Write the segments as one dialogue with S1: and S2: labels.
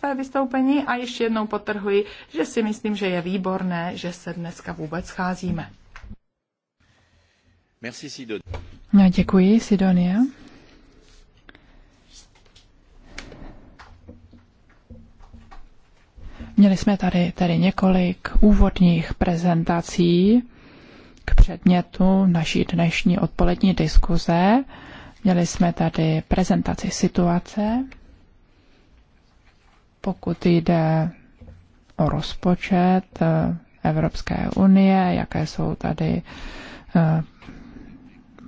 S1: své vystoupení a ještě jednou potrhuji, že si myslím, že je výborné, že se
S2: dneska vůbec scházíme. Merci, Sidonia. No, děkuji, Sidonia. Měli jsme tady, tady několik úvodních prezentací k předmětu naší dnešní odpolední diskuze. Měli jsme tady prezentaci situace pokud jde o rozpočet eh, Evropské unie, jaké jsou tady eh,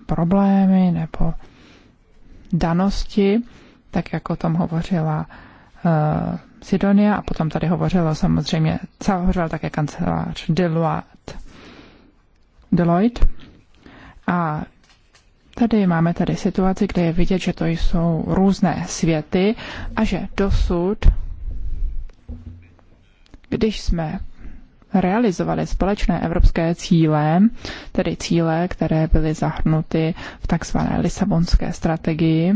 S2: problémy nebo danosti, tak jak o tom hovořila eh, Sidonia a potom tady hovořila samozřejmě, hovořil také kancelář Deloitte. Deloitte. A tady máme tady situaci, kde je vidět, že to jsou různé světy a že dosud když jsme realizovali společné evropské cíle, tedy cíle, které byly zahrnuty v takzvané Lisabonské strategii,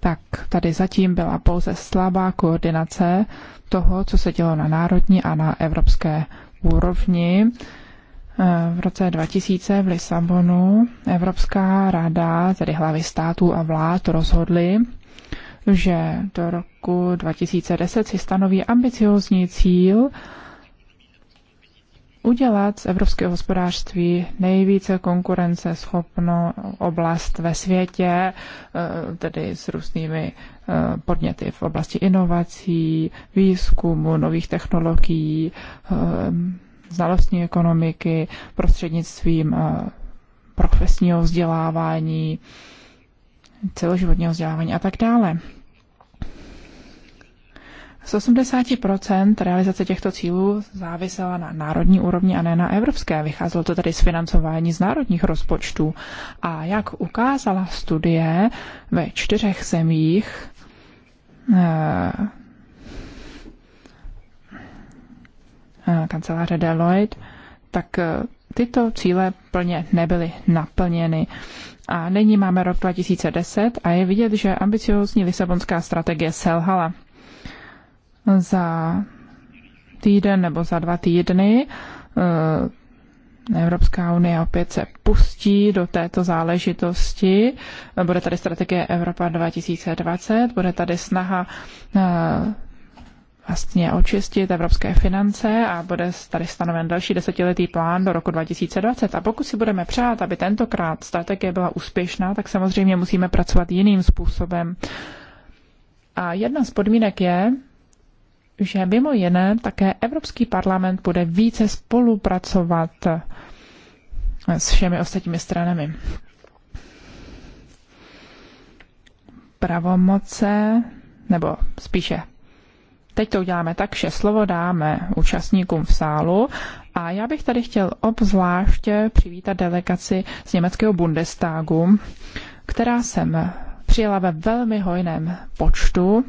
S2: tak tady zatím byla pouze slabá koordinace toho, co se dělo na národní a na evropské úrovni. Eh, v roce 2000 v Lisabonu Evropská rada, tedy hlavy států a vlád, rozhodly, že do roku 2010 si stanoví ambiciózní cíl udělat z evropského hospodářství nejvíce konkurenceschopnou oblast ve světě, eh, tedy s různými eh, podněty v oblasti inovací, výzkumu, nových technologií, eh, znalostní ekonomiky, prostřednictvím profesního vzdělávání, celoživotního vzdělávání a tak dále. Z 80% realizace těchto cílů závisela na národní úrovni a ne na evropské. Vycházelo to tedy z financování z národních rozpočtů. A jak ukázala studie ve čtyřech zemích, eh, eh, kanceláře Deloitte, tak eh, tyto cíle plně nebyly naplněny. A nyní máme rok 2010 a je vidět, že ambiciózní Lisabonská strategie selhala. Za týden nebo za dva týdny eh, Evropská unie opět se pustí do této záležitosti. Bude tady strategie Evropa 2020, bude tady snaha eh, vlastně očistit evropské finance a bude tady stanoven další desetiletý plán do roku 2020. A pokud si budeme přát, aby tentokrát strategie byla úspěšná, tak samozřejmě musíme pracovat jiným způsobem. A jedna z podmínek je, že mimo jiné také Evropský parlament bude více spolupracovat s všemi ostatními stranami. Pravomoce, nebo spíše Teď to uděláme tak, že slovo dáme účastníkům v sálu a já bych tady chtěl obzvláště přivítat delegaci z německého Bundestagu, která jsem přijela ve velmi hojném počtu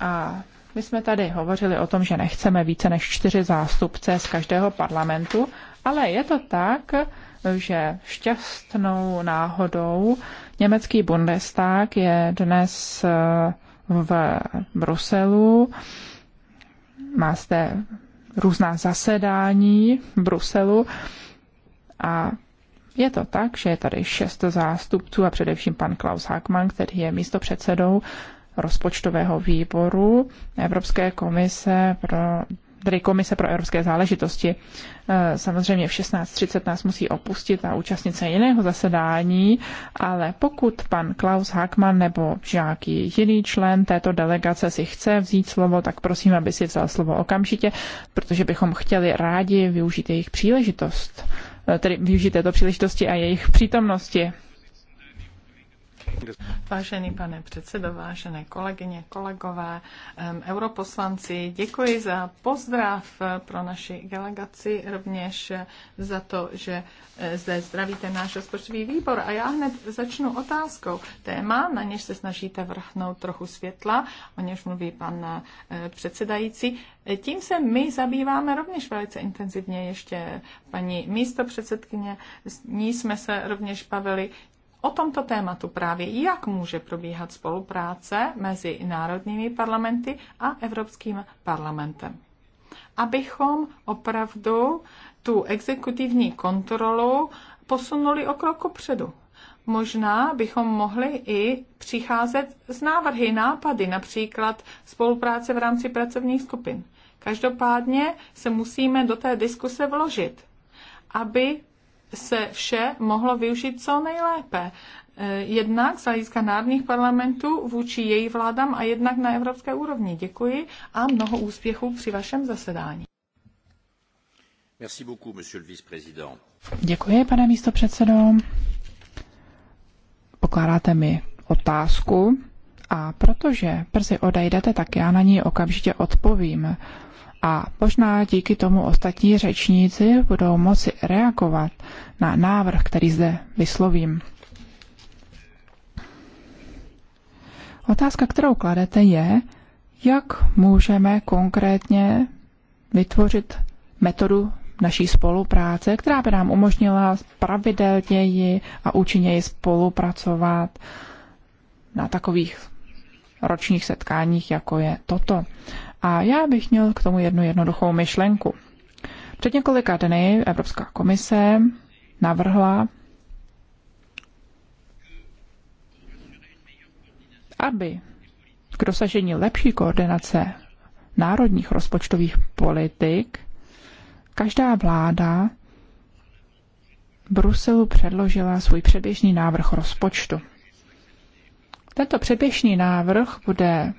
S2: a my jsme tady hovořili o tom, že nechceme více než čtyři zástupce z každého parlamentu, ale je to tak, že šťastnou náhodou německý Bundestag je dnes eh, v Bruselu. Má zde různá zasedání v Bruselu a je to tak, že je tady šest zástupců a především pan Klaus Hackmann, který je místopředsedou rozpočtového výboru Evropské komise pro tedy Komise pro evropské záležitosti. Eh, samozřejmě v 16.30 nás musí opustit a účastnit se jiného zasedání, ale pokud pan Klaus Hackmann nebo žáký jiný člen této delegace si chce vzít slovo, tak prosím, aby si vzal slovo okamžitě, protože bychom chtěli rádi využít jejich příležitost, eh, tedy využít této příležitosti a jejich přítomnosti.
S1: Vážený pane předsedo, vážené kolegyně, kolegové, europoslanci, děkuji za pozdrav pro naši delegaci, rovněž za to, že e, zde zdravíte náš rozpočtový výbor. A já hned začnu otázkou. Téma, na něž se snažíte vrhnout trochu světla, o něž mluví pan e, předsedající, e, tím se my zabýváme rovněž velice intenzivně ještě paní místo předsedkyně. S ní jsme se rovněž bavili o tomto tématu právě, jak může probíhat spolupráce mezi národními parlamenty a Evropským parlamentem. Abychom opravdu tu exekutivní kontrolu posunuli o krok předu. Možná bychom mohli i přicházet s návrhy, nápady, například spolupráce v rámci pracovních skupin. Každopádně se musíme do té diskuse vložit, aby se vše mohlo využít co nejlépe. E, jednak z hlediska národních parlamentů vůči její vládám a jednak na evropské úrovni. Děkuji a mnoho úspěchů při vašem zasedání.
S2: Merci beaucoup, monsieur le vice-président. Děkuji, pane místopředsedo. Pokládáte mi otázku a protože brzy odejdete, tak já na ní okamžitě odpovím a možná díky tomu ostatní řečníci budou moci reagovat na návrh, který zde vyslovím. Otázka, kterou kladete, je, jak můžeme konkrétně vytvořit metodu naší spolupráce, která by nám umožnila pravidelněji a účinněji spolupracovat na takových ročních setkáních, jako je toto. A já bych měl k tomu jednu jednoduchou myšlenku. Před několika dny Evropská komise navrhla, aby k dosažení lepší koordinace národních rozpočtových politik každá vláda Bruselu předložila svůj předběžný návrh rozpočtu. Tento předběžný návrh bude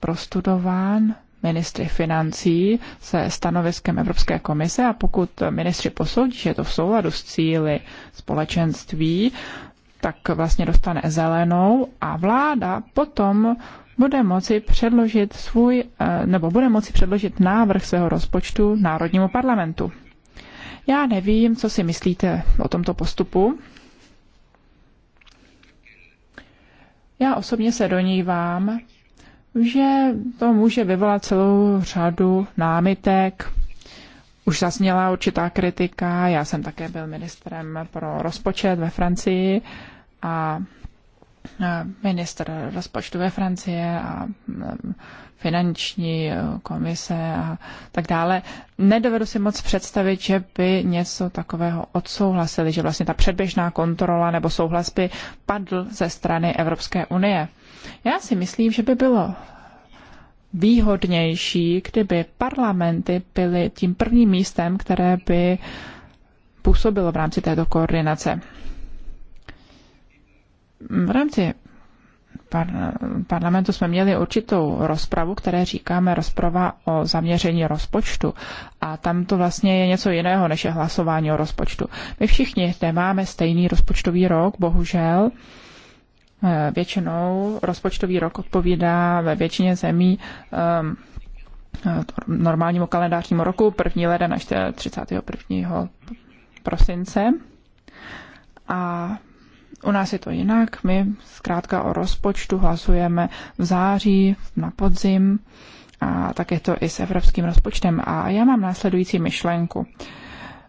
S2: prostudován ministry financí se stanoviskem Evropské komise a pokud ministři posoudí, že je to v souladu s cíly společenství, tak vlastně dostane zelenou a vláda potom bude moci předložit svůj, eh, nebo bude moci předložit návrh svého rozpočtu Národnímu parlamentu. Já nevím, co si myslíte o tomto postupu. Já osobně se vám, že to může vyvolat celou řadu námitek. Už zazněla určitá kritika, já jsem také byl ministrem pro rozpočet ve Francii a minister rozpočtu ve Francie a finanční komise a tak dále. Nedovedu si moc představit, že by něco takového odsouhlasili, že vlastně ta předběžná kontrola nebo souhlas by padl ze strany Evropské unie. Já si myslím, že by bylo výhodnější, kdyby parlamenty byly tím prvním místem, které by působilo v rámci této koordinace. V rámci par- parlamentu jsme měli určitou rozpravu, které říkáme rozprava o zaměření rozpočtu. A tam to vlastně je něco jiného, než je hlasování o rozpočtu. My všichni nemáme stejný rozpočtový rok, bohužel. Eh, většinou rozpočtový rok odpovídá ve většině zemí ehm, eh, normálnímu kalendářnímu roku, 1. leden až 31. prosince. A u nás je to jinak. My zkrátka o rozpočtu hlasujeme v září, na podzim a tak je to i s evropským rozpočtem. A já mám následující myšlenku.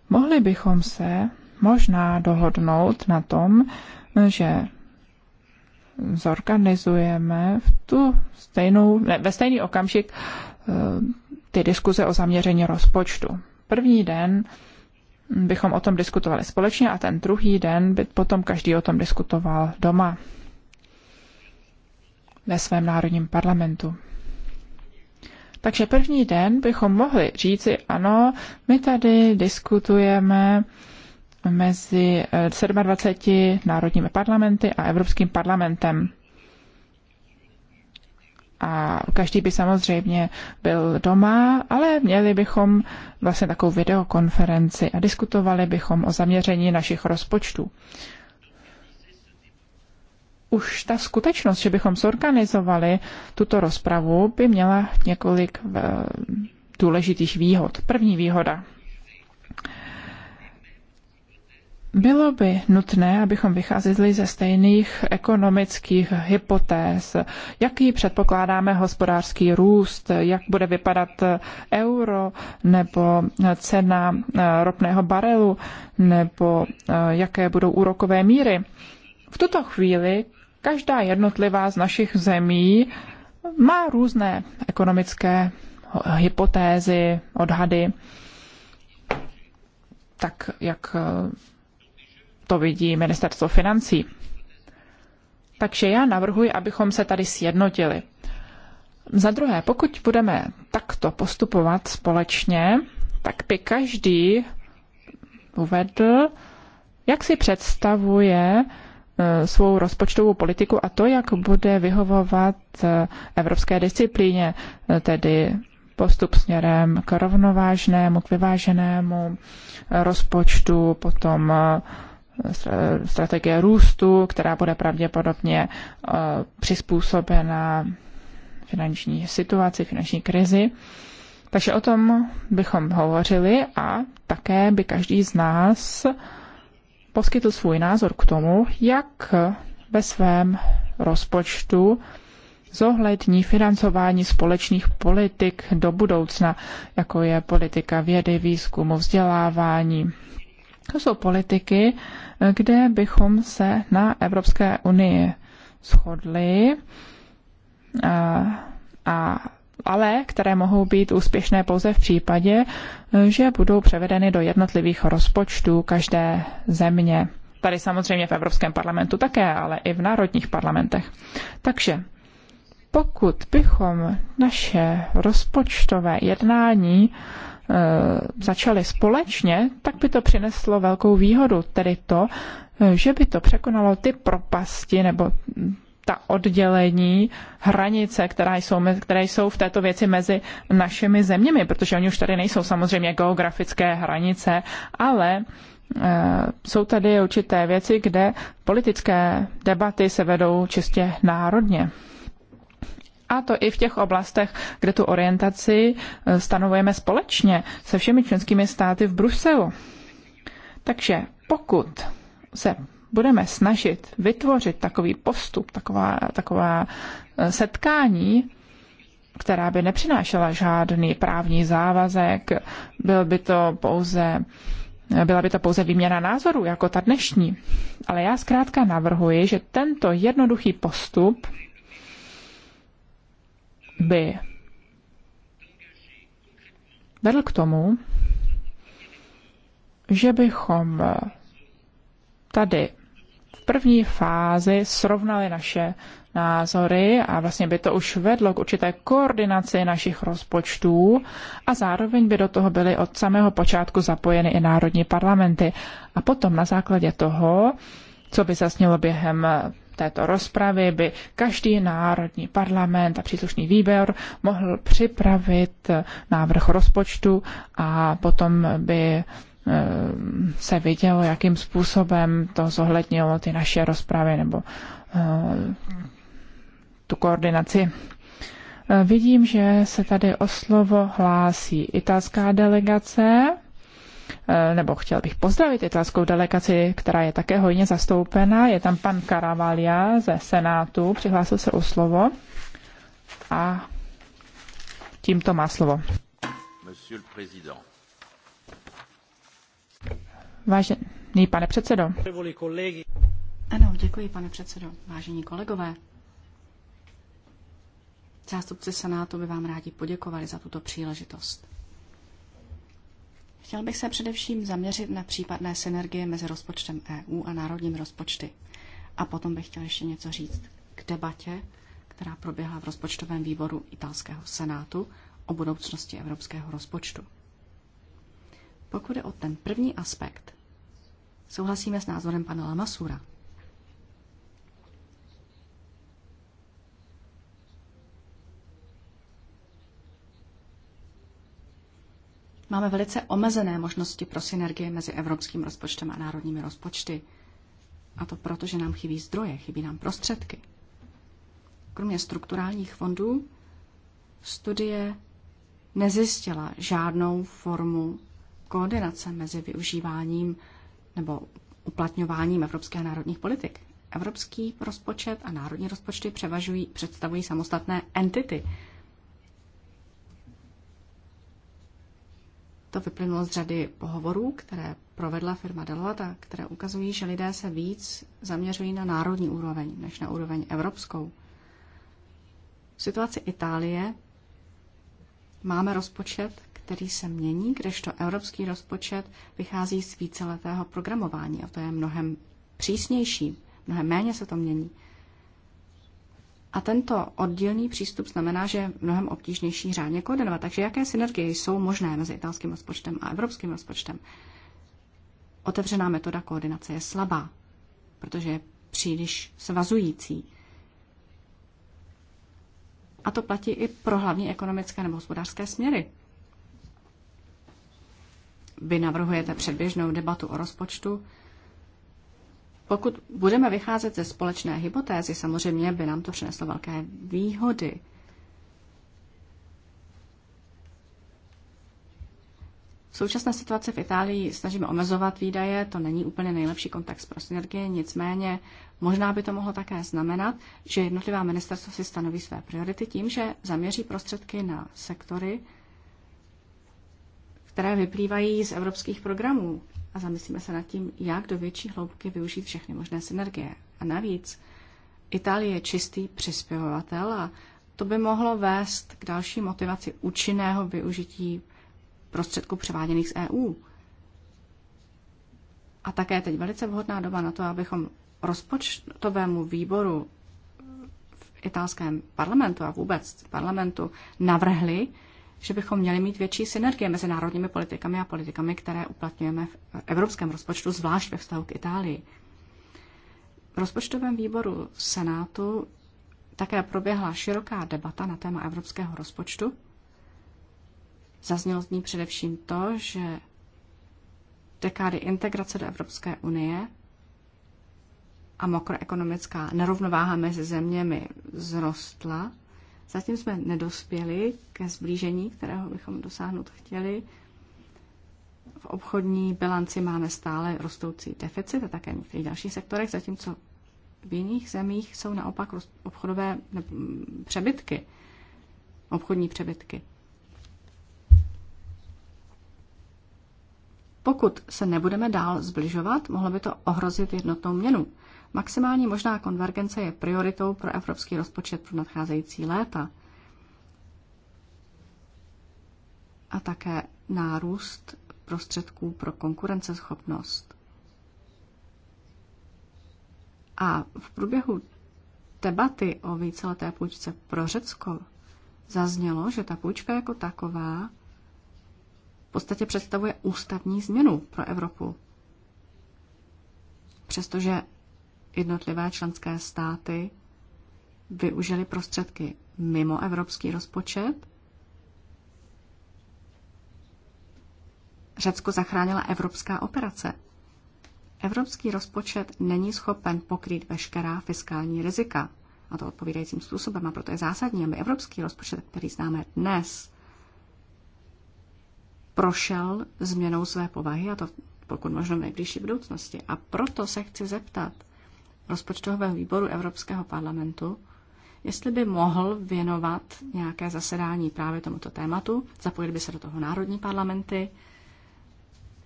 S2: Mohli bychom se možná dohodnout na tom, že zorganizujeme v tu stejnou, ne, ve stejný okamžik eh, ty diskuze o zaměření rozpočtu. První den bychom o tom diskutovali společně a ten druhý den by potom každý o tom diskutoval doma ve svém národním parlamentu. Takže první den bychom mohli říci, ano, my tady diskutujeme mezi 27 eh, národními parlamenty a Evropským parlamentem. A každý by samozřejmě byl doma, ale měli bychom vlastně takovou videokonferenci a diskutovali bychom o zaměření našich rozpočtů. Už ta skutečnost, že bychom zorganizovali tuto rozpravu, by měla několik eh, důležitých výhod. První výhoda – Bylo by nutné, abychom vycházeli ze stejných ekonomických hypotéz. Jaký předpokládáme hospodářský růst, jak bude vypadat euro nebo cena eh, ropného barelu nebo eh, jaké budou úrokové míry. V tuto chvíli každá jednotlivá z našich zemí má různé ekonomické hypotézy, odhady, tak jak eh, to vidí ministerstvo financí. Takže já navrhuji, abychom se tady sjednotili. Za druhé, pokud budeme takto postupovat společně, tak by každý uvedl, jak si představuje e, svou rozpočtovou politiku a to, jak bude vyhovovat e, evropské disciplíně, e, tedy postup směrem k rovnovážnému, k vyváženému rozpočtu, potom strategie růstu, která bude pravděpodobně eh, přizpůsobena finanční situaci, finanční krizi. Takže o tom bychom hovořili a také by každý z nás poskytl svůj názor k tomu, jak ve svém rozpočtu zohlední financování společných politik do budoucna, jako je politika vědy, výzkumu, vzdělávání, to jsou politiky, kde bychom se na Evropské unii shodli, a, a, ale které mohou být úspěšné pouze v případě, že budou převedeny do jednotlivých rozpočtů každé země. Tady samozřejmě v Evropském parlamentu také, ale i v národních parlamentech. Takže pokud bychom naše rozpočtové jednání Eh, začali společně, tak by to přineslo velkou výhodu, tedy to, eh, že by to překonalo ty propasti nebo ta oddělení, hranice, které jsou, které jsou v této věci mezi našimi zeměmi, protože oni už tady nejsou samozřejmě geografické hranice, ale eh, jsou tady určité věci, kde politické debaty se vedou čistě národně. A to i v těch oblastech, kde tu orientaci eh, stanovujeme společně se všemi členskými státy v Bruselu. Takže pokud se budeme snažit vytvořit takový postup, taková, taková eh, setkání, která by nepřinášela žádný právní závazek, byl by to pouze, eh, byla by to pouze výměna názorů, jako ta dnešní. Ale já zkrátka navrhuji, že tento jednoduchý postup by vedl k tomu, že bychom tady v první fázi srovnali naše názory a vlastně by to už vedlo k určité koordinaci našich rozpočtů a zároveň by do toho byly od samého počátku zapojeny i národní parlamenty. A potom na základě toho, co by zasnělo během této rozpravy by každý národní parlament a příslušný výbor mohl připravit eh, návrh rozpočtu a potom by eh, se vidělo, jakým způsobem to zohlednilo ty naše rozpravy nebo eh, tu koordinaci. Vidím, že se tady o slovo hlásí italská delegace. Eh, nebo chtěl bych pozdravit italskou delegaci, která je také hojně zastoupena. Je tam pan Caravalia ze Senátu, přihlásil se o slovo a tímto má slovo. Vážený pane předsedo.
S3: Ano, děkuji, pane předsedo. Vážení kolegové, zástupci Senátu by vám rádi poděkovali za tuto příležitost. Chtěl bych se především zaměřit na případné synergie mezi rozpočtem EU a národním rozpočty. A potom bych chtěl ještě něco říct k debatě, která proběhla v rozpočtovém výboru italského senátu o budoucnosti evropského rozpočtu. Pokud je o ten první aspekt, souhlasíme s názorem pana Lamasura. máme velice omezené možnosti pro synergie mezi evropským rozpočtem a národními rozpočty. A to proto, že nám chybí zdroje, chybí nám prostředky. Kromě strukturálních fondů studie nezjistila žádnou formu koordinace mezi využíváním nebo uplatňováním evropské národních politik. Evropský rozpočet a národní rozpočty převažují, představují samostatné entity, To vyplynulo z řady pohovorů, které provedla firma Deloitte, které ukazují, že lidé se víc zaměřují na národní úroveň než na úroveň evropskou. V situaci Itálie máme rozpočet, který se mění, kdežto evropský rozpočet vychází z víceletého programování a to je mnohem přísnější, mnohem méně se to mění. A tento oddílný přístup znamená, že je mnohem obtížnější řádně koordinovat. Takže jaké synergie jsou možné mezi italským rozpočtem a evropským rozpočtem? Otevřená metoda koordinace je slabá, protože je příliš svazující. A to platí i pro hlavní ekonomické nebo hospodářské směry. Vy navrhujete předběžnou debatu o rozpočtu, pokud budeme vycházet ze společné hypotézy, samozřejmě by nám to přineslo velké výhody. V současné situaci v Itálii snažíme omezovat výdaje, to není úplně nejlepší kontext pro synergie, nicméně možná by to mohlo také znamenat, že jednotlivá ministerstva si stanoví své priority tím, že zaměří prostředky na sektory, které vyplývají z evropských programů a zamyslíme se nad tím, jak do větší hloubky využít všechny možné synergie. A navíc, Itálie je čistý přispěvovatel a to by mohlo vést k další motivaci účinného využití prostředků převáděných z EU. A také teď velice vhodná doba na to, abychom rozpočtovému výboru v italském parlamentu a vůbec parlamentu navrhli, že bychom měli mít větší synergie mezi národními politikami a politikami, které uplatňujeme v evropském rozpočtu, zvlášť ve vztahu k Itálii. V rozpočtovém výboru Senátu také proběhla široká debata na téma evropského rozpočtu. Zaznělo z ní především to, že dekády integrace do Evropské unie a makroekonomická nerovnováha mezi zeměmi zrostla Zatím jsme nedospěli ke zblížení, kterého bychom dosáhnout chtěli. V obchodní bilanci máme stále rostoucí deficit a také v některých dalších sektorech, zatímco v jiných zemích jsou naopak obchodové přebytky, obchodní přebytky. Pokud se nebudeme dál zbližovat, mohlo by to ohrozit jednotnou měnu. Maximální možná konvergence je prioritou pro evropský rozpočet pro nadcházející léta. A také nárůst prostředků pro konkurenceschopnost. A v průběhu debaty o víceleté půjčce pro Řecko zaznělo, že ta půjčka jako taková v podstatě představuje ústavní změnu pro Evropu. Přestože jednotlivé členské státy využili prostředky mimo evropský rozpočet. Řecko zachránila evropská operace. Evropský rozpočet není schopen pokrýt veškerá fiskální rizika, a to odpovídajícím způsobem, a proto je zásadní, aby evropský rozpočet, který známe dnes, prošel změnou své povahy, a to pokud možno v nejbližší budoucnosti. A proto se chci zeptat, rozpočtového výboru Evropského parlamentu, jestli by mohl věnovat nějaké zasedání právě tomuto tématu, zapojili by se do toho národní parlamenty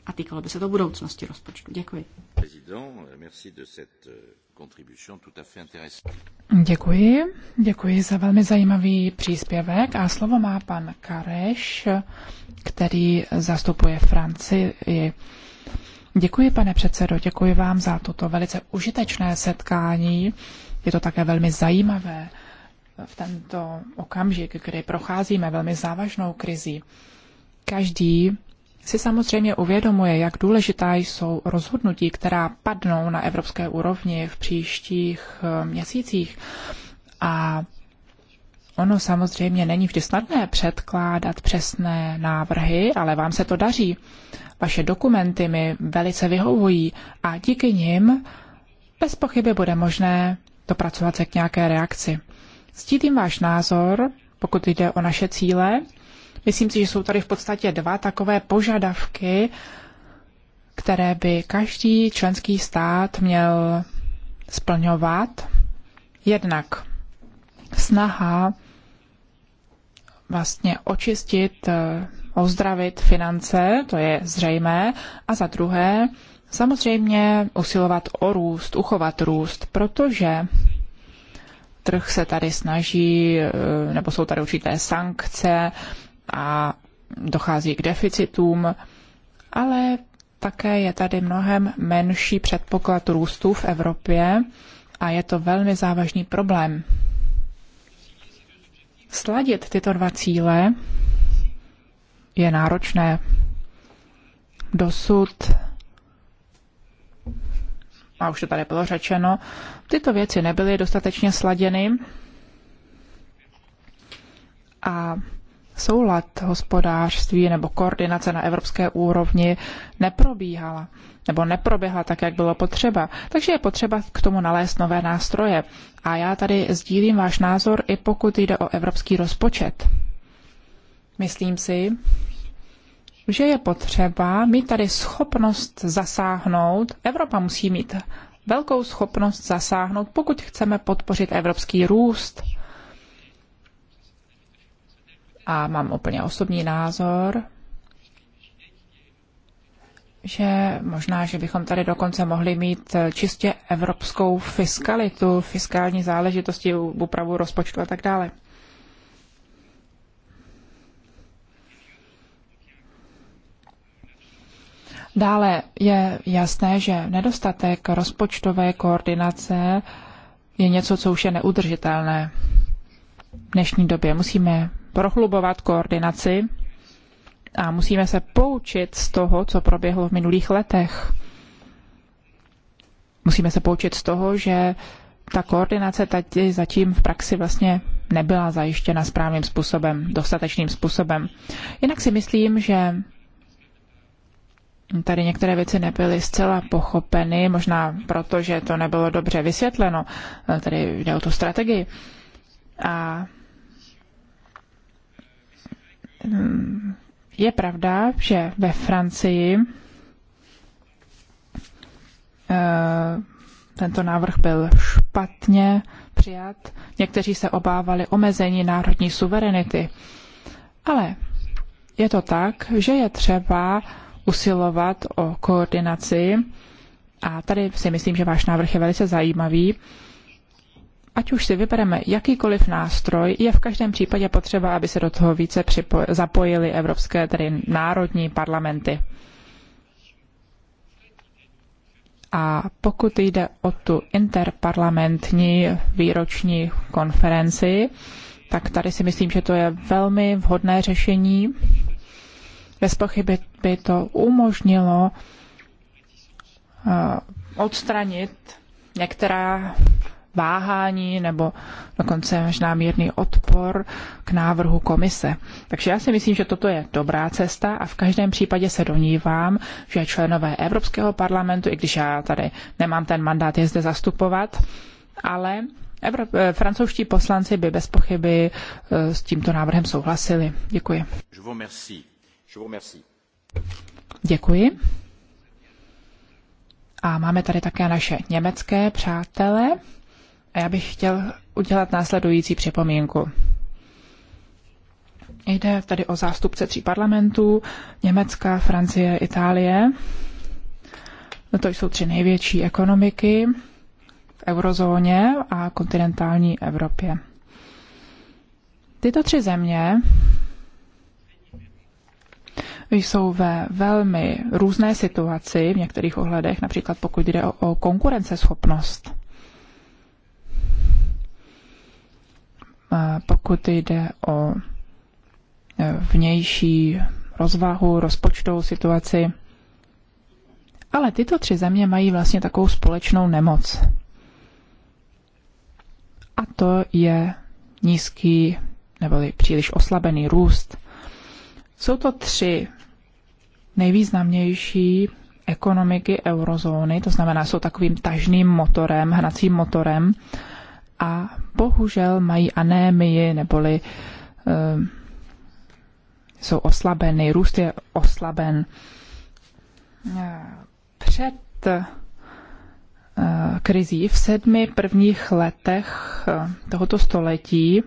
S3: a týkalo by se to budoucnosti rozpočtu. Děkuji.
S2: Děkuji. Děkuji za velmi zajímavý příspěvek a slovo má pan Kareš, který zastupuje Francii Děkuji, pane předsedo, děkuji vám za toto velice užitečné setkání. Je to také velmi zajímavé v tento okamžik, kdy procházíme velmi závažnou krizi. Každý si samozřejmě uvědomuje, jak důležitá jsou rozhodnutí, která padnou na evropské úrovni v příštích eh, měsících. A Ono samozřejmě není vždy snadné předkládat přesné návrhy, ale vám se to daří. Vaše dokumenty mi velice vyhovují a díky nim bez pochyby bude možné dopracovat se k nějaké reakci. Ctítím váš názor, pokud jde o naše cíle. Myslím si, že jsou tady v podstatě dva takové požadavky, které by každý členský stát měl splňovat. Jednak snaha vlastně očistit, eh, ozdravit finance, to je zřejmé, a za druhé samozřejmě usilovat o růst, uchovat růst, protože trh se tady snaží, eh, nebo jsou tady určité sankce a dochází k deficitům, ale také je tady mnohem menší předpoklad růstu v Evropě a je to velmi závažný problém. Sladit tyto dva cíle je náročné. Dosud, a už to tady bylo řečeno, tyto věci nebyly dostatečně sladěny a soulad hospodářství nebo koordinace na evropské úrovni neprobíhala nebo neproběhla tak, jak bylo potřeba. Takže je potřeba k tomu nalézt nové nástroje. A já tady sdílím váš názor, i pokud jde o evropský rozpočet. Myslím si, že je potřeba mít tady schopnost zasáhnout. Evropa musí mít velkou schopnost zasáhnout, pokud chceme podpořit evropský růst. A mám úplně osobní názor že možná, že bychom tady dokonce mohli mít eh, čistě evropskou fiskalitu, fiskální záležitosti, úpravu rozpočtu a tak dále. Dále je jasné, že nedostatek rozpočtové koordinace je něco, co už je neudržitelné. V dnešní době musíme prohlubovat koordinaci a musíme se poučit z toho, co proběhlo v minulých letech. Musíme se poučit z toho, že ta koordinace tady zatím v praxi vlastně nebyla zajištěna správným způsobem, dostatečným způsobem. Jinak si myslím, že tady některé věci nebyly zcela pochopeny, možná proto, že to nebylo dobře vysvětleno, eh, tady jde o tu strategii. A mm, je pravda, že ve Francii eh, tento návrh byl špatně přijat. Někteří se obávali omezení národní suverenity. Ale je to tak, že je třeba usilovat o koordinaci a tady si myslím, že váš návrh je velice zajímavý ať už si vybereme jakýkoliv nástroj, je v každém případě potřeba, aby se do toho více zapojili evropské, tedy národní parlamenty. A pokud jde o tu interparlamentní výroční konferenci, tak tady si myslím, že to je velmi vhodné řešení. Bez pochyby by to umožnilo eh, odstranit některá váhání nebo dokonce možná mírný odpor k návrhu komise. Takže já si myslím, že toto je dobrá cesta a v každém případě se donívám, že členové Evropského parlamentu, i když já tady nemám ten mandát je zde zastupovat, ale Evrop- eh, francouzští poslanci by bez pochyby eh, s tímto návrhem souhlasili. Děkuji. Děkuji. A máme tady také naše německé přátelé. A já bych chtěl udělat následující připomínku. Jde tady o zástupce tří parlamentů, Německa, Francie, Itálie. No to jsou tři největší ekonomiky v eurozóně a kontinentální Evropě. Tyto tři země jsou ve velmi různé situaci v některých ohledech, například pokud jde o, o konkurenceschopnost. pokud jde o e, vnější rozvahu, rozpočtovou situaci. Ale tyto tři země mají vlastně takovou společnou nemoc. A to je nízký nebo příliš oslabený růst. Jsou to tři nejvýznamnější ekonomiky eurozóny, to znamená, jsou takovým tažným motorem, hnacím motorem a bohužel mají anémii neboli um, jsou oslabeny, růst je oslaben. Eh, před eh, krizí v sedmi prvních letech tohoto století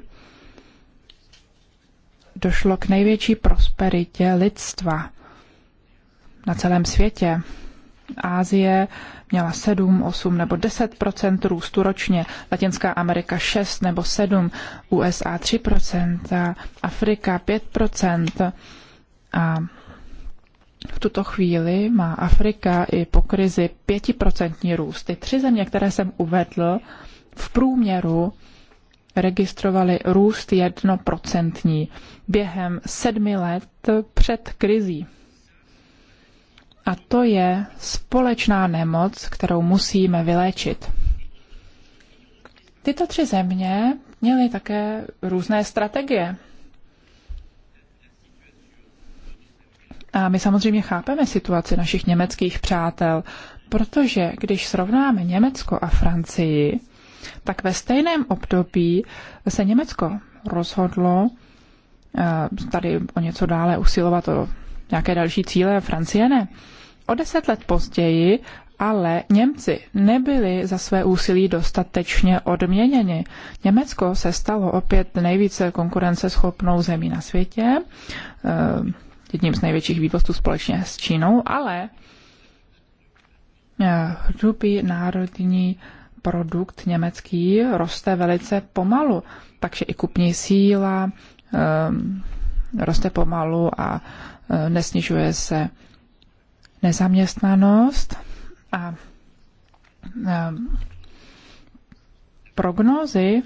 S2: došlo k největší prosperitě lidstva na celém světě. Ázie měla 7, 8 nebo 10 růstu ročně, Latinská Amerika 6 nebo 7, USA 3 Afrika 5 a v tuto chvíli má Afrika i po krizi 5% růst. Ty tři země, které jsem uvedl, v průměru registrovali růst jednoprocentní během sedmi let před krizí. A to je společná nemoc, kterou musíme vyléčit. Tyto tři země měly také různé strategie. A my samozřejmě chápeme situaci našich německých přátel, protože když srovnáme Německo a Francii, tak ve stejném období se Německo rozhodlo eh, tady o něco dále usilovat o nějaké další cíle, Francie ne. O deset let později ale Němci nebyli za své úsilí dostatečně odměněni. Německo se stalo opět nejvíce konkurenceschopnou zemí na světě, eh, jedním z největších vývozů společně s Čínou, ale eh, hrubý národní produkt německý roste velice pomalu, takže i kupní síla eh, roste pomalu a nesnižuje se nezaměstnanost a prognózy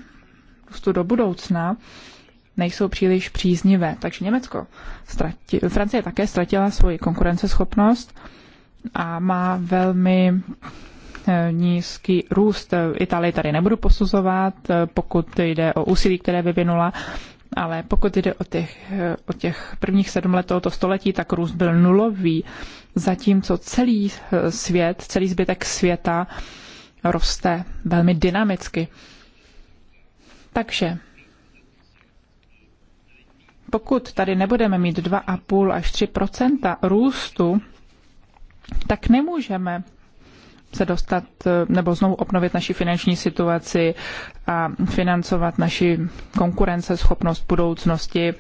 S2: růstu do budoucna nejsou příliš příznivé. Takže Německo, ztrati, Francie také ztratila svoji konkurenceschopnost a má velmi eh, nízký růst. Itálii tady nebudu posuzovat, eh, pokud jde o úsilí, které vyvinula, ale pokud jde o těch, o těch prvních sedm let tohoto století, tak růst byl nulový, zatímco celý eh, svět, celý zbytek světa roste velmi dynamicky. Takže pokud tady nebudeme mít 2,5 až 3 růstu, tak nemůžeme se dostat e, nebo znovu obnovit naši finanční situaci a financovat naši konkurenceschopnost budoucnosti,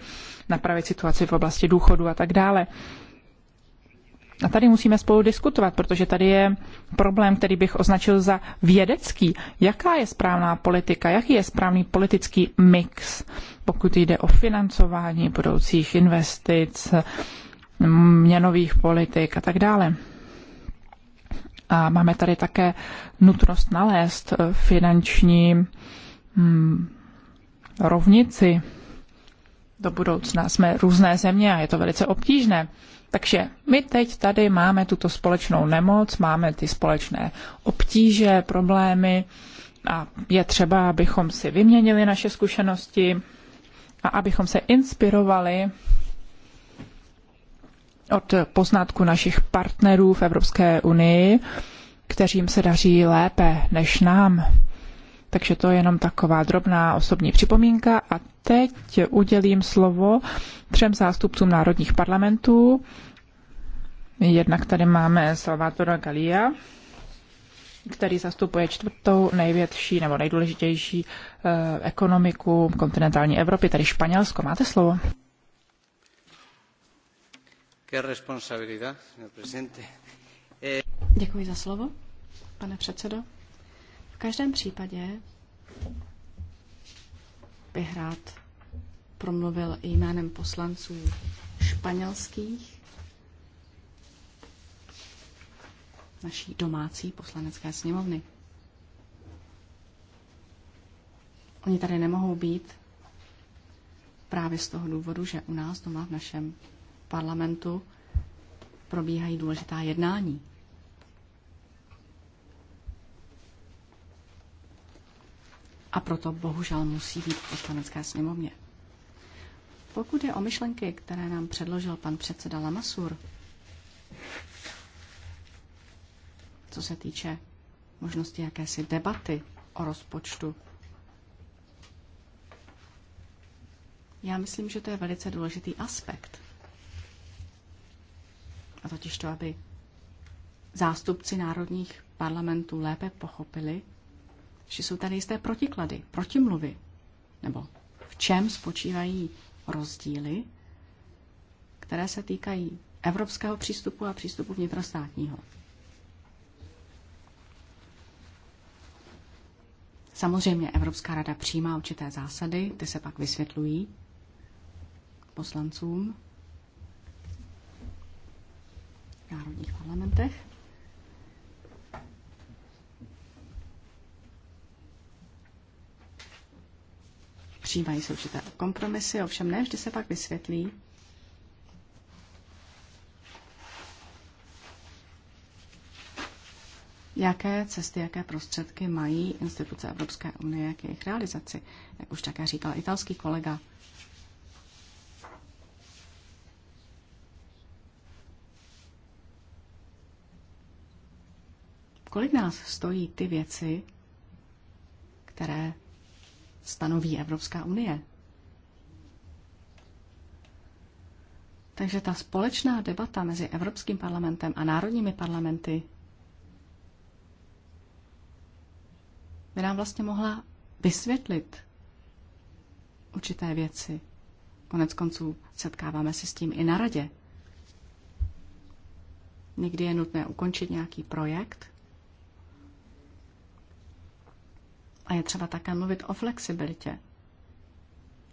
S2: napravit situaci v oblasti důchodu a tak dále. A tady musíme spolu diskutovat, protože tady je problém, který bych označil za vědecký. Jaká je správná politika, jaký je správný politický mix, pokud jde o financování budoucích investic, měnových politik a tak dále. A máme tady také nutnost nalézt eh, finanční hmm, rovnici do budoucna. Jsme různé země a je to velice obtížné. Takže my teď tady máme tuto společnou nemoc, máme ty společné obtíže, problémy a je třeba, abychom si vyměnili naše zkušenosti a abychom se inspirovali od poznatku našich partnerů v Evropské unii, kterým se daří lépe než nám. Takže to je jenom taková drobná osobní připomínka a teď udělím slovo třem zástupcům národních parlamentů. Jednak tady máme Salvatora Galia, který zastupuje čtvrtou největší nebo nejdůležitější eh, ekonomiku kontinentální Evropy, tedy Španělsko. Máte slovo?
S1: Eh,
S3: Děkuji za slovo, pane předsedo. V každém případě bych rád promluvil i jménem poslanců španělských, naší domácí poslanecké sněmovny. Oni tady nemohou být právě z toho důvodu, že u nás doma v našem parlamentu probíhají důležitá jednání. A proto bohužel musí být v poslanecké sněmovně. Pokud je o myšlenky, které nám předložil pan předseda Lamasur, co se týče možnosti jakési debaty o rozpočtu, já myslím, že to je velice důležitý aspekt – a totiž to, aby zástupci národních parlamentů lépe pochopili, že jsou tady jisté protiklady, protimluvy, nebo v čem spočívají rozdíly, které se týkají evropského přístupu a přístupu vnitrostátního. Samozřejmě Evropská rada přijímá určité zásady, ty se pak vysvětlují poslancům, národních parlamentech. Přijímají se určité kompromisy, ovšem ne vždy se pak vysvětlí, jaké cesty, jaké prostředky mají instituce Evropské unie k jejich realizaci, jak už také říkal italský kolega. Kolik nás stojí ty věci, které stanoví Evropská unie? Takže ta společná debata mezi Evropským parlamentem a národními parlamenty by nám vlastně mohla vysvětlit určité věci. Konec konců setkáváme se s tím i na radě. Někdy je nutné ukončit nějaký projekt A je třeba také mluvit o flexibilitě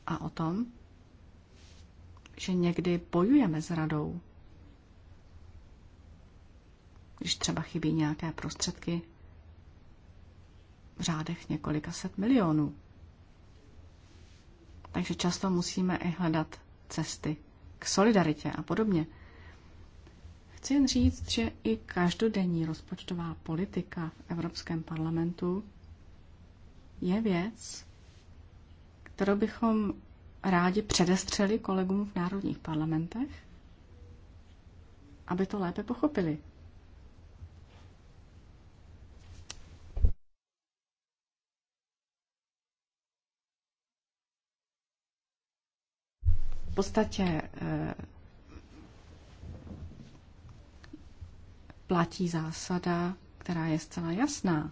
S3: a o tom, že někdy bojujeme s radou, když třeba chybí nějaké prostředky v řádech několika set milionů. Takže často musíme i hledat cesty k solidaritě a podobně. Chci jen říct, že i každodenní rozpočtová politika v Evropském parlamentu je věc, kterou bychom rádi předestřeli kolegům v národních parlamentech, aby to lépe pochopili. V podstatě eh, platí zásada, která je zcela jasná.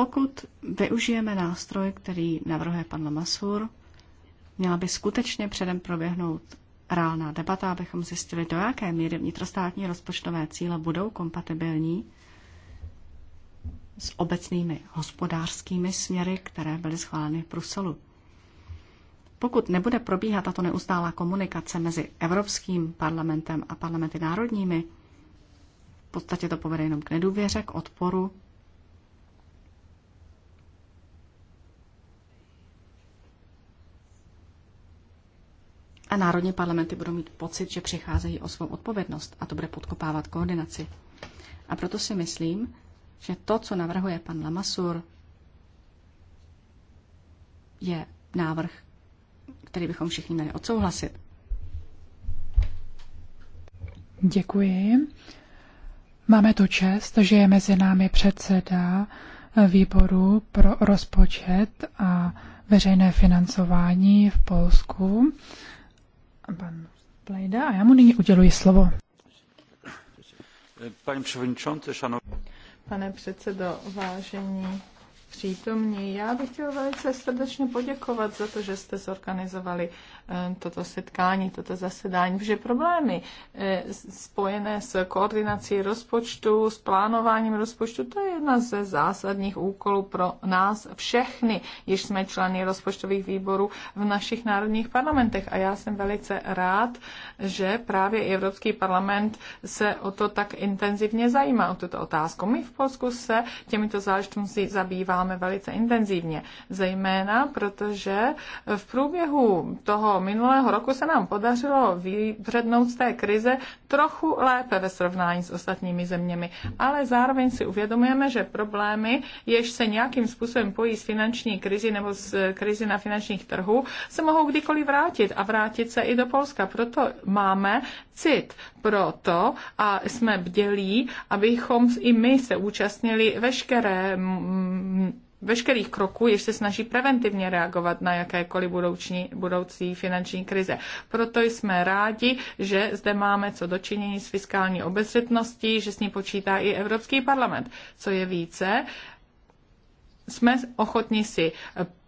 S3: Pokud využijeme nástroj, který navrhuje pan Lamasur, měla by skutečně předem proběhnout reálná debata, abychom zjistili, do jaké míry vnitrostátní rozpočtové cíle budou kompatibilní s obecnými hospodářskými směry, které byly schváleny v Bruselu. Pokud nebude probíhat tato neustálá komunikace mezi Evropským parlamentem a parlamenty národními, v podstatě to povede jenom k nedůvěře, k odporu A národní parlamenty budou mít pocit, že přicházejí o svou odpovědnost a to bude podkopávat koordinaci. A proto si myslím, že to, co navrhuje pan Lamasur, je návrh, který bychom všichni měli odsouhlasit.
S2: Děkuji. Máme tu čest, že je mezi námi předseda výboru pro rozpočet a veřejné financování v Polsku pan Plejda a já mu nyní uděluji slovo.
S1: Pane předsedo, vážení přítomní. Já bych chtěla velice srdečně poděkovat za to, že jste zorganizovali eh, toto setkání, toto zasedání, protože problémy eh, spojené s koordinací rozpočtu, s plánováním rozpočtu, to je jedna ze zásadních úkolů pro nás všechny, jež jsme členy rozpočtových výborů v našich národních parlamentech. A já jsem velice rád, že právě Evropský parlament se o to tak intenzivně zajímá, o tuto otázku. My v Polsku se těmito záležitostmi zabýváme děláme velice intenzivně. Zejména protože v průběhu toho minulého roku se nám podařilo vybřednout z té krize trochu lépe ve srovnání s ostatními zeměmi. Ale zároveň si uvědomujeme, že problémy, jež se nějakým způsobem pojí s finanční krizi nebo s eh, krizi na finančních trhu, se mohou kdykoliv vrátit a vrátit se i do Polska. Proto máme cit proto a jsme bdělí, abychom i my se účastnili veškeré veškerých kroků, jež se snaží preventivně reagovat na jakékoliv budoucí, budoucí finanční krize. Proto jsme rádi, že zde máme co dočinění s fiskální obezřetností, že s ní počítá i Evropský parlament. Co je více, jsme ochotni si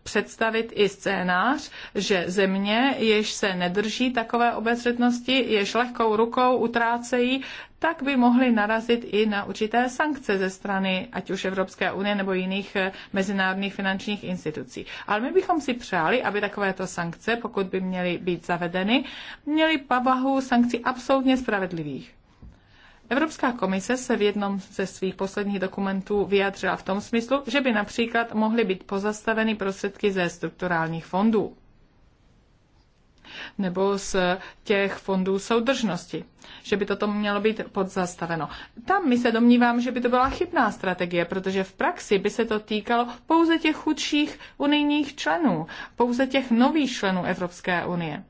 S1: představit i scénář, že země, jež se nedrží takové obezřetnosti, jež lehkou rukou utrácejí, tak by mohly narazit i na určité sankce ze strany ať už Evropské unie nebo jiných eh, mezinárodních finančních institucí. Ale my bychom si přáli, aby takovéto sankce, pokud by měly být zavedeny, měly povahu sankcí absolutně spravedlivých. Evropská komise se v jednom ze svých posledních dokumentů vyjadřila v tom smyslu, že by například mohly být pozastaveny prostředky ze strukturálních fondů nebo z těch fondů soudržnosti, že by toto mělo být podzastaveno. Tam my se domnívám, že by to byla chybná strategie, protože v praxi by se to týkalo pouze těch chudších unijních členů, pouze těch nových členů Evropské unie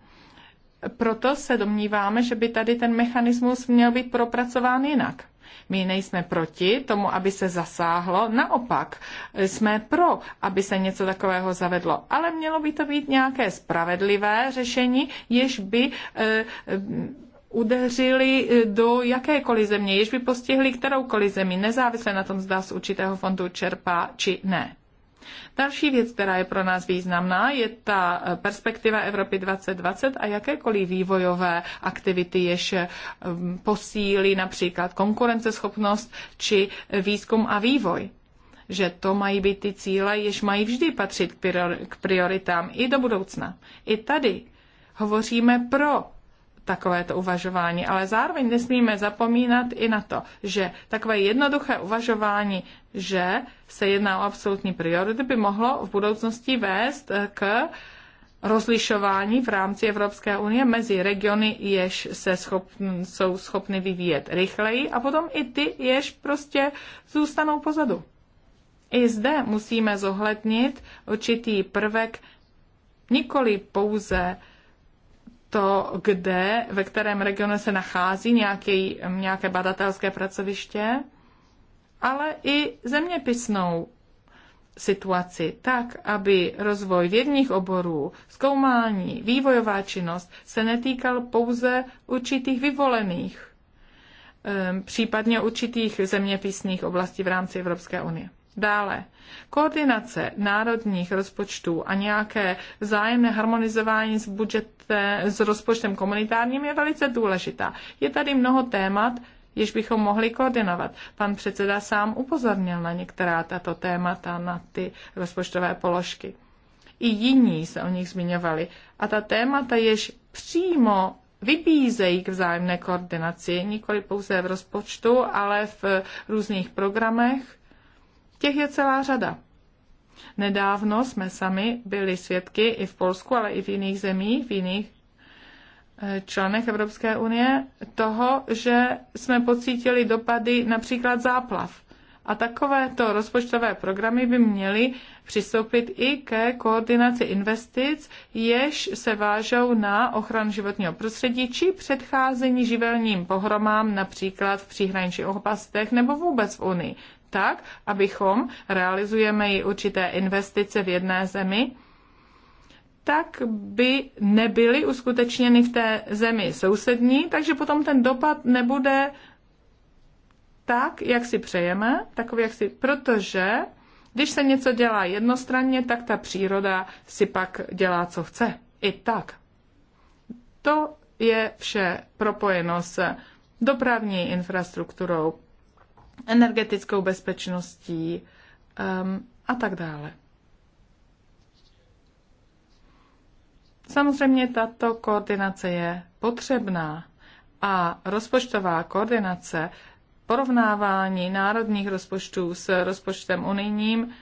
S1: proto se domníváme, že by tady ten mechanismus měl být propracován jinak. My nejsme proti tomu, aby se zasáhlo, naopak jsme pro, aby se něco takového zavedlo. Ale mělo by to být nějaké spravedlivé řešení, jež by e, udeřili eh, do jakékoliv země, jež by postihli kteroukoliv zemi, nezávisle na tom, zda z určitého fondu čerpá či ne. Další věc, která je pro nás významná, je ta perspektiva Evropy 2020 a jakékoliv vývojové aktivity, jež eh, posílí například konkurenceschopnost či výzkum a vývoj že to mají být ty cíle, jež mají vždy patřit k prioritám i do budoucna. I tady hovoříme pro takovéto uvažování, ale zároveň nesmíme zapomínat i na to, že takové jednoduché uvažování že se jedná o absolutní priority, by mohlo v budoucnosti vést eh, k rozlišování v rámci Evropské unie mezi regiony, jež se schopn, jsou schopny vyvíjet rychleji a potom i ty, jež prostě zůstanou pozadu. I zde musíme zohlednit určitý prvek nikoli pouze to, kde, ve kterém regionu se nachází nějaký, nějaké badatelské pracoviště, ale i zeměpisnou situaci tak, aby rozvoj vědních oborů, zkoumání, vývojová činnost se netýkal pouze určitých vyvolených, případně určitých zeměpisných oblastí v rámci Evropské unie. Dále, koordinace národních rozpočtů a nějaké vzájemné harmonizování s, budžete, s rozpočtem komunitárním je velice důležitá. Je tady mnoho témat, jež bychom mohli koordinovat. Pan předseda sám upozornil na některá tato témata, na ty rozpočtové položky. I jiní se o nich zmiňovali. A ta témata, jež přímo vybízejí k vzájemné koordinaci, nikoli pouze v rozpočtu, ale v různých programech, těch je celá řada. Nedávno jsme sami byli svědky i v Polsku, ale i v jiných zemích, v jiných členech Evropské unie toho, že jsme pocítili dopady například záplav. A takovéto rozpočtové programy by měly přistoupit i ke koordinaci investic, jež se vážou na ochranu životního prostředí či předcházení živelním pohromám například v příhraničních oblastech nebo vůbec v Unii. Tak, abychom, realizujeme i určité investice v jedné zemi, tak by nebyly uskutečněny v té zemi sousední, takže potom ten dopad nebude tak, jak si přejeme, takový, jak si, protože když se něco dělá jednostranně, tak ta příroda si pak dělá, co chce. I tak. To je vše propojeno s dopravní infrastrukturou, energetickou bezpečností um, a tak dále. Samozřejmě tato koordinace je potřebná a rozpočtová koordinace porovnávání národních rozpočtů s rozpočtem unijním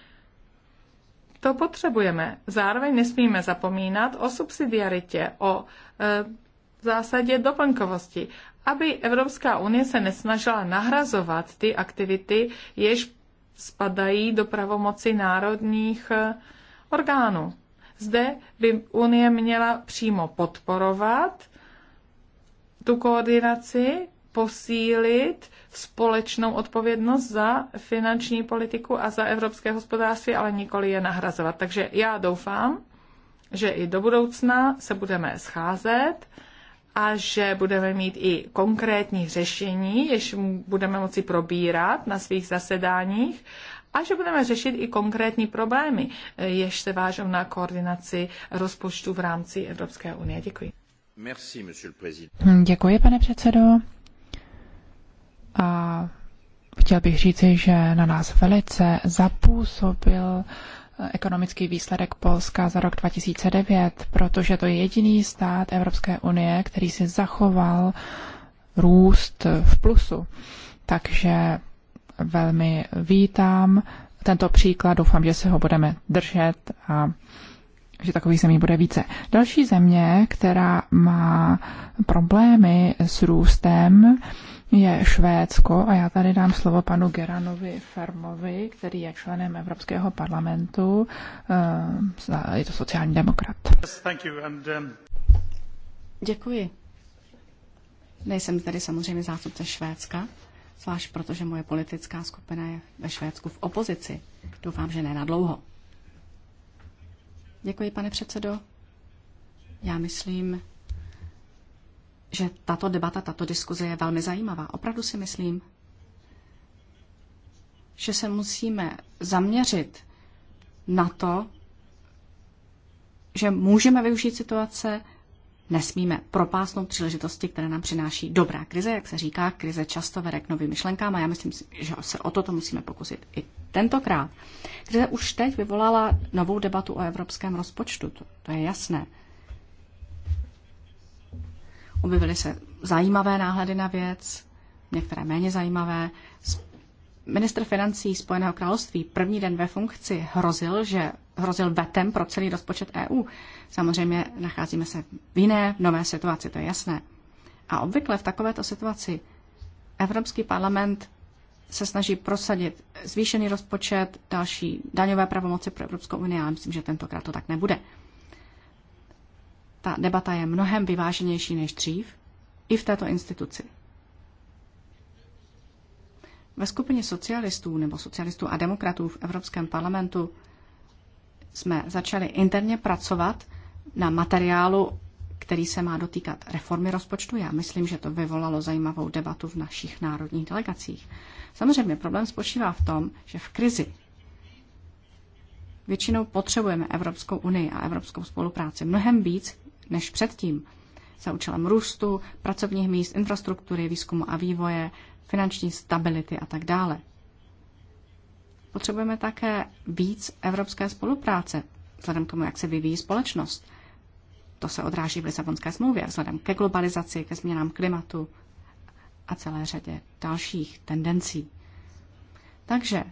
S1: to potřebujeme. Zároveň nesmíme zapomínat o subsidiaritě, o e, zásadě doplňkovosti, aby Evropská unie se nesnažila nahrazovat ty aktivity, jež spadají do pravomoci národních e, orgánů. Zde by Unie měla přímo podporovat tu koordinaci, posílit společnou odpovědnost za finanční politiku a za evropské hospodářství, ale nikoli je nahrazovat. Takže já doufám, že i do budoucna se budeme scházet a že budeme mít i konkrétní řešení, jež budeme moci probírat na svých zasedáních a že budeme řešit i konkrétní problémy, eh, jež se vážou na koordinaci rozpočtu v rámci Evropské unie. Děkuji.
S3: Merci,
S2: hm, Děkuji, pane předsedo. A chtěl bych říci, že na nás velice zapůsobil eh, ekonomický výsledek Polska za rok 2009, protože to je jediný stát Evropské unie, který si zachoval růst v plusu. Takže velmi vítám tento příklad. Doufám, že se ho budeme držet a že takových zemí bude více. Další země, která má problémy s růstem, je Švédsko a já tady dám slovo panu Geranovi Fermovi, který je členem Evropského parlamentu.
S3: Eh, je to sociální demokrat.
S2: Um,
S3: Děkuji. Nejsem tady samozřejmě zástupce Švédska, zvlášť protože moje politická skupina je ve Švédsku v opozici. Doufám, že ne na dlouho. Děkuji, pane předsedo. Já myslím, že tato debata, tato diskuze je velmi zajímavá. Opravdu si myslím, že se musíme zaměřit na to, že můžeme využít situace, nesmíme propásnout příležitosti, které nám přináší dobrá krize. Jak se říká, krize často vede k novým myšlenkám a já myslím, že se o toto musíme pokusit i tentokrát. Krize už teď vyvolala novou debatu o evropském rozpočtu, to, to je jasné. Objevily se zajímavé náhledy na věc, některé méně zajímavé. Ministr financí Spojeného království první den ve funkci hrozil, že hrozil vetem pro celý rozpočet EU. Samozřejmě nacházíme se v jiné, nové situaci, to je jasné. A obvykle v takovéto situaci Evropský parlament se snaží prosadit zvýšený rozpočet, další daňové pravomoci pro Evropskou unii, ale myslím, že tentokrát to tak nebude. Ta debata je mnohem vyváženější než dřív, i v této instituci. Ve skupině socialistů nebo socialistů a demokratů v Evropském parlamentu jsme začali interně pracovat na materiálu, který se má dotýkat reformy rozpočtu. Já myslím, že to vyvolalo zajímavou debatu v našich národních delegacích. Samozřejmě problém spočívá v tom, že v krizi většinou potřebujeme Evropskou unii a evropskou spolupráci mnohem víc než předtím. Za účelem růstu, pracovních míst, infrastruktury, výzkumu a vývoje, finanční stability a tak dále. Potřebujeme také víc evropské spolupráce, vzhledem k tomu, jak se vyvíjí společnost. To se odráží v Lisabonské smlouvě, vzhledem ke globalizaci, ke změnám klimatu a celé řadě dalších tendencí. Takže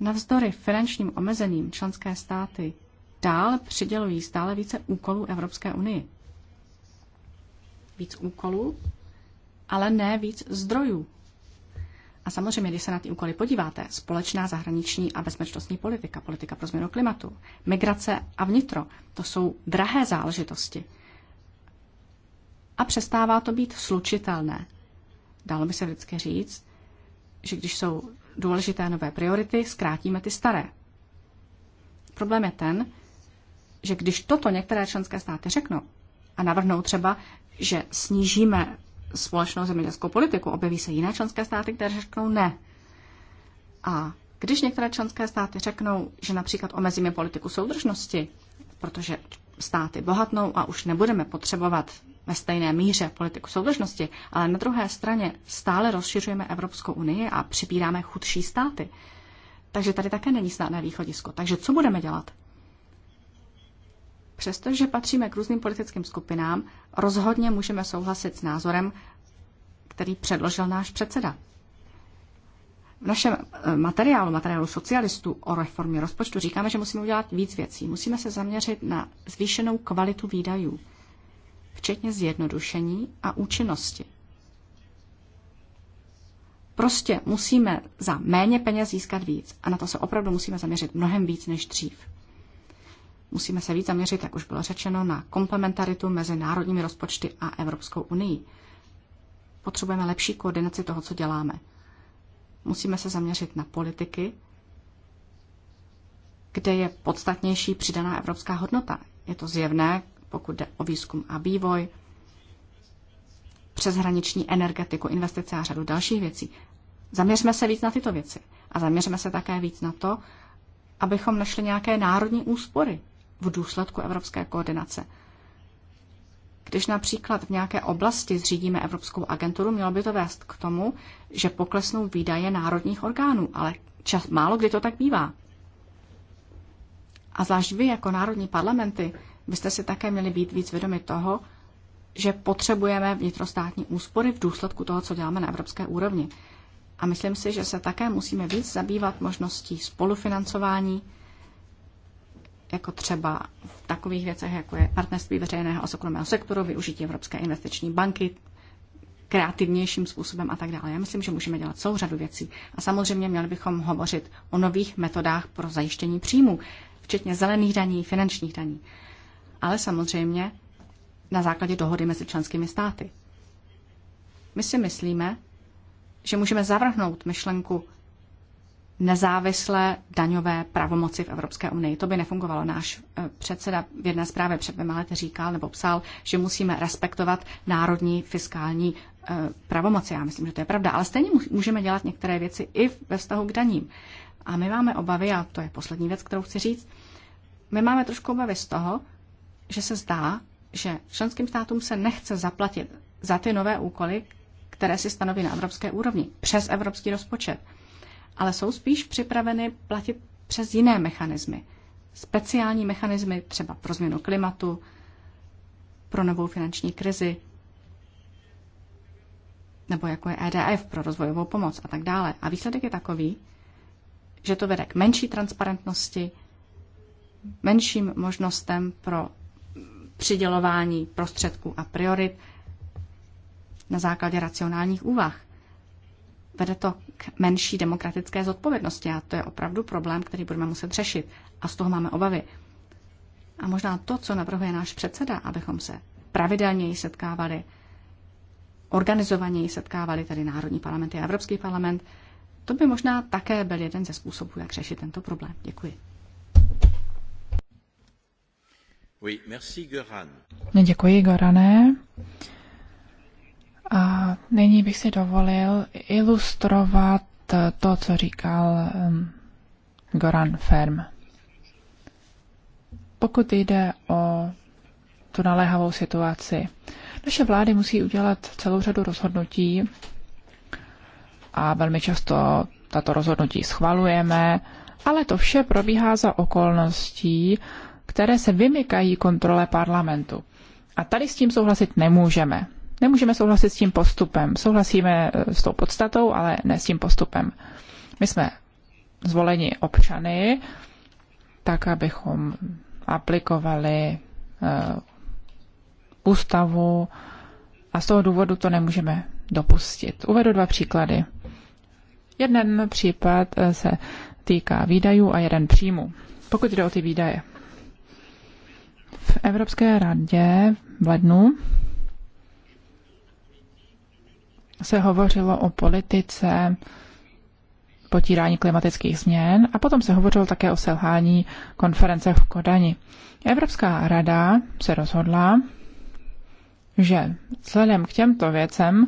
S3: navzdory finančním omezením členské státy dál přidělují stále více úkolů Evropské unii. Víc úkolů, ale ne víc zdrojů samozřejmě, když se na ty úkoly podíváte, společná zahraniční a bezpečnostní politika, politika pro změnu klimatu, migrace a vnitro, to jsou drahé záležitosti. A přestává to být slučitelné. Dalo by se vždycky říct, že když jsou důležité nové priority, zkrátíme ty staré. Problém je ten, že když toto některé členské státy řeknou a navrhnou třeba, že snížíme společnou zemědělskou politiku. Objeví se jiné členské státy, které řeknou ne. A když některé členské státy řeknou, že například omezíme politiku soudržnosti, protože státy bohatnou a už nebudeme potřebovat ve stejné míře politiku soudržnosti, ale na druhé straně stále rozšiřujeme Evropskou unii a přibíráme chudší státy. Takže tady také není snadné východisko. Takže co budeme dělat? Přestože patříme k různým politickým skupinám, rozhodně můžeme souhlasit s názorem, který předložil náš předseda. V našem eh, materiálu, materiálu socialistů o reformě rozpočtu, říkáme, že musíme udělat víc věcí. Musíme se zaměřit na zvýšenou kvalitu výdajů, včetně zjednodušení a účinnosti. Prostě musíme za méně peněz získat víc a na to se opravdu musíme zaměřit mnohem víc než dřív. Musíme se víc zaměřit, jak už bylo řečeno, na komplementaritu mezi národními rozpočty a Evropskou unii. Potřebujeme lepší koordinaci toho, co děláme. Musíme se zaměřit na politiky, kde je podstatnější přidaná evropská hodnota. Je to zjevné, pokud jde o výzkum a vývoj, přeshraniční energetiku, investice a řadu dalších věcí. Zaměřme se víc na tyto věci a zaměřme se také víc na to, abychom našli nějaké národní úspory v důsledku evropské koordinace. Když například v nějaké oblasti zřídíme Evropskou agenturu, mělo by to vést k tomu, že poklesnou výdaje národních orgánů, ale čas, málo kdy to tak bývá. A zvlášť vy jako národní parlamenty byste si také měli být víc vědomi toho, že potřebujeme vnitrostátní úspory v důsledku toho, co děláme na evropské úrovni. A myslím si, že se také musíme víc zabývat možností spolufinancování jako třeba v takových věcech, jako je partnerství veřejného a soukromého sektoru, využití Evropské investiční banky, kreativnějším způsobem a tak dále. Já myslím, že můžeme dělat celou řadu věcí. A samozřejmě měli bychom hovořit o nových metodách pro zajištění příjmů, včetně zelených daní, finančních daní. Ale samozřejmě na základě dohody mezi členskými státy. My si myslíme, že můžeme zavrhnout myšlenku nezávislé daňové pravomoci v Evropské unii. To by nefungovalo. Náš eh, předseda v jedné zprávě před dvěma lety říkal nebo psal, že musíme respektovat národní fiskální eh, pravomoci. Já myslím, že to je pravda. Ale stejně můžeme dělat některé věci i ve vztahu k daním. A my máme obavy, a to je poslední věc, kterou chci říct, my máme trošku obavy z toho, že se zdá, že členským státům se nechce zaplatit za ty nové úkoly, které si stanoví na evropské úrovni, přes evropský rozpočet ale jsou spíš připraveny platit přes jiné mechanismy. Speciální mechanismy třeba pro změnu klimatu, pro novou finanční krizi, nebo jako je EDF pro rozvojovou pomoc a tak dále. A výsledek je takový, že to vede k menší transparentnosti, menším možnostem pro přidělování prostředků a priorit na základě racionálních úvah vede to k menší demokratické zodpovědnosti a to je opravdu problém, který budeme muset řešit a z toho máme obavy. A možná to, co navrhuje náš předseda, abychom se pravidelněji setkávali, organizovaněji setkávali tedy Národní parlament a Evropský parlament, to by možná také byl jeden ze způsobů, jak řešit tento problém. Děkuji.
S2: Oui, merci, Goran.
S3: Děkuji, Gorané.
S2: A nyní bych si dovolil ilustrovat to, co říkal um, Goran Ferm. Pokud jde o tu naléhavou situaci, naše vlády musí udělat celou řadu rozhodnutí a velmi často tato rozhodnutí schvalujeme, ale to vše probíhá za okolností, které se vymykají kontrole parlamentu. A tady s tím souhlasit nemůžeme. Nemůžeme souhlasit s tím postupem. Souhlasíme eh, s tou podstatou, ale ne s tím postupem. My jsme zvoleni občany, tak abychom aplikovali uh, ústavu a z toho důvodu to nemůžeme dopustit. Uvedu dva příklady. Jeden případ eh, se týká výdajů a jeden příjmu. Pokud jde o ty výdaje. V Evropské radě v lednu se hovořilo o politice potírání klimatických změn a potom se hovořilo také o selhání konference v Kodani. Evropská rada se rozhodla, že vzhledem k těmto věcem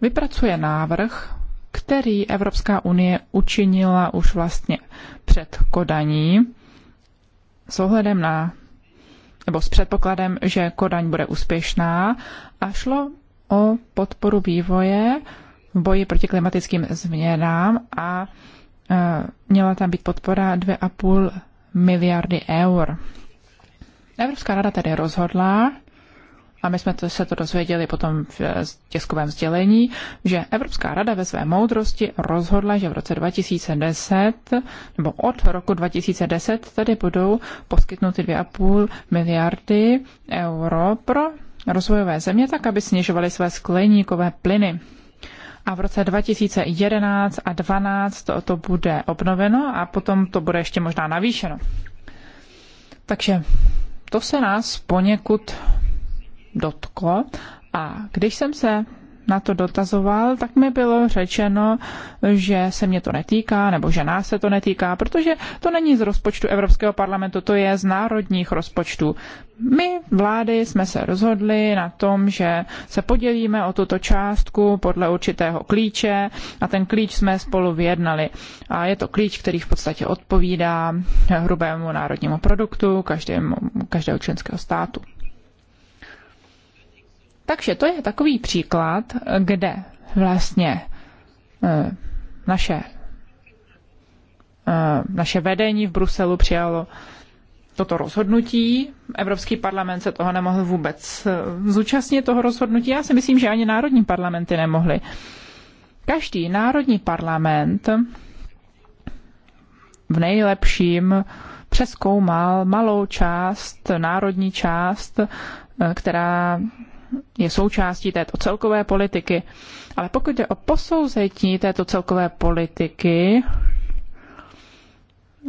S2: vypracuje návrh, který Evropská unie učinila už vlastně před Kodaní s ohledem na nebo s předpokladem, že Kodaň bude úspěšná a šlo o podporu vývoje v boji proti klimatickým změnám a e, měla tam být podpora 2,5 miliardy eur. Evropská rada tedy rozhodla, a my jsme to, se to dozvěděli potom v tiskovém sdělení, že Evropská rada ve své moudrosti rozhodla, že v roce 2010, nebo od roku 2010, tedy budou poskytnuty 2,5 miliardy euro pro rozvojové země tak, aby snižovaly své skleníkové plyny. A v roce 2011 a 2012 to, to bude obnoveno a potom to bude ještě možná navýšeno. Takže to se nás poněkud dotklo a když jsem se na to dotazoval, tak mi bylo řečeno, že se mě to netýká, nebo že nás se to netýká, protože to není z rozpočtu Evropského parlamentu, to je z národních rozpočtů. My, vlády, jsme se rozhodli na tom, že se podělíme o tuto částku podle určitého klíče a ten klíč jsme spolu vyjednali. A je to klíč, který v podstatě odpovídá hrubému národnímu produktu každému, každého členského státu. Takže to je takový příklad, kde vlastně eh, naše, eh, naše vedení v Bruselu přijalo toto rozhodnutí. Evropský parlament se toho nemohl vůbec eh, zúčastnit, toho rozhodnutí. Já si myslím, že ani národní parlamenty nemohly. Každý národní parlament v nejlepším přeskoumal malou část, národní část, která je součástí této celkové politiky. Ale pokud jde o posouzení této celkové politiky,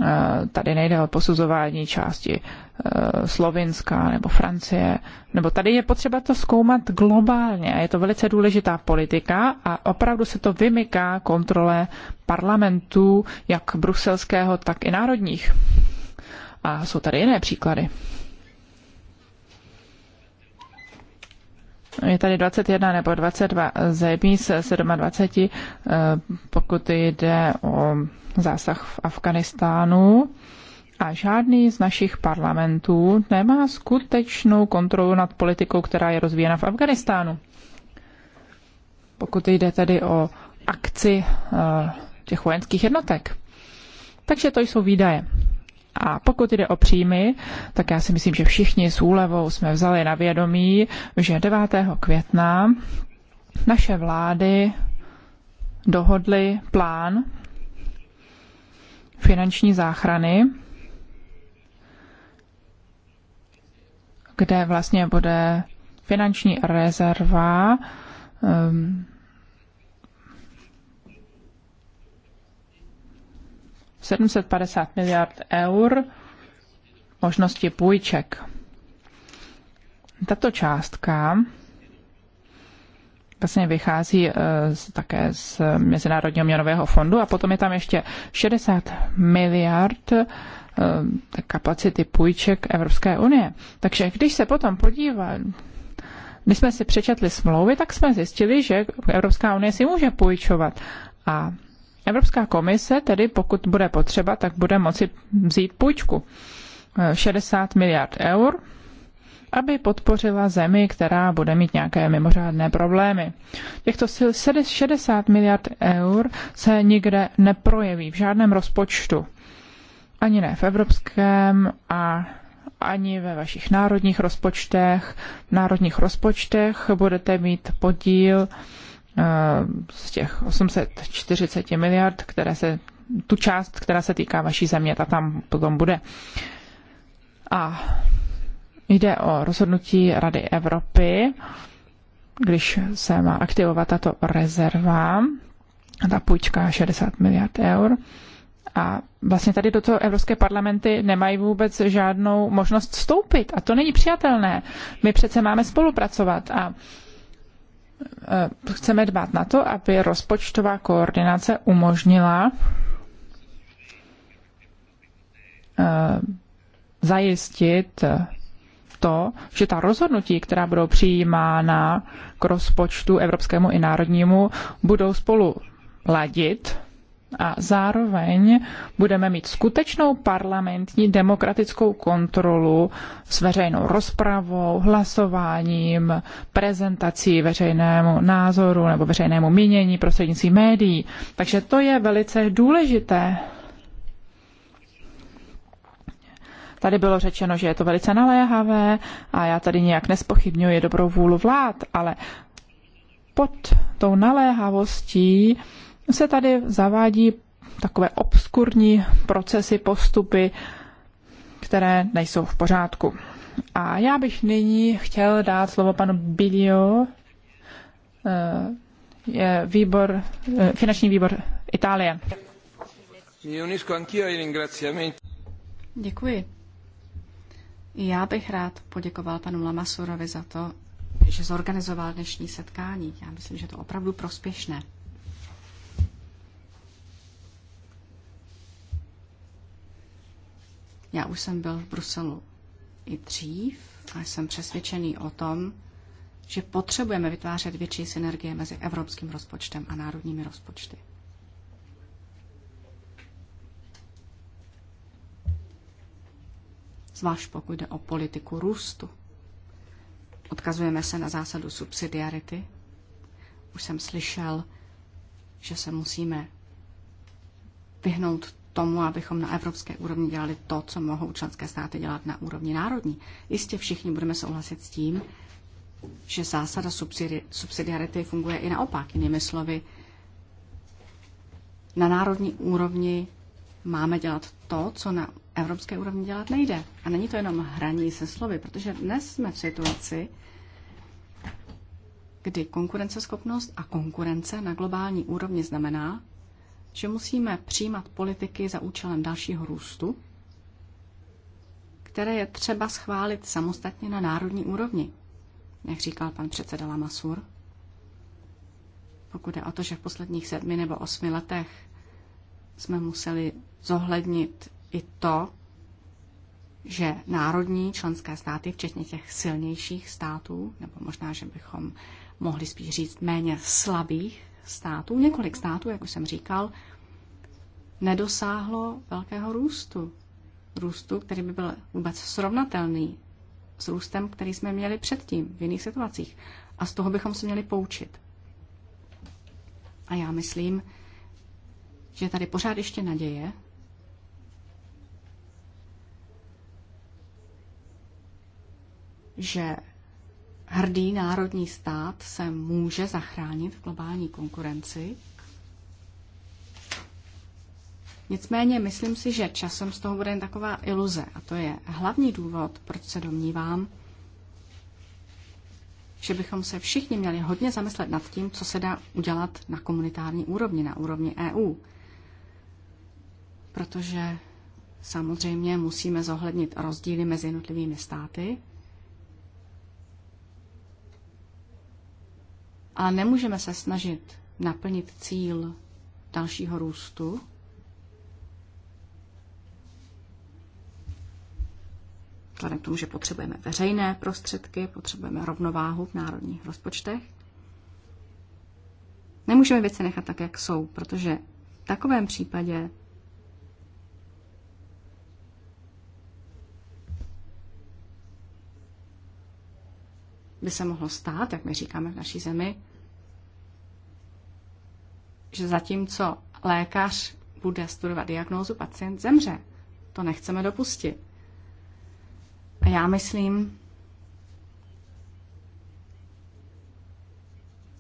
S2: eh, tady nejde o posuzování části eh, Slovinska nebo Francie, nebo tady je potřeba to zkoumat globálně. Je to velice důležitá politika a opravdu se to vymyká kontrole parlamentů, jak bruselského, tak i národních. A jsou tady jiné příklady. Je tady 21 nebo 22 zemí z 27, pokud jde o zásah v Afganistánu. A žádný z našich parlamentů nemá skutečnou kontrolu nad politikou, která je rozvíjena v Afganistánu. Pokud jde tedy o akci eh, těch vojenských jednotek. Takže to jsou výdaje. A pokud jde o příjmy, tak já si myslím, že všichni s úlevou jsme vzali na vědomí, že 9. května naše vlády dohodly plán finanční záchrany, kde vlastně bude finanční rezerva um, 750 miliard eur možnosti půjček. Tato částka vlastně vychází eh, z, také z Mezinárodního měnového fondu a potom je tam ještě 60 miliard eh, kapacity půjček Evropské unie. Takže když se potom podívá, když jsme si přečetli smlouvy, tak jsme zjistili, že Evropská unie si může půjčovat. A Evropská komise tedy, pokud bude potřeba, tak bude moci vzít půjčku 60 eh, miliard eur, aby podpořila zemi, která bude mít nějaké mimořádné problémy. Těchto 60 miliard eur se nikde neprojeví v žádném rozpočtu. Ani ne v evropském a ani ve vašich národních rozpočtech. V národních rozpočtech budete mít podíl z těch 840 miliard, které se, tu část, která se týká vaší země, ta tam potom bude. A jde o rozhodnutí Rady Evropy, když se má aktivovat tato rezerva, ta půjčka 60 miliard eur. A vlastně tady do toho evropské parlamenty nemají vůbec žádnou možnost vstoupit. A to není přijatelné. My přece máme spolupracovat a Eh, chceme dbát na to, aby rozpočtová koordinace umožnila eh, zajistit to, že ta rozhodnutí, která budou přijímána k rozpočtu evropskému i národnímu, budou spolu ladit a zároveň budeme mít skutečnou parlamentní demokratickou kontrolu s veřejnou rozpravou, hlasováním, prezentací veřejnému názoru nebo veřejnému mínění prostřednictvím médií. Takže to je velice důležité. Tady bylo řečeno, že je to velice naléhavé a já tady nějak nespochybňuji dobrou vůlu vlád, ale pod tou naléhavostí se tady zavádí takové obskurní procesy, postupy, které nejsou v pořádku. A já bych nyní chtěl dát slovo panu Bilio, eh, je výbor, eh, finanční výbor Itálie.
S3: Děkuji. Já bych rád poděkoval panu Lamasurovi za to, že zorganizoval dnešní setkání. Já myslím, že to opravdu prospěšné. Já už jsem byl v Bruselu i dřív a jsem přesvědčený o tom, že potřebujeme vytvářet větší synergie mezi evropským rozpočtem a národními rozpočty. Zvlášť pokud jde o politiku růstu. Odkazujeme se na zásadu subsidiarity. Už jsem slyšel, že se musíme vyhnout tomu, abychom na evropské úrovni dělali to, co mohou členské státy dělat na úrovni národní. Jistě všichni budeme souhlasit s tím, že zásada subsidi subsidiarity funguje i naopak. Jinými slovy, na národní úrovni máme dělat to, co na evropské úrovni dělat nejde. A není to jenom hraní se slovy, protože dnes jsme v situaci, kdy konkurenceschopnost a konkurence na globální úrovni znamená, že musíme přijímat politiky za účelem dalšího růstu, které je třeba schválit samostatně na národní úrovni, jak říkal pan předseda Lamasur. Pokud je o to, že v posledních sedmi nebo osmi letech jsme museli zohlednit i to, že národní členské státy, včetně těch silnějších států, nebo možná, že bychom mohli spíš říct méně slabých, států, několik států, jak už jsem říkal, nedosáhlo velkého růstu. Růstu, který by byl vůbec srovnatelný s růstem, který jsme měli předtím v jiných situacích. A z toho bychom se měli poučit. A já myslím, že tady pořád ještě naděje, že Hrdý národní stát se může zachránit v globální konkurenci. Nicméně myslím si, že časem z toho bude jen taková iluze a to je hlavní důvod, proč se domnívám, že bychom se všichni měli hodně zamyslet nad tím, co se dá udělat na komunitární úrovni, na úrovni EU. Protože samozřejmě musíme zohlednit rozdíly mezi jednotlivými státy, A nemůžeme se snažit naplnit cíl dalšího růstu, vzhledem k tomu, že potřebujeme veřejné prostředky, potřebujeme rovnováhu v národních rozpočtech. Nemůžeme věci nechat tak, jak jsou, protože v takovém případě by se mohlo stát, jak my říkáme v naší zemi, že zatímco lékař bude studovat diagnózu, pacient zemře. To nechceme dopustit. A já myslím,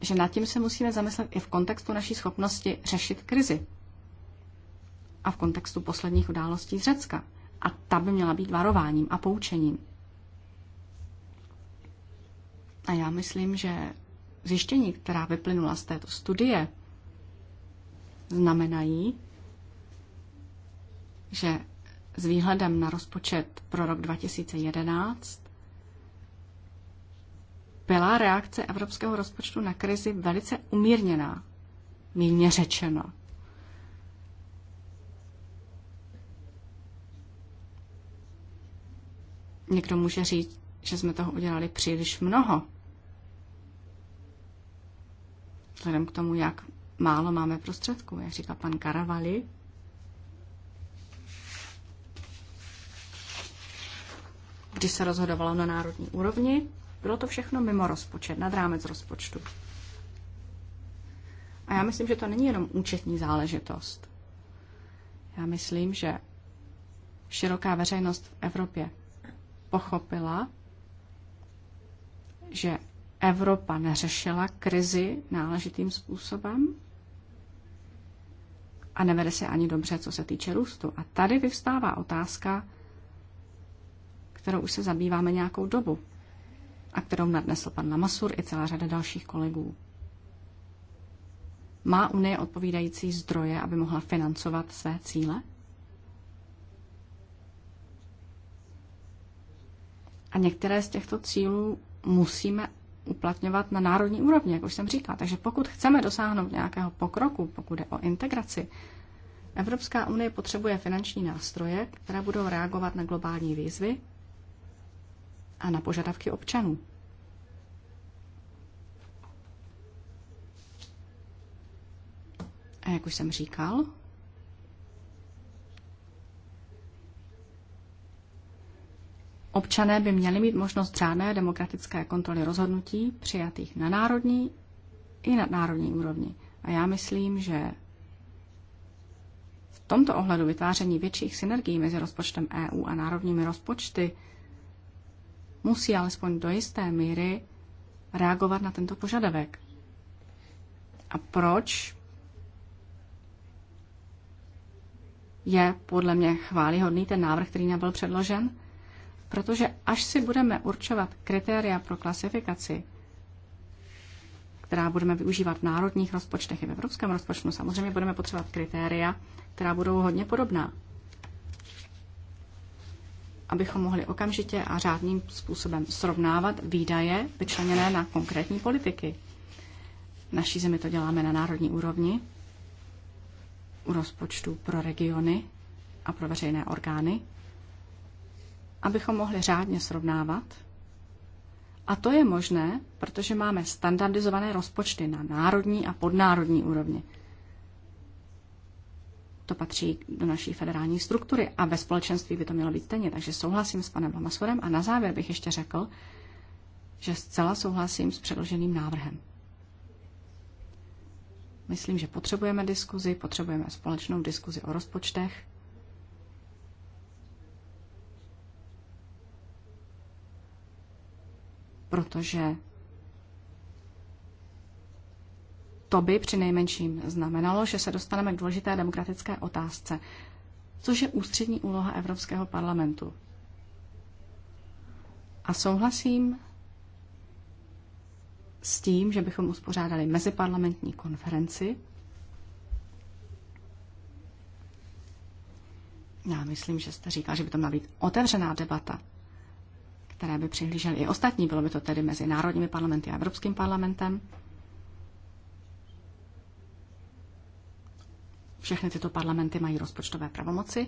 S3: že nad tím se musíme zamyslet i v kontextu naší schopnosti řešit krizi. A v kontextu posledních událostí z Řecka. A ta by měla být varováním a poučením. A já myslím, že zjištění, která vyplynula z této studie, znamenají, že s výhledem na rozpočet pro rok 2011 byla reakce evropského rozpočtu na krizi velice umírněná, míně řečeno. Někdo může říct, že jsme toho udělali příliš mnoho, Vzhledem k tomu, jak málo máme prostředků, jak říká pan Karavali, když se rozhodovalo na národní úrovni, bylo to všechno mimo rozpočet, nad rámec rozpočtu. A já myslím, že to není jenom účetní záležitost. Já myslím, že široká veřejnost v Evropě pochopila, že Evropa neřešila krizi náležitým způsobem a nevede se ani dobře, co se týče růstu. A tady vyvstává otázka, kterou už se zabýváme nějakou dobu a kterou nadnesl pan Lamasur i celá řada dalších kolegů. Má Unie odpovídající zdroje, aby mohla financovat své cíle? A některé z těchto cílů musíme uplatňovat na národní úrovni, jak už jsem říkala. Takže pokud chceme dosáhnout nějakého pokroku, pokud je o integraci, Evropská unie potřebuje finanční nástroje, které budou reagovat na globální výzvy a na požadavky občanů. A jak už jsem říkal, Občané by měli mít možnost řádné demokratické kontroly rozhodnutí přijatých na národní i na národní úrovni. A já myslím, že v tomto ohledu vytváření větších synergií mezi rozpočtem EU a národními rozpočty musí alespoň do jisté míry reagovat na tento požadavek. A proč je podle mě chválihodný ten návrh, který nám byl předložen? Protože až si budeme určovat kritéria pro klasifikaci, která budeme využívat v národních rozpočtech i v evropském rozpočtu, samozřejmě budeme potřebovat kritéria, která budou hodně podobná. Abychom mohli okamžitě a řádným způsobem srovnávat výdaje vyčleněné na konkrétní politiky. V naší zemi to děláme na národní úrovni, u rozpočtu pro regiony a pro veřejné orgány, abychom mohli řádně srovnávat. A to je možné, protože máme standardizované rozpočty na národní a podnárodní úrovni. To patří do naší federální struktury a ve společenství by to mělo být stejně. Takže souhlasím s panem Lamasurem a na závěr bych ještě řekl, že zcela souhlasím s předloženým návrhem. Myslím, že potřebujeme diskuzi, potřebujeme společnou diskuzi o rozpočtech protože to by při nejmenším znamenalo, že se dostaneme k důležité demokratické otázce, což je ústřední úloha Evropského parlamentu. A souhlasím s tím, že bychom uspořádali meziparlamentní konferenci. Já myslím, že jste říkal, že by to měla být otevřená debata které by přihlížely i ostatní. Bylo by to tedy mezi národními parlamenty a Evropským parlamentem. Všechny tyto parlamenty mají rozpočtové pravomoci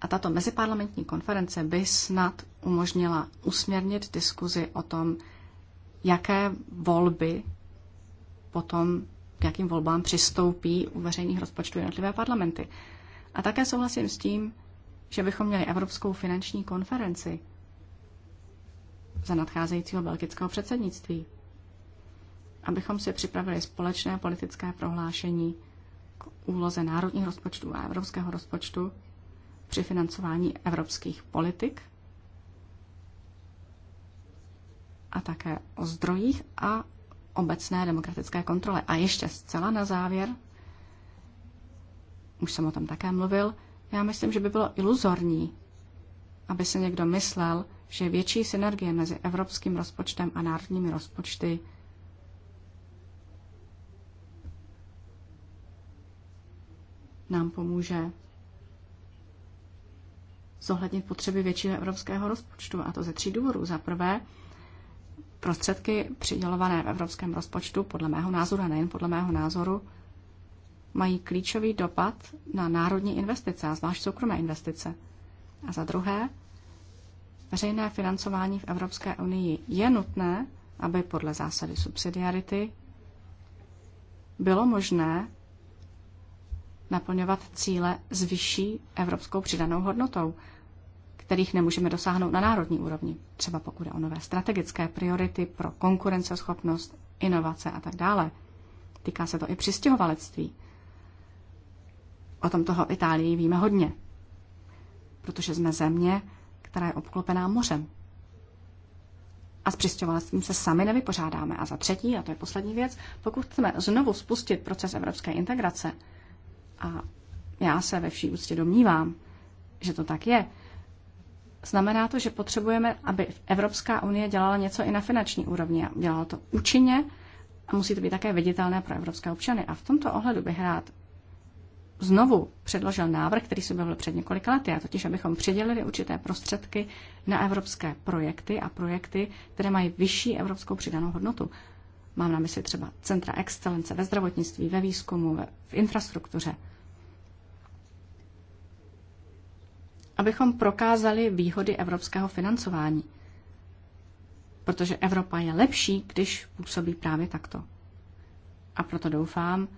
S3: a tato meziparlamentní konference by snad umožnila usměrnit diskuzi o tom, jaké volby potom k jakým volbám přistoupí u veřejných rozpočtů jednotlivé parlamenty. A také souhlasím s tím, že bychom měli Evropskou finanční konferenci, za nadcházejícího belgického předsednictví, abychom si připravili společné politické prohlášení k úloze národních rozpočtů a evropského rozpočtu při financování evropských politik a také o zdrojích a obecné demokratické kontrole. A ještě zcela na závěr, už jsem o tom také mluvil, já myslím, že by bylo iluzorní, aby se někdo myslel, že větší synergie mezi evropským rozpočtem a národními rozpočty nám pomůže zohlednit potřeby většího evropského rozpočtu, a to ze tří důvodů. Za prvé, prostředky přidělované v evropském rozpočtu, podle mého názoru a nejen podle mého názoru, mají klíčový dopad na národní investice a zvlášť soukromé investice. A za druhé, Veřejné financování v Evropské unii je nutné, aby podle zásady subsidiarity bylo možné naplňovat cíle s vyšší evropskou přidanou hodnotou, kterých nemůžeme dosáhnout na národní úrovni, třeba pokud je o nové strategické priority pro konkurenceschopnost, inovace a tak dále. Týká se to i přistěhovalectví. O tom toho Itálii víme hodně, protože jsme země, která je obklopená mořem. A s přistěhovalstvím se sami nevypořádáme. A za třetí, a to je poslední věc, pokud chceme znovu spustit proces evropské integrace, a já se ve vší úctě domnívám, že to tak je, znamená to, že potřebujeme, aby Evropská unie dělala něco i na finanční úrovni a dělala to účinně a musí to být také viditelné pro evropské občany. A v tomto ohledu bych rád znovu předložil návrh, který se byl před několika lety, a totiž, abychom přidělili určité prostředky na evropské projekty a projekty, které mají vyšší evropskou přidanou hodnotu. Mám na mysli třeba centra excelence ve zdravotnictví, ve výzkumu, v infrastruktuře. Abychom prokázali výhody evropského financování. Protože Evropa je lepší, když působí právě takto. A proto doufám,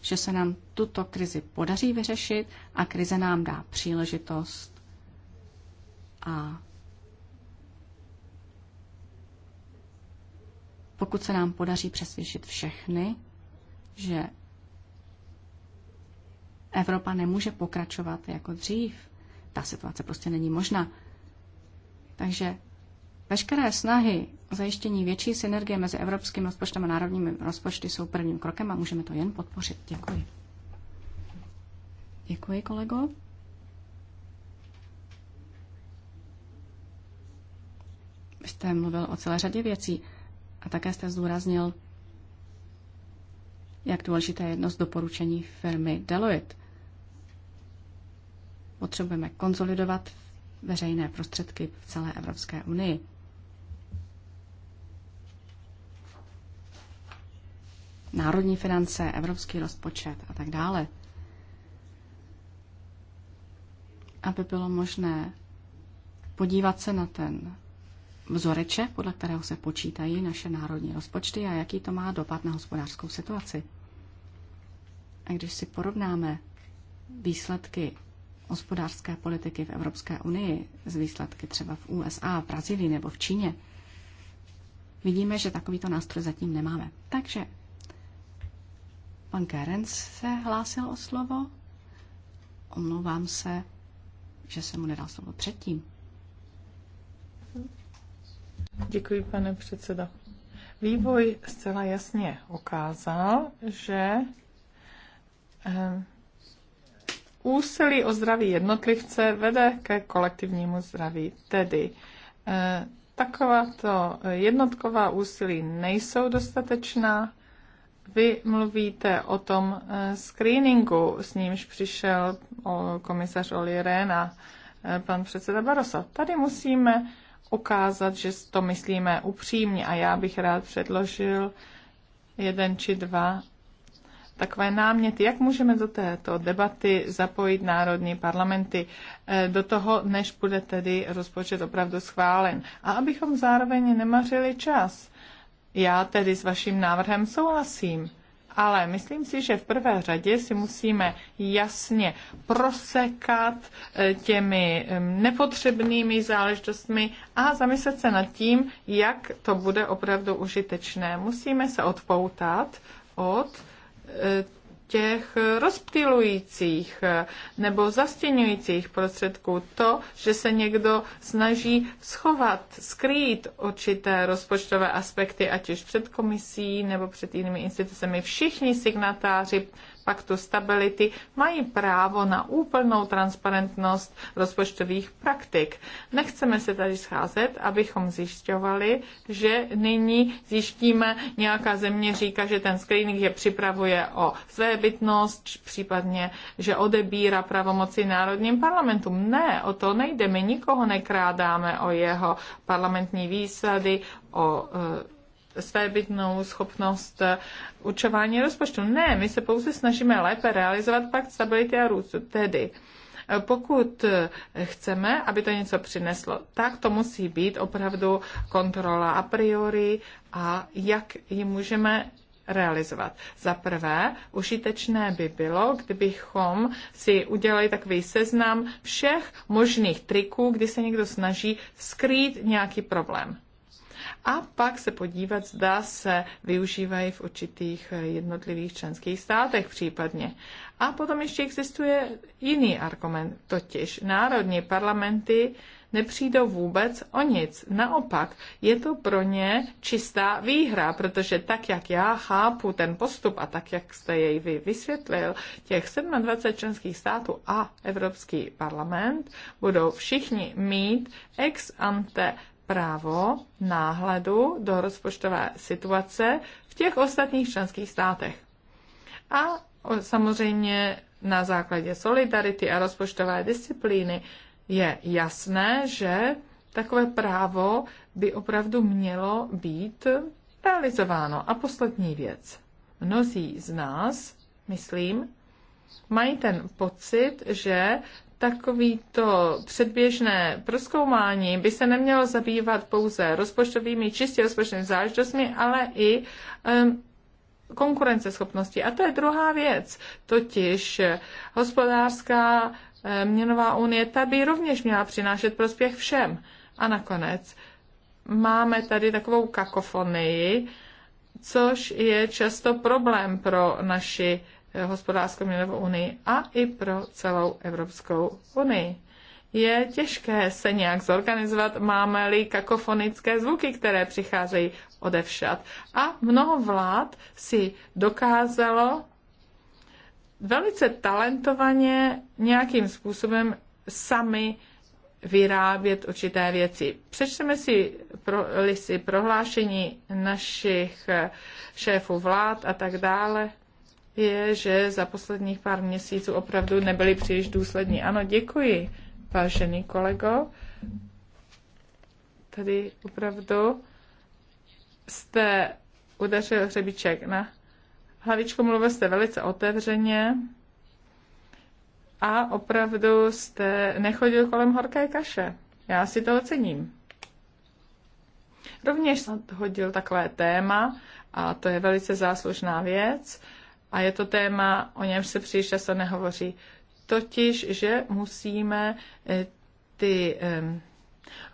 S3: že se nám tuto krizi podaří vyřešit a krize nám dá příležitost a pokud se nám podaří přesvědčit všechny, že Evropa nemůže pokračovat jako dřív, ta situace prostě není možná. Takže veškeré snahy zajištění větší synergie mezi evropským rozpočtem a národními rozpočty jsou prvním krokem a můžeme to jen podpořit. Děkuji. Děkuji, kolego. Jste mluvil o celé řadě věcí a také jste zdůraznil, jak důležité je jedno z doporučení firmy Deloitte. Potřebujeme konsolidovat veřejné prostředky v celé Evropské unii. národní finance, evropský rozpočet a tak dále. Aby bylo možné podívat se na ten vzoreče, podle kterého se počítají naše národní rozpočty a jaký to má dopad na hospodářskou situaci. A když si porovnáme výsledky hospodářské politiky v Evropské unii s výsledky třeba v USA, v Brazílii nebo v Číně, vidíme, že takovýto nástroj zatím nemáme. Takže Pan Kerenc se hlásil o slovo. Omlouvám se, že jsem mu nedal slovo předtím.
S1: Děkuji, pane předsedo. Vývoj zcela jasně ukázal, že eh, úsilí o zdraví jednotlivce vede ke kolektivnímu zdraví. Tedy eh, takováto jednotková úsilí nejsou dostatečná vy mluvíte o tom eh, screeningu, s nímž přišel komisař Oli Rehn a eh, pan předseda Barosa. Tady musíme ukázat, že to myslíme upřímně a já bych rád předložil jeden či dva takové náměty, jak můžeme do této debaty zapojit národní parlamenty eh, do toho, než bude tedy rozpočet opravdu schválen. A abychom zároveň nemařili čas. Já tedy s vaším návrhem souhlasím, ale myslím si, že v prvé řadě si musíme jasně prosekat eh, těmi nepotřebnými záležitostmi a zamyslet se nad tím, jak to bude opravdu užitečné. Musíme se odpoutat od eh, těch rozptilujících nebo zastěňujících prostředků. To, že se někdo snaží schovat, skrýt určité rozpočtové aspekty, ať už před komisí nebo před jinými institucemi. Všichni signatáři paktu stability mají právo na úplnou transparentnost rozpočtových praktik. Nechceme se tady scházet, abychom zjišťovali, že nyní zjištíme, nějaká země říká, že ten screening je připravuje o své bytnost, případně, že odebírá pravomoci národním parlamentům. Ne, o to nejde. My nikoho nekrádáme o jeho parlamentní výsady, o e, svébytnou schopnost eh, učování rozpočtu. Ne, my se pouze snažíme lépe realizovat pakt stability a růstu. Tedy eh, pokud eh, chceme, aby to něco přineslo, tak to musí být opravdu kontrola a priori a jak ji můžeme realizovat. Za prvé, užitečné by bylo, kdybychom si udělali takový seznam všech možných triků, kdy se někdo snaží skrýt nějaký problém a pak se podívat, zda se využívají v určitých eh, jednotlivých členských státech případně. A potom ještě existuje jiný argument, totiž národní parlamenty nepřijdou vůbec o nic. Naopak, je to pro ně čistá výhra, protože tak, jak já chápu ten postup a tak, jak jste jej vy vysvětlil, těch 27 členských států a Evropský parlament budou všichni mít ex ante právo náhledu do rozpočtové situace v těch ostatních členských státech. A samozřejmě na základě solidarity a rozpočtové disciplíny je jasné, že takové právo by opravdu mělo být realizováno. A poslední věc. Mnozí z nás, myslím, mají ten pocit, že takovýto předběžné proskoumání by se nemělo zabývat pouze rozpočtovými, čistě rozpočtovými záležitostmi, ale i um, konkurenceschopností. A to je druhá věc, totiž eh, hospodářská eh, měnová unie, ta by rovněž měla přinášet prospěch všem. A nakonec máme tady takovou kakofonii, což je často problém pro naši Eh, hospodářskou měnovou unii a i pro celou Evropskou unii. Je těžké se nějak zorganizovat, máme-li kakofonické zvuky, které přicházejí odevšad. A mnoho vlád si dokázalo velice talentovaně nějakým způsobem sami vyrábět určité věci. Přečteme si, pro, si prohlášení našich eh, šéfů vlád a tak dále je, že za posledních pár měsíců opravdu nebyli příliš důslední. Ano, děkuji, vážený kolego. Tady opravdu jste udeřil hřebiček na hlavičku, mluvil jste velice otevřeně a opravdu jste nechodil kolem horké kaše. Já si to ocením. Rovněž hodil takové téma a to je velice záslužná věc a je to téma, o něm se příliš často nehovoří. Totiž, že musíme eh, ty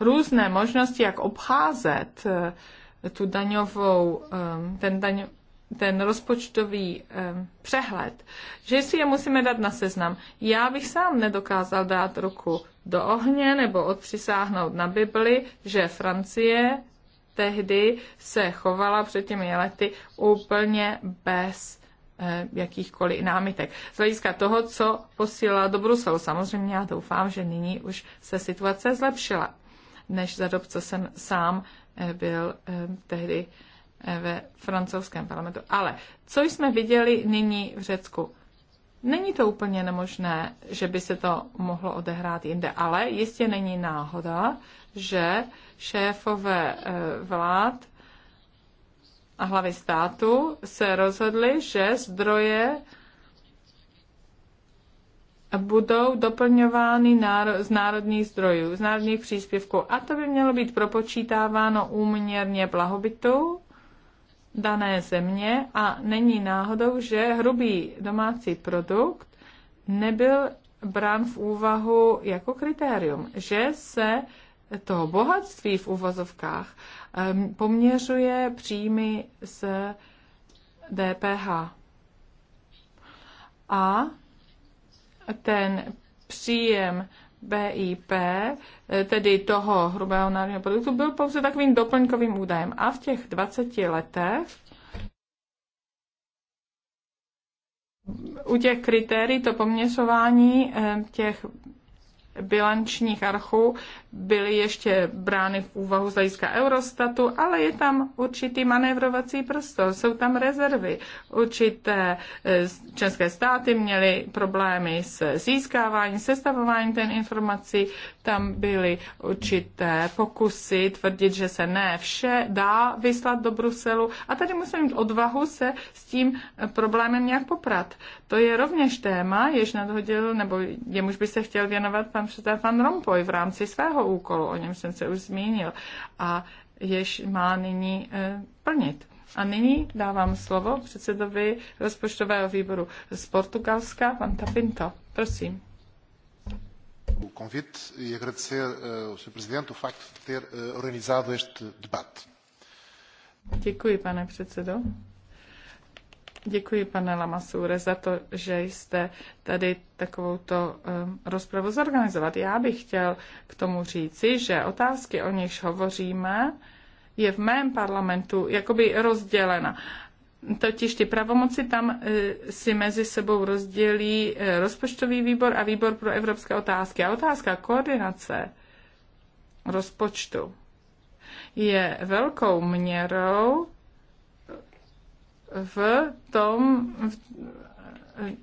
S1: různé možnosti, jak obcházet eh, tu daňovou, ten, daň, ten rozpočtový přehled, že si je musíme dát na seznam. Já bych sám nedokázal dát ruku do ohně nebo odpřisáhnout na Bibli, že Francie tehdy se chovala před těmi lety úplně bez Eh, jakýchkoliv námitek. Z hlediska toho, co posílala do Bruselu. Samozřejmě já doufám, že nyní už se situace zlepšila, než za dob, co jsem sám eh, byl eh, tehdy ve francouzském parlamentu. Ale co jsme viděli nyní v Řecku? Není to úplně nemožné, že by se to mohlo odehrát jinde, ale jistě není náhoda, že šéfové vlád a hlavy státu se rozhodly, že zdroje budou doplňovány z národních zdrojů, z národních příspěvků. A to by mělo být propočítáváno úměrně blahobytu dané země a není náhodou, že hrubý domácí produkt nebyl brán v úvahu jako kritérium, že se toho bohatství v uvozovkách poměřuje příjmy z DPH. A ten příjem BIP, e, tedy toho hrubého národního produktu, byl pouze takovým doplňkovým údajem. A v těch 20 letech u těch kritérií to poměřování těch bilančních archů byly ještě brány v úvahu z hlediska Eurostatu, ale je tam určitý manévrovací prostor, jsou tam rezervy. Určité eh, české státy měly problémy s získáváním, sestavováním ten informací, tam byly určité pokusy tvrdit, že se ne vše dá vyslat do Bruselu a tady musíme mít odvahu se s tím problémem nějak poprat. To je rovněž téma, jež nadhodil, nebo jemuž by se chtěl věnovat pan předseda Van Rompuy v rámci svého druhého úkolu, o něm jsem se už zmínil, a jež má nyní e, plnit. A nyní dávám slovo předsedovi rozpočtového výboru z Portugalska, pan Tapinto. Prosím.
S3: O convite e agradecer e, ao Sr. Presidente o facto de ter e,
S2: organizado este debate.
S1: Děkuji, pane předsedo. Děkuji, pane Lamasure, za to, že jste tady takovouto to um, rozpravu zorganizovat. Já bych chtěl k tomu říci, že otázky, o nichž hovoříme, je v mém parlamentu jakoby rozdělena. Totiž ty pravomoci tam uh, si mezi sebou rozdělí uh, rozpočtový výbor a výbor pro evropské otázky. A otázka koordinace rozpočtu je velkou měrou v tom v,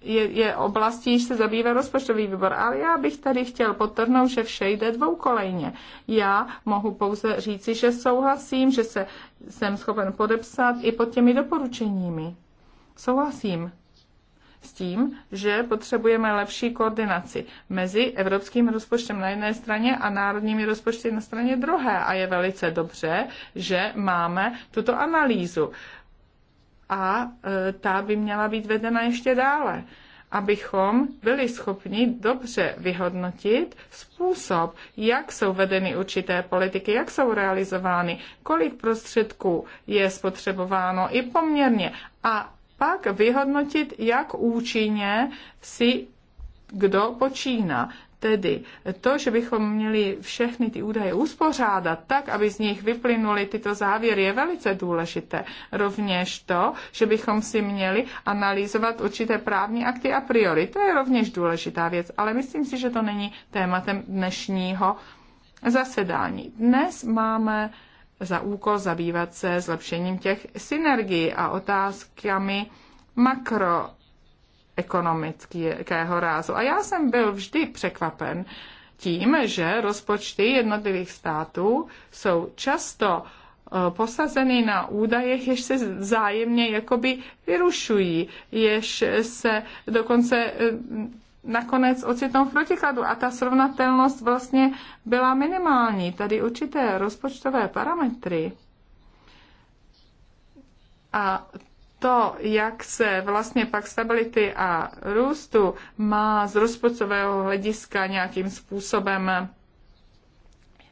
S1: je, je oblastí, již se zabývá rozpočtový výbor, ale já bych tady chtěl potrhnout, že vše jde dvoukolejně. Já mohu pouze říci, že souhlasím, že se jsem schopen podepsat i pod těmi doporučeními. Souhlasím s tím, že potřebujeme lepší koordinaci mezi evropským rozpočtem na jedné straně a národními rozpočty na straně druhé. A je velice dobře, že máme tuto analýzu a e, ta by měla být vedena ještě dále, abychom byli schopni dobře vyhodnotit způsob, jak jsou vedeny určité politiky, jak jsou realizovány, kolik prostředků je spotřebováno i poměrně a pak vyhodnotit, jak účinně si kdo počíná. Tedy to, že bychom měli všechny ty údaje uspořádat tak, aby z nich vyplynuly tyto závěry, je velice důležité. Rovněž to, že bychom si měli analyzovat určité právní akty a priori, to je rovněž důležitá věc, ale myslím si, že to není tématem dnešního zasedání. Dnes máme za úkol zabývat se zlepšením těch synergií a otázkami makro ekonomického rázu. A já jsem byl vždy překvapen tím, že rozpočty jednotlivých států jsou často eh, posazeny na údajech, jež se vzájemně jakoby vyrušují, jež se dokonce eh, nakonec ocitnou v protikladu a ta srovnatelnost vlastně byla minimální. Tady určité rozpočtové parametry a to, jak se vlastně pak stability a růstu má z rozpočtového hlediska nějakým způsobem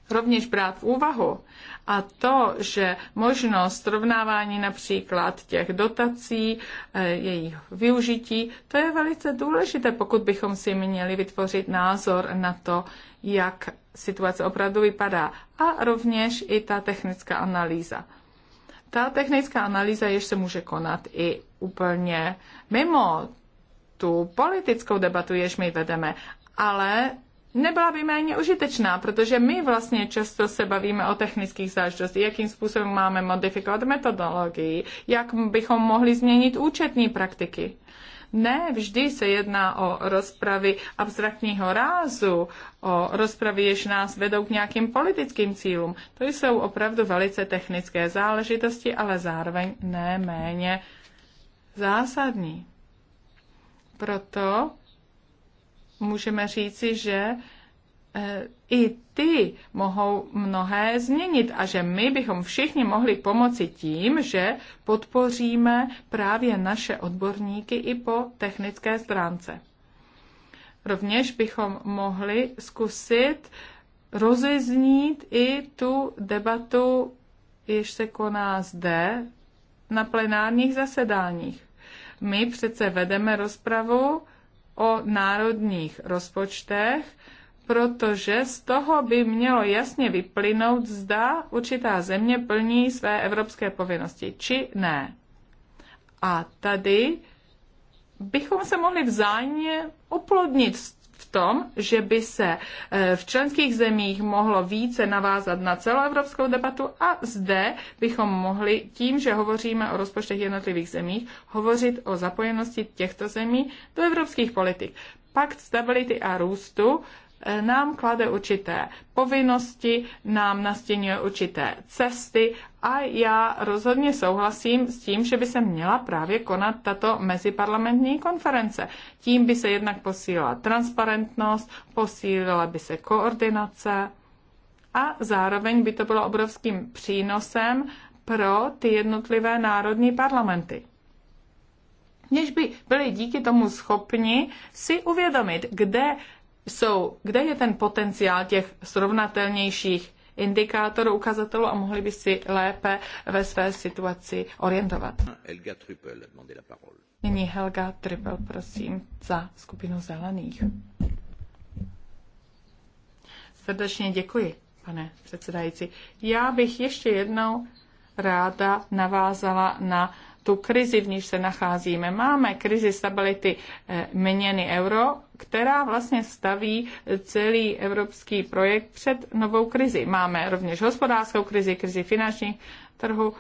S1: rovněž brát v úvahu. A to, že možnost srovnávání například těch dotací, eh, jejich využití, to je velice důležité, pokud bychom si měli vytvořit názor na to, jak situace opravdu vypadá. A rovněž i ta technická analýza. Ta technická analýza ještě může konat i úplně mimo tu politickou debatu, jež my vedeme, ale nebyla by méně užitečná, protože my vlastně často se bavíme o technických záležitostech, jakým způsobem máme modifikovat metodologii, jak bychom mohli změnit účetní praktiky. Ne, vždy se jedná o rozpravy abstraktního rázu, o rozpravy, jež nás vedou k nějakým politickým cílům. To jsou opravdu velice technické záležitosti, ale zároveň ne méně zásadní. Proto můžeme říci, že Eh, i ty mohou mnohé změnit a že my bychom všichni mohli pomoci tím, že podpoříme právě naše odborníky i po technické stránce. Rovněž bychom mohli zkusit rozeznít i tu debatu, jež se koná zde na plenárních zasedáních. My přece vedeme rozpravu o národních rozpočtech, protože z toho by mělo jasně vyplynout, zda určitá země plní své evropské povinnosti, či ne. A tady bychom se mohli vzájemně oplodnit v tom, že by se eh, v členských zemích mohlo více navázat na celoevropskou debatu a zde bychom mohli tím, že hovoříme o rozpočtech jednotlivých zemích, hovořit o zapojenosti těchto zemí do evropských politik. Pakt stability a růstu nám klade určité povinnosti, nám nastěňuje určité cesty a já rozhodně souhlasím s tím, že by se měla právě konat tato meziparlamentní konference. Tím by se jednak posílila transparentnost, posílila by se koordinace a zároveň by to bylo obrovským přínosem pro ty jednotlivé národní parlamenty než by byli díky tomu schopni si uvědomit, kde jsou, kde je ten potenciál těch srovnatelnějších indikátorů, ukazatelů a mohli by si lépe ve své situaci orientovat. Helga Nyní Helga Trippel, prosím, za skupinu zelených. Srdečně děkuji, pane předsedající. Já bych ještě jednou ráda navázala na tu krizi, v níž se nacházíme. Máme krizi stability eh, měny euro, která vlastně staví eh, celý evropský projekt před novou krizi. Máme rovněž hospodářskou krizi, krizi finančních trhu.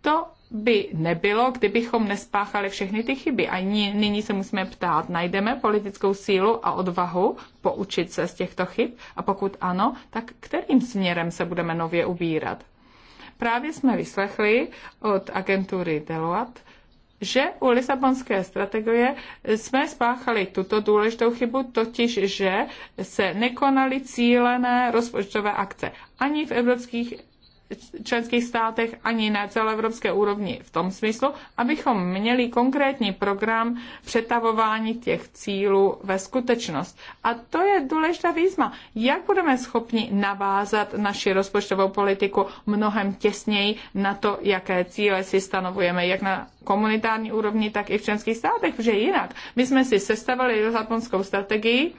S1: To by nebylo, kdybychom nespáchali všechny ty chyby. A nyní se musíme ptát, najdeme politickou sílu a odvahu poučit se z těchto chyb? A pokud ano, tak kterým směrem se budeme nově ubírat? Právě jsme vyslechli od agentury Deloitte, že u Lisabonské strategie jsme spáchali tuto důležitou chybu, totiž, že se nekonaly cílené rozpočtové akce ani v evropských členských státech ani na celoevropské úrovni v tom smyslu, abychom měli konkrétní program přetavování těch cílů ve skutečnost. A to je důležitá výzma. Jak budeme schopni navázat naši rozpočtovou politiku mnohem těsněji na to, jaké cíle si stanovujeme, jak na komunitární úrovni, tak i v členských státech, protože jinak. My jsme si sestavili Lisabonskou strategii,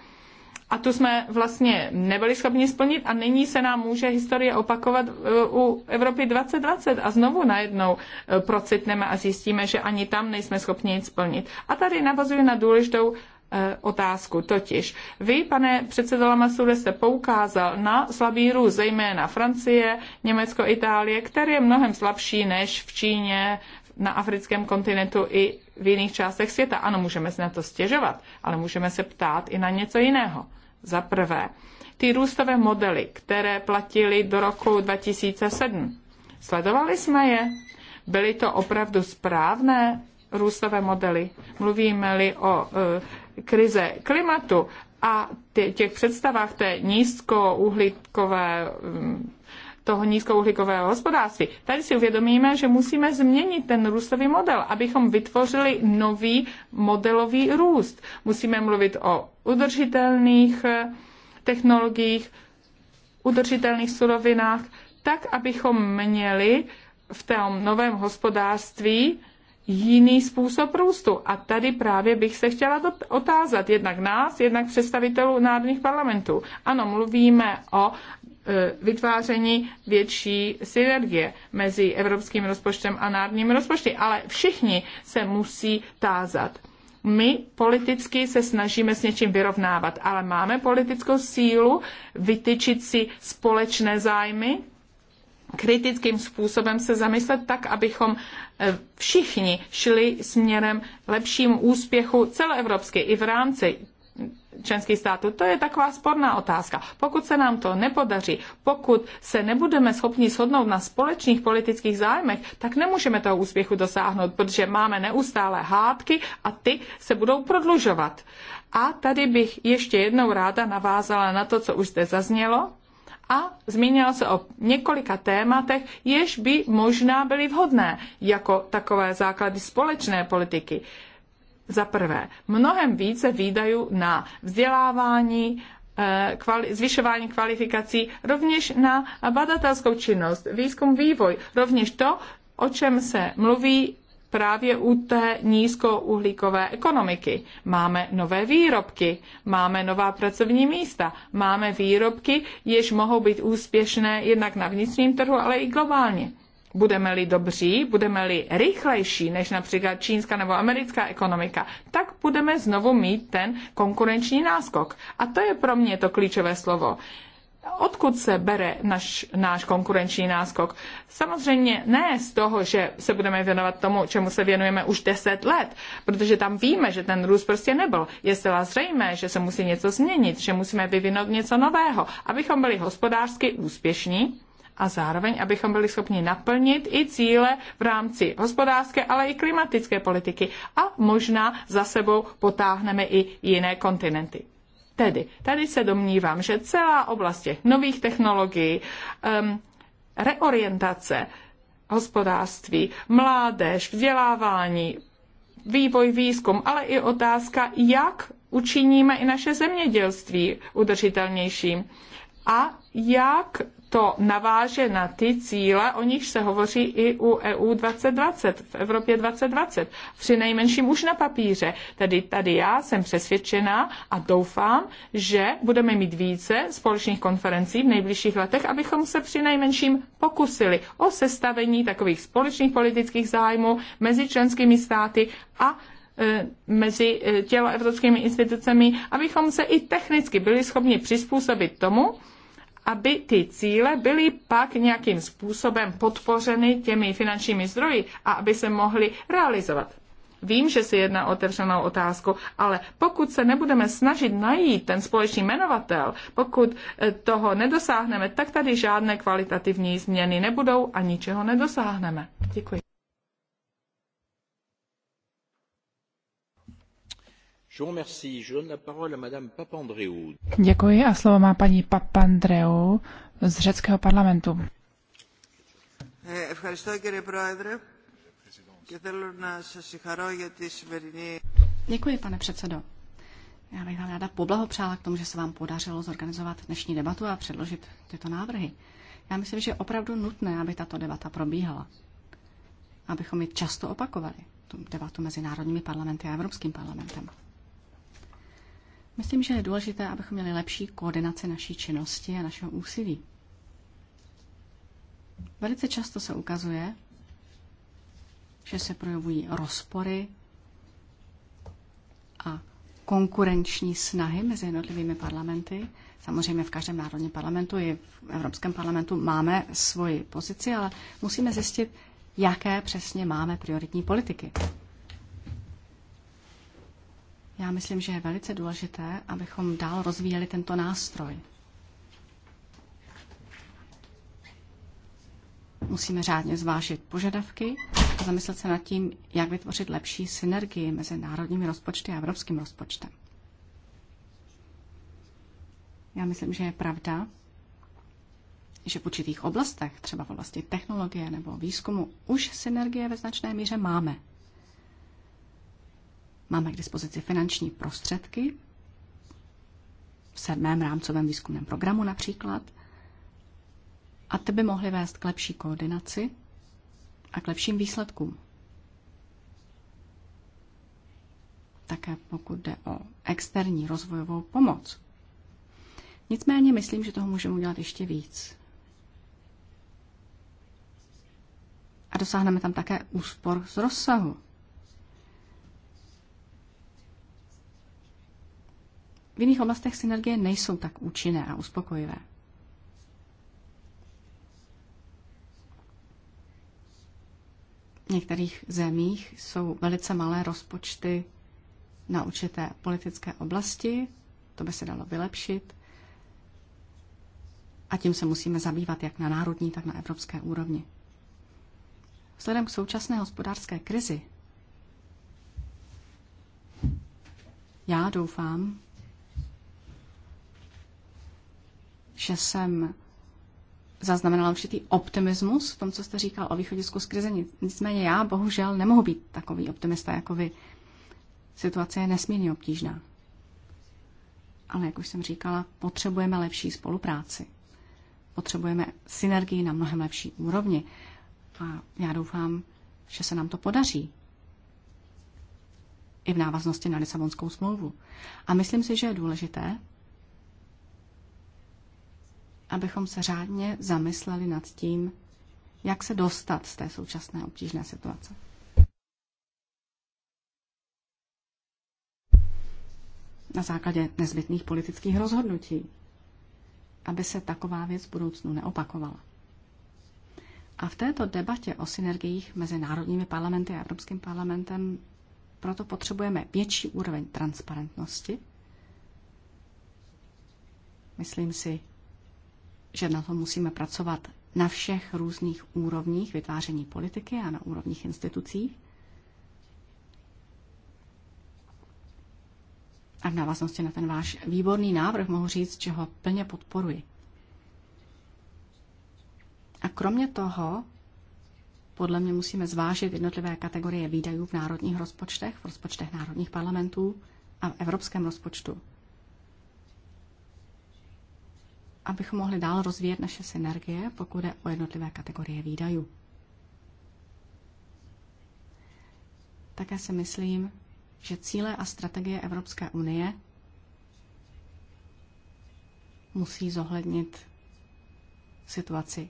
S1: a tu jsme vlastně nebyli schopni splnit a nyní se nám může historie opakovat e, u Evropy 2020 a znovu najednou e, procitneme a zjistíme, že ani tam nejsme schopni nic splnit. A tady navazuji na důležitou e, otázku. Totiž vy, pane předsedo Lamassoure, jste poukázal na slabý růst, zejména Francie, Německo, Itálie, který je mnohem slabší než v Číně, na africkém kontinentu i v jiných částech světa. Ano, můžeme se na to stěžovat, ale můžeme se ptát i na něco jiného. Za prvé, ty růstové modely, které platily do roku 2007. Sledovali jsme je? Byly to opravdu správné růstové modely? Mluvíme-li o e, krize klimatu a těch představách té nízkouhlíkové mm, toho nízkouhlíkového hospodářství, tady si uvědomíme, že musíme změnit ten růstový model, abychom vytvořili nový modelový růst. Musíme mluvit o udržitelných eh, technologiích, udržitelných surovinách, tak, abychom měli v tom novém hospodářství jiný způsob růstu. A tady právě bych se chtěla otázat jednak nás, jednak představitelů národních parlamentů. Ano, mluvíme o E, vytváření větší synergie mezi evropským rozpočtem a národním rozpočty. Ale všichni se musí tázat. My politicky se snažíme s něčím vyrovnávat, ale máme politickou sílu vytyčit si společné zájmy, kritickým způsobem se zamyslet tak, abychom e, všichni šli směrem lepšímu úspěchu celoevropsky i v rámci členských států? To je taková sporná otázka. Pokud se nám to nepodaří, pokud se nebudeme schopni shodnout na společných politických zájmech, tak nemůžeme toho úspěchu dosáhnout, protože máme neustále hádky a ty se budou prodlužovat. A tady bych ještě jednou ráda navázala na to, co už zde zaznělo, a zmínila se o několika tématech, jež by možná byly vhodné jako takové základy společné politiky. Za prvé, mnohem více výdajů na vzdělávání, eh, kvali- zvyšování kvalifikací, rovněž na badatelskou činnost, výzkum, vývoj, rovněž to, o čem se mluví právě u té nízkouhlíkové ekonomiky. Máme nové výrobky, máme nová pracovní místa, máme výrobky, jež mohou být úspěšné jednak na vnitřním trhu, ale i globálně budeme-li dobří, budeme-li rychlejší než například čínská nebo americká ekonomika, tak budeme znovu mít ten konkurenční náskok. A to je pro mě to klíčové slovo odkud se bere naš, náš konkurenční náskok? Samozřejmě ne z toho, že se budeme věnovat tomu, čemu se věnujeme už deset let, protože tam víme, že ten růst prostě nebyl. Je zcela zřejmé, že se musí něco změnit, že musíme vyvinout něco nového, abychom byli hospodářsky úspěšní a zároveň, abychom byli schopni naplnit i cíle v rámci hospodářské, ale i klimatické politiky a možná za sebou potáhneme i jiné kontinenty. Tedy, tady se domnívám, že celá oblast těch nových technologií, um, reorientace hospodářství, mládež, vzdělávání, vývoj, výzkum, ale i otázka, jak učiníme i naše zemědělství udržitelnějším a jak to naváže na ty cíle, o nichž se hovoří i u EU 2020, v Evropě 2020, při nejmenším už na papíře. Tedy tady já jsem přesvědčená a doufám, že budeme mít více společných konferencí v nejbližších letech, abychom se při nejmenším pokusili o sestavení takových společných politických zájmů mezi členskými státy a e, mezi e, evropskými institucemi, abychom se i technicky byli schopni přizpůsobit tomu, aby ty cíle byly pak nějakým způsobem podpořeny těmi finančními zdroji a aby se mohly realizovat. Vím, že se jedná o otevřenou otázku, ale pokud se nebudeme snažit najít ten společný jmenovatel, pokud eh, toho nedosáhneme, tak tady žádné kvalitativní změny nebudou a ničeho nedosáhneme. Děkuji.
S2: Děkuji a slovo má paní Papandreou z řeckého parlamentu.
S3: Děkuji, pane předsedo. Já bych vám ráda poblahopřála k tomu, že se vám podařilo zorganizovat dnešní debatu a předložit tyto návrhy. Já myslím, že je opravdu nutné, aby tato debata probíhala. Abychom ji často opakovali, tu debatu mezi národními parlamenty a Evropským parlamentem. Myslím, že je důležité, abychom měli lepší koordinaci naší činnosti a našeho úsilí. Velice často se ukazuje, že se projevují rozpory a konkurenční snahy mezi jednotlivými parlamenty. Samozřejmě v každém národním parlamentu i v Evropském parlamentu máme svoji pozici, ale musíme zjistit, jaké přesně máme prioritní politiky. Já myslím, že je velice důležité, abychom dál rozvíjeli tento nástroj. Musíme řádně zvážit požadavky a zamyslet se nad tím, jak vytvořit lepší synergii mezi národními rozpočty a evropským rozpočtem. Já myslím, že je pravda, že v určitých oblastech, třeba v oblasti technologie nebo výzkumu, už synergie ve značné míře máme. Máme k dispozici finanční prostředky v sedmém rámcovém výzkumném programu například. A ty by mohly vést k lepší koordinaci a k lepším výsledkům. Také pokud jde o externí rozvojovou pomoc. Nicméně myslím, že toho můžeme udělat ještě víc. A dosáhneme tam také úspor z rozsahu. V jiných oblastech synergie nejsou tak účinné a uspokojivé. V některých zemích jsou velice malé rozpočty na určité politické oblasti, to by se dalo vylepšit. A tím se musíme zabývat jak na národní, tak na evropské úrovni. Vzhledem k současné hospodářské krizi, já doufám, že jsem zaznamenala určitý optimismus v tom, co jste říkal o východisku z krize. Nicméně já bohužel nemohu být takový optimista jako vy. Situace je nesmírně obtížná. Ale jak už jsem říkala, potřebujeme lepší spolupráci. Potřebujeme synergii na mnohem lepší úrovni. A já doufám, že se nám to podaří. I v návaznosti na Lisabonskou smlouvu. A myslím si, že je důležité, abychom se řádně zamysleli nad tím, jak se dostat z té současné obtížné situace. Na základě nezbytných politických rozhodnutí, aby se taková věc v budoucnu neopakovala. A v této debatě o synergiích mezi národními parlamenty a Evropským parlamentem proto potřebujeme větší úroveň transparentnosti. Myslím si, že na tom musíme pracovat na všech různých úrovních vytváření politiky a na úrovních institucí. A v návaznosti na ten váš výborný návrh mohu říct, že ho plně podporuji. A kromě toho, podle mě musíme zvážit jednotlivé kategorie výdajů v národních rozpočtech, v rozpočtech národních parlamentů a v evropském rozpočtu. abychom mohli dál rozvíjet naše synergie, pokud je o jednotlivé kategorie výdajů. Také si myslím, že cíle a strategie Evropské unie musí zohlednit situaci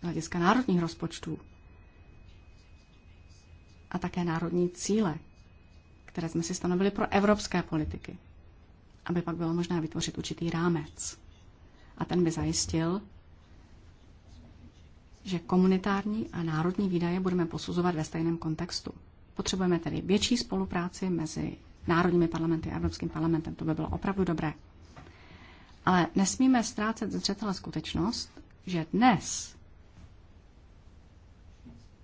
S3: z hlediska národních rozpočtů a také národní cíle, které jsme si stanovili pro evropské politiky, aby pak bylo možné vytvořit určitý rámec a ten by zajistil, že komunitární a národní výdaje budeme posuzovat ve stejném kontextu. Potřebujeme tedy větší spolupráci mezi národními parlamenty a Evropským parlamentem. To by bylo opravdu dobré. Ale nesmíme ztrácet zřetele skutečnost, že dnes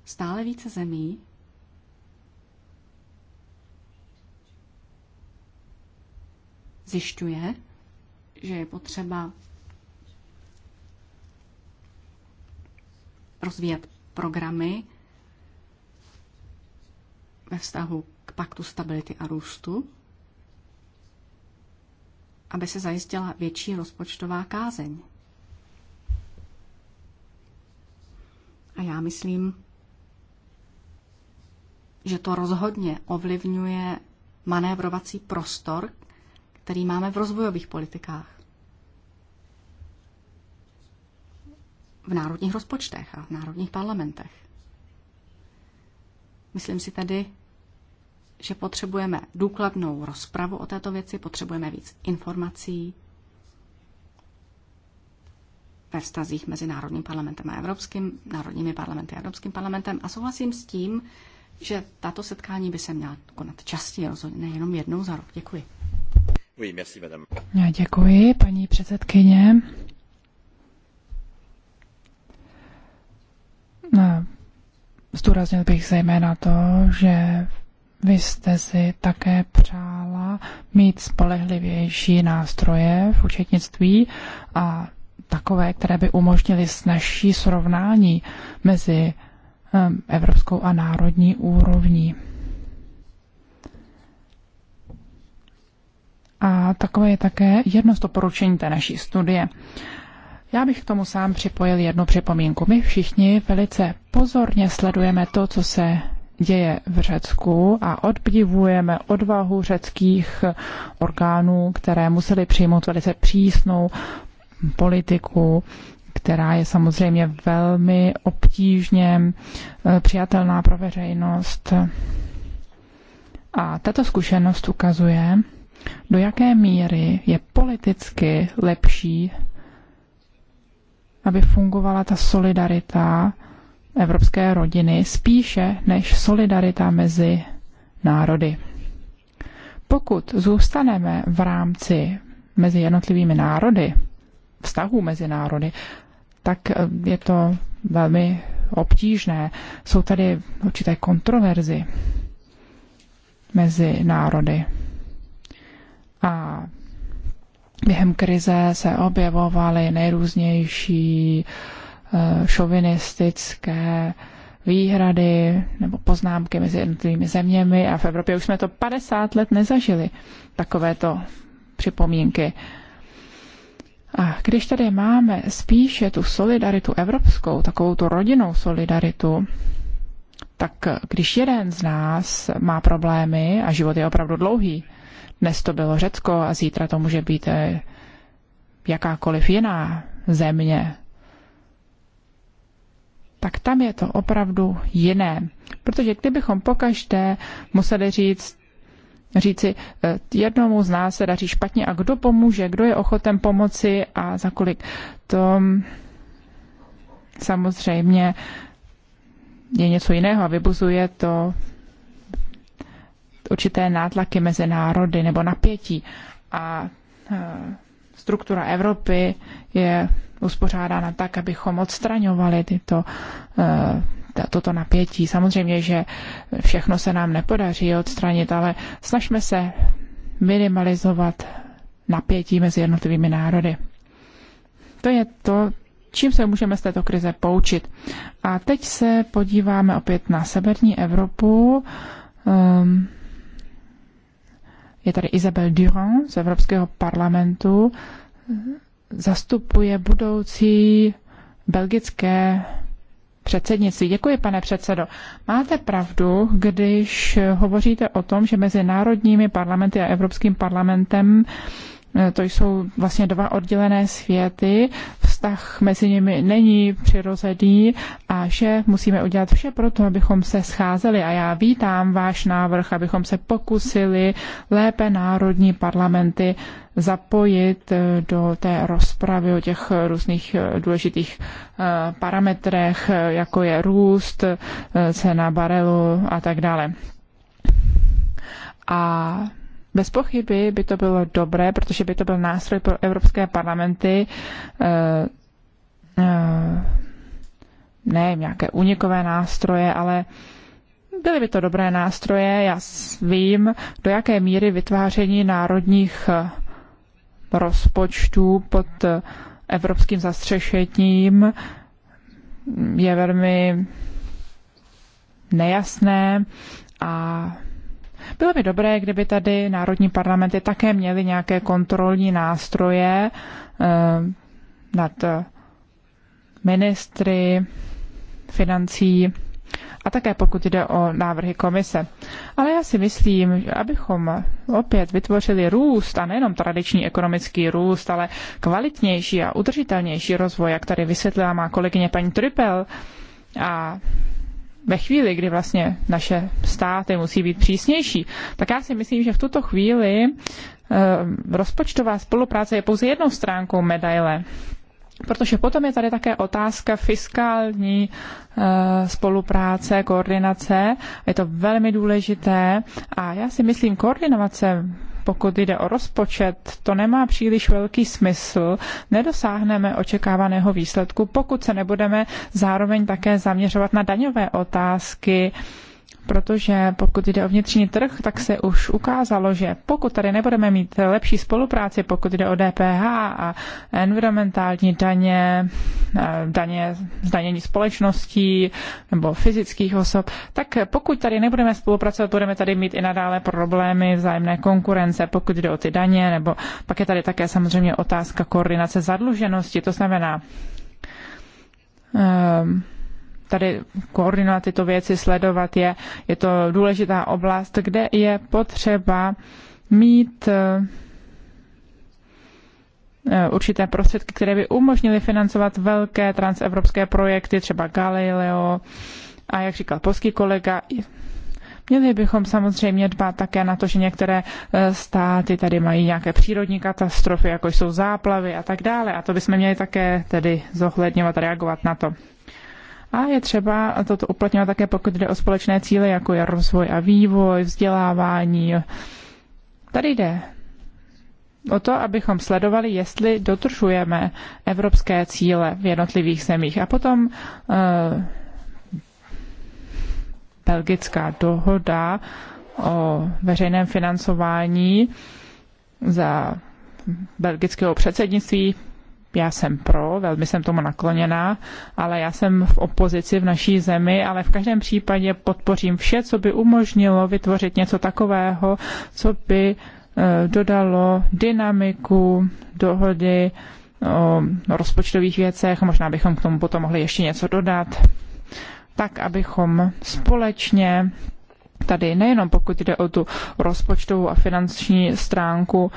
S3: stále více zemí zjišťuje, že je potřeba rozvíjet programy ve vztahu k paktu stability a růstu, aby se zajistila větší rozpočtová kázeň. A já myslím, že to rozhodně ovlivňuje manévrovací prostor, který máme v rozvojových politikách. v národních rozpočtech a v národních parlamentech. Myslím si tedy, že potřebujeme důkladnou rozpravu o této věci, potřebujeme víc informací ve vztazích mezi Národním parlamentem a Evropským, Národními parlamenty a Evropským parlamentem a souhlasím s tím, že tato setkání by se měla konat častěji, rozhodně nejenom jednou za rok. Děkuji. Oui, merci, madame.
S2: Já děkuji, paní předsedkyně. Zdůraznil bych zejména to, že vy jste si také přála mít spolehlivější nástroje v účetnictví a takové, které by umožnily snažší srovnání mezi ehm, evropskou a národní úrovní. A takové je také jedno z doporučení té naší studie. Já bych k tomu sám připojil jednu připomínku. My všichni velice pozorně sledujeme to, co se děje v Řecku a odbdivujeme odvahu řeckých orgánů, které museli přijmout velice přísnou politiku, která je samozřejmě velmi obtížně eh, přijatelná pro veřejnost. A tato zkušenost ukazuje, do jaké míry je politicky lepší aby fungovala ta solidarita evropské rodiny spíše než solidarita mezi národy. Pokud zůstaneme v rámci mezi jednotlivými národy, vztahů mezi národy, tak eh, je to velmi obtížné. Jsou tady určité kontroverzi mezi národy. A Během krize se objevovaly nejrůznější eh, šovinistické výhrady nebo poznámky mezi jednotlivými zeměmi a v Evropě už jsme to 50 let nezažili, takovéto připomínky. A když tady máme spíše tu solidaritu evropskou, takovou tu rodinnou solidaritu, tak když jeden z nás má problémy a život je opravdu dlouhý, dnes to bylo Řecko a zítra to může být eh, jakákoliv jiná země. Tak tam je to opravdu jiné. Protože kdybychom pokaždé museli říct, říci, eh, jednomu z nás se daří špatně a kdo pomůže, kdo je ochoten pomoci a za kolik. To samozřejmě je něco jiného a vybuzuje to určité nátlaky mezi národy nebo napětí. A e, struktura Evropy je uspořádána tak, abychom odstraňovali tyto, e, toto napětí. Samozřejmě, že všechno se nám nepodaří odstranit, ale snažme se minimalizovat napětí mezi jednotlivými národy. To je to, čím se můžeme z této krize poučit. A teď se podíváme opět na severní Evropu. Um, je tady Isabel Durand z Evropského parlamentu, zastupuje budoucí belgické předsednictví. Děkuji, pane předsedo. Máte pravdu, když hovoříte o tom, že mezi národními parlamenty a Evropským parlamentem Eh, to jsou vlastně dva oddělené světy, vztah mezi nimi není přirozený a že musíme udělat vše pro to, abychom se scházeli. A já vítám váš návrh, abychom se pokusili lépe národní parlamenty zapojit eh, do té rozpravy o těch různých eh, důležitých parametrech, jako je růst, cena barelu a tak dále. A bez pochyby by to bylo dobré, protože by to byl nástroj pro evropské parlamenty, eh, eh, ne nějaké unikové nástroje, ale byly by to dobré nástroje. Já vím, do jaké míry vytváření národních eh, rozpočtů pod evropským zastřešením je velmi nejasné a bylo by dobré, kdyby tady národní parlamenty také měly nějaké kontrolní nástroje eh, nad eh, ministry financí a také pokud jde o návrhy komise. Ale já si myslím, že abychom opět vytvořili růst a nejenom tradiční ekonomický růst, ale kvalitnější a udržitelnější rozvoj, jak tady vysvětlila má kolegyně paní Trypel, a ve chvíli, kdy vlastně naše státy musí být přísnější, tak já si myslím, že v tuto chvíli eh, rozpočtová spolupráce je pouze jednou stránkou medaile. Protože potom je tady také otázka fiskální eh, spolupráce, koordinace. Je to velmi důležité a já si myslím, koordinace pokud jde o rozpočet, to nemá příliš velký smysl. Nedosáhneme očekávaného výsledku, pokud se nebudeme zároveň také zaměřovat na daňové otázky, protože pokud jde o vnitřní trh, tak se už ukázalo, že pokud tady nebudeme mít lepší spolupráci, pokud jde o DPH a environmentální daně, eh, daně zdanění společností nebo fyzických osob, tak pokud tady nebudeme spolupracovat, budeme tady mít i nadále problémy vzájemné konkurence, pokud jde o ty daně, nebo pak je tady také samozřejmě otázka koordinace zadluženosti, to znamená, um, tady koordinovat tyto věci, sledovat je. Je to důležitá oblast, kde je potřeba mít eh, eh, určité prostředky, které by umožnily financovat velké transevropské projekty, třeba Galileo a jak říkal polský kolega, Měli bychom samozřejmě dbát také na to, že některé eh, státy tady mají nějaké přírodní katastrofy, jako jsou záplavy a tak dále. A to bychom měli také tedy zohledňovat, reagovat na to. A je třeba toto uplatňovat také, pokud jde o společné cíle, jako je rozvoj a vývoj, vzdělávání. Tady jde o to, abychom sledovali, jestli dotržujeme evropské cíle v jednotlivých zemích. A potom eh, belgická dohoda o veřejném financování za belgického předsednictví já jsem pro, velmi jsem tomu nakloněná, ale já jsem v opozici v naší zemi, ale v každém případě podpořím vše, co by umožnilo vytvořit něco takového, co by eh, dodalo dynamiku dohody o rozpočtových věcech, možná bychom k tomu potom mohli ještě něco dodat, tak abychom společně tady, nejenom pokud jde o tu rozpočtovou a finanční stránku,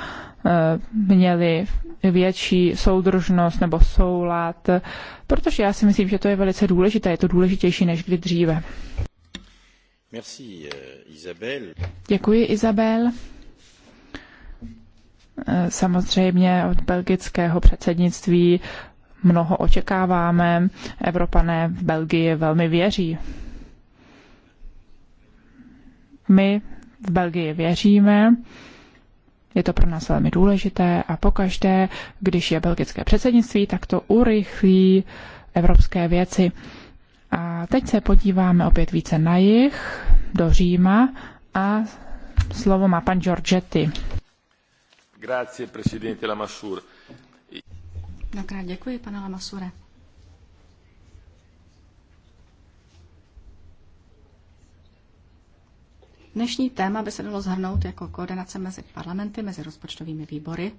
S2: eh, měli větší soudržnost nebo soulad, protože já si myslím, že to je velice důležité, je to důležitější než kdy dříve.
S3: Merci, eh, Isabel.
S2: Děkuji, eh, Izabel. Samozřejmě od belgického předsednictví mnoho očekáváme. Evropané v Belgii velmi věří my v Belgii věříme, je to pro nás velmi důležité a pokaždé, když je belgické předsednictví, tak to urychlí evropské věci. A teď se podíváme opět více na jich, do Říma a slovo má pan Giorgetti.
S1: Grazie, presidente Lamassur.
S3: děkuji, pane Lamassure. Dnešní téma by se dalo zhrnout jako koordinace mezi parlamenty, mezi rozpočtovými výbory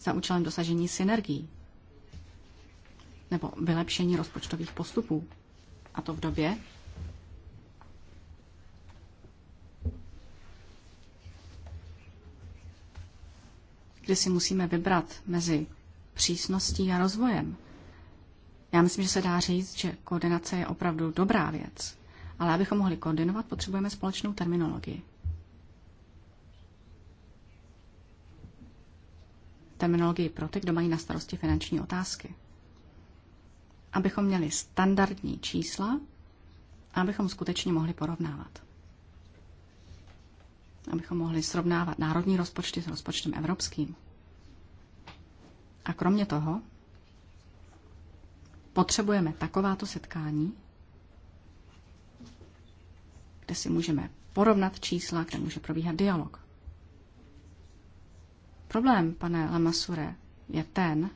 S3: za účelem dosažení synergií nebo vylepšení rozpočtových postupů. A to v době, kdy si musíme vybrat mezi přísností a rozvojem. Já myslím, že se dá říct, že koordinace je opravdu dobrá věc ale abychom mohli koordinovat, potřebujeme společnou terminologii. Terminologii pro ty, kdo mají na starosti finanční otázky. Abychom měli standardní čísla a abychom skutečně mohli porovnávat. Abychom mohli srovnávat národní rozpočty s rozpočtem evropským. A kromě toho potřebujeme takováto setkání, kde si můžeme porovnat čísla, kde může probíhat dialog. Problém, pane Lamasure, je ten,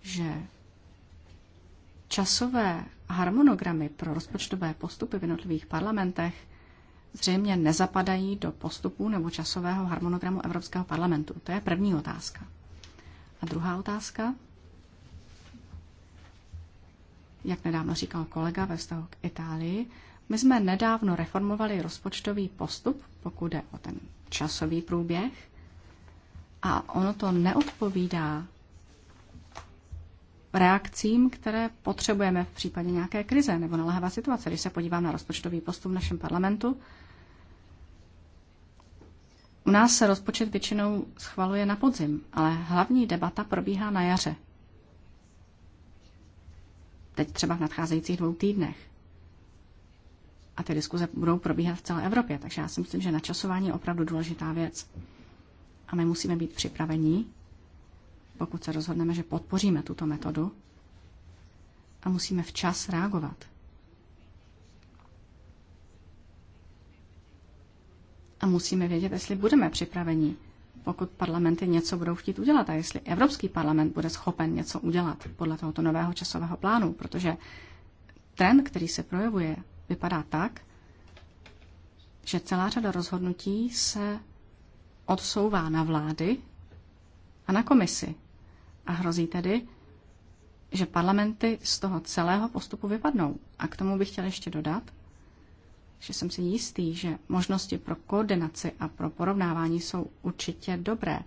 S3: že časové harmonogramy pro rozpočtové postupy v jednotlivých parlamentech zřejmě nezapadají do postupů nebo časového harmonogramu Evropského parlamentu. To je první otázka. A druhá otázka, jak nedávno říkal kolega ve vztahu k Itálii, my jsme nedávno reformovali rozpočtový postup, pokud jde o ten časový průběh, a ono to neodpovídá reakcím, které potřebujeme v případě nějaké krize nebo naléhavé situace. Když se podívám na rozpočtový postup v našem parlamentu, u nás se rozpočet většinou schvaluje na podzim, ale hlavní debata probíhá na jaře. Teď třeba v nadcházejících dvou týdnech. A ty diskuze budou probíhat v celé Evropě. Takže já si myslím, že načasování je opravdu důležitá věc. A my musíme být připraveni, pokud se rozhodneme, že podpoříme tuto metodu a musíme včas reagovat. A musíme vědět, jestli budeme připraveni, pokud parlamenty něco budou chtít udělat a jestli Evropský parlament bude schopen něco udělat podle tohoto nového časového plánu, protože ten, který se projevuje, vypadá tak, že celá řada rozhodnutí se odsouvá na vlády a na komisi. A hrozí tedy, že parlamenty z toho celého postupu vypadnou. A k tomu bych chtěl ještě dodat, že jsem si jistý, že možnosti pro koordinaci a pro porovnávání jsou určitě dobré.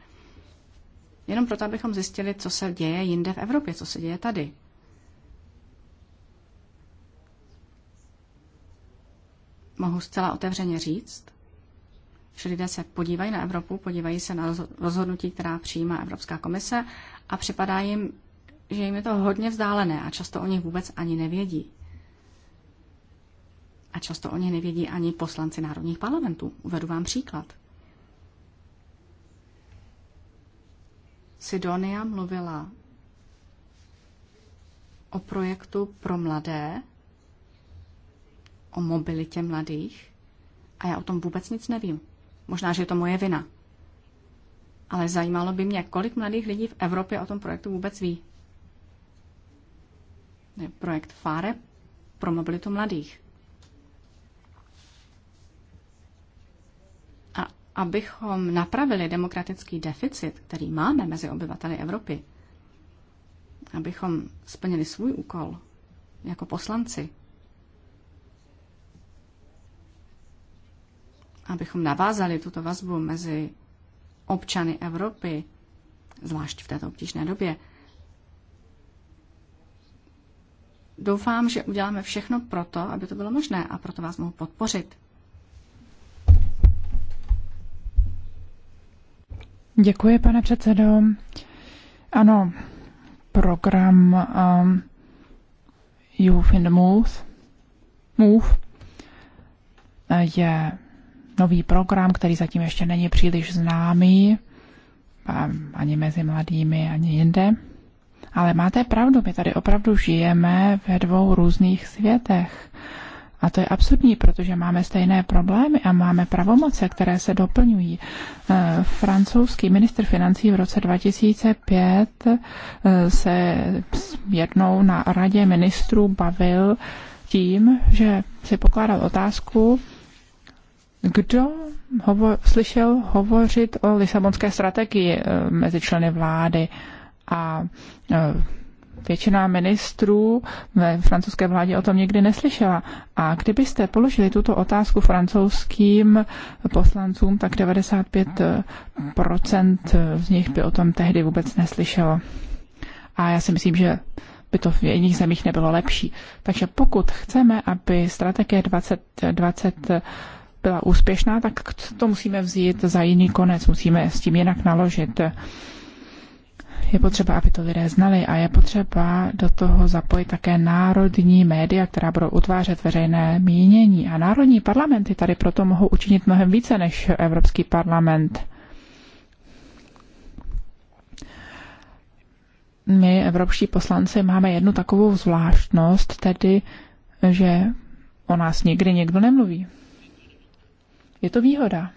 S3: Jenom proto, abychom zjistili, co se děje jinde v Evropě, co se děje tady. mohu zcela otevřeně říct, že lidé se podívají na Evropu, podívají se na rozhodnutí, která přijímá Evropská komise a připadá jim, že jim je to hodně vzdálené a často o nich vůbec ani nevědí. A často o nich nevědí ani poslanci národních parlamentů. Uvedu vám příklad. Sidonia mluvila o projektu pro mladé, o mobilitě mladých a já o tom vůbec nic nevím. Možná, že je to moje vina. Ale zajímalo by mě, kolik mladých lidí v Evropě o tom projektu vůbec ví. Je projekt FARE pro mobilitu mladých. A abychom napravili demokratický deficit, který máme mezi obyvateli Evropy, abychom splnili svůj úkol jako poslanci, abychom navázali tuto vazbu mezi občany Evropy, zvlášť v této obtížné době, doufám, že uděláme všechno proto, aby to bylo možné a proto vás mohu podpořit.
S2: Děkuji, pane předsedo. Ano, program um, Youth in the Move, move je nový program, který zatím ještě není příliš známý, ehm, ani mezi mladými, ani jinde. Ale máte pravdu, my tady opravdu žijeme ve dvou různých světech. A to je absurdní, protože máme stejné problémy a máme pravomoce, které se doplňují. Eh, francouzský minister financí v roce 2005 eh, se jednou na radě ministrů bavil tím, že si pokládal otázku, kdo hovo- slyšel hovořit o Lisabonské strategii eh, mezi členy vlády a eh, většina ministrů ve francouzské vládě o tom nikdy neslyšela. A kdybyste položili tuto otázku francouzským poslancům, tak 95% eh, z nich by o tom tehdy vůbec neslyšelo. A já si myslím, že by to v jiných zemích nebylo lepší. Takže pokud chceme, aby strategie 2020 byla úspěšná, tak to musíme vzít za jiný konec, musíme s tím jinak naložit. Je potřeba, aby to lidé znali a je potřeba do toho zapojit také národní média, která budou utvářet veřejné mínění. A národní parlamenty tady proto mohou učinit mnohem více než Evropský parlament. My, evropští poslanci, máme jednu takovou zvláštnost, tedy, že o nás nikdy nikdo nemluví. Je to výhoda.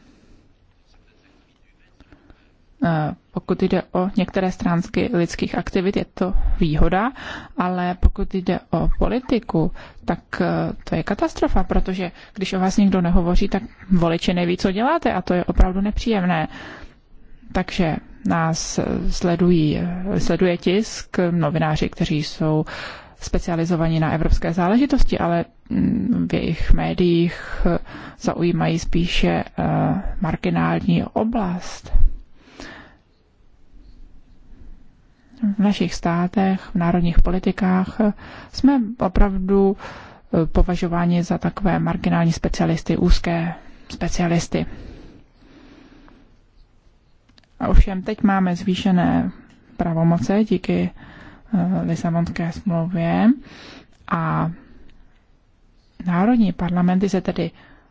S2: Eh, pokud jde o některé stránky lidských aktivit, je to výhoda, ale pokud jde o politiku, tak eh, to je katastrofa, protože když o vás nikdo nehovoří, tak voliči neví, co děláte a to je opravdu nepříjemné. Takže nás sledují, sleduje tisk, novináři, kteří jsou specializovaní na evropské záležitosti, ale v jejich médiích zaujímají spíše eh, marginální oblast. V našich státech, v národních politikách jsme opravdu eh, považováni za takové marginální specialisty, úzké specialisty. A ovšem teď máme zvýšené pravomoce díky eh, Lisabonské smlouvě a Národní parlamenty se tedy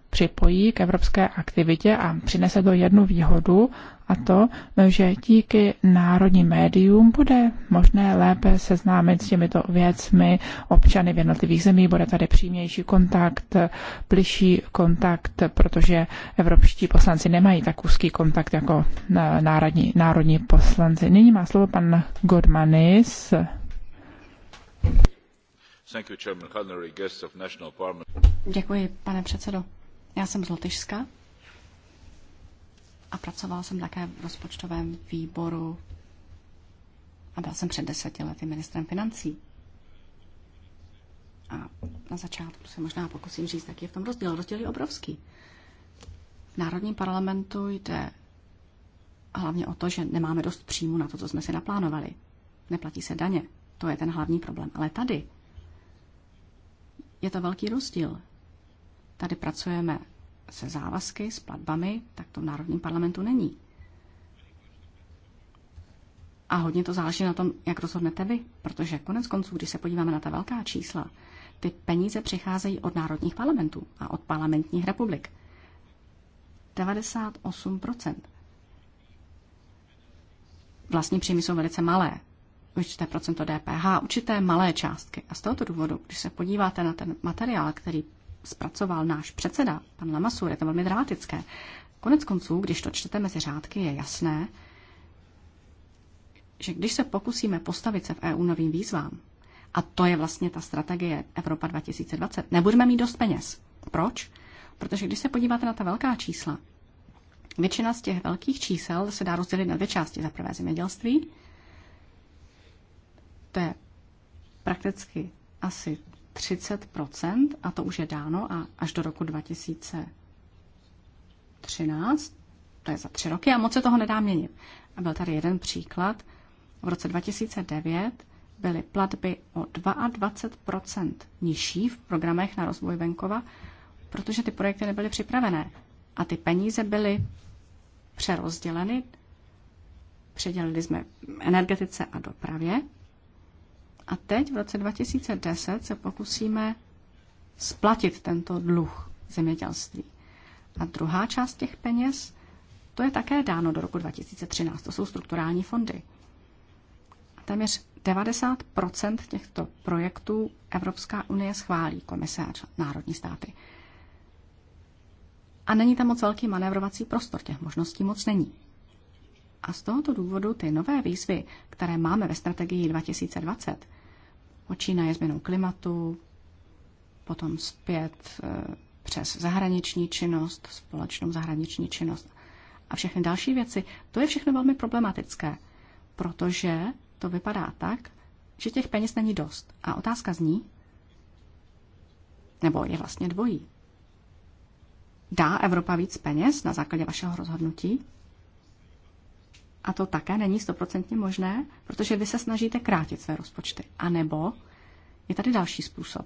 S2: připojí k evropské aktivitě a přinese to jednu výhodu a to, že díky národním médium bude možné lépe seznámit s těmito věcmi občany v jednotlivých zemí, bude tady přímější kontakt, bližší kontakt, protože evropští poslanci nemají tak úzký kontakt jako národní, národní poslanci. Nyní má slovo pan Godmanis.
S3: Děkuji, pane předsedo. Já jsem z Lotyšska a pracoval jsem také v rozpočtovém výboru a byl jsem před deseti lety ministrem financí. A na začátku se možná pokusím říct, jaký je v tom rozdíl. Rozdíl je obrovský. V Národním parlamentu jde hlavně o to, že nemáme dost příjmu na to, co jsme si naplánovali. Neplatí se daně. To je ten hlavní problém. Ale tady je to velký rozdíl. Tady pracujeme se závazky, s platbami, tak to v Národním parlamentu není. A hodně to záleží na tom, jak rozhodnete vy, protože konec konců, když se podíváme na ta velká čísla, ty peníze přicházejí od národních parlamentů a od parlamentních republik. 98%. Vlastní příjmy jsou velice malé určité procento DPH, určité malé částky. A z tohoto důvodu, když se podíváte na ten materiál, který zpracoval náš předseda, pan Lamasur, je to velmi dramatické. Konec konců, když to čtete mezi řádky, je jasné, že když se pokusíme postavit se v EU novým výzvám, a to je vlastně ta strategie Evropa 2020, nebudeme mít dost peněz. Proč? Protože když se podíváte na ta velká čísla, většina z těch velkých čísel se dá rozdělit na dvě části. Za prvé zemědělství to je prakticky asi 30 a to už je dáno a až do roku 2013, to je za tři roky a moc se toho nedá měnit. A byl tady jeden příklad. V roce 2009 byly platby o 22 nižší v programech na rozvoj venkova, protože ty projekty nebyly připravené a ty peníze byly přerozděleny. Předělili jsme energetice a dopravě a teď v roce 2010 se pokusíme splatit tento dluh zemědělství. A druhá část těch peněz, to je také dáno do roku 2013, to jsou strukturální fondy. A téměř 90 těchto projektů Evropská unie schválí komise a národní státy. A není tam moc velký manévrovací prostor, těch možností moc není. A z tohoto důvodu ty nové výzvy, které máme ve strategii 2020, Počínaje změnou klimatu, potom zpět e, přes zahraniční činnost, společnou zahraniční činnost a všechny další věci. To je všechno velmi problematické, protože to vypadá tak, že těch peněz není dost. A otázka zní, nebo je vlastně dvojí. Dá Evropa víc peněz na základě vašeho rozhodnutí? A to také není stoprocentně možné, protože vy se snažíte krátit své rozpočty. A nebo je tady další způsob.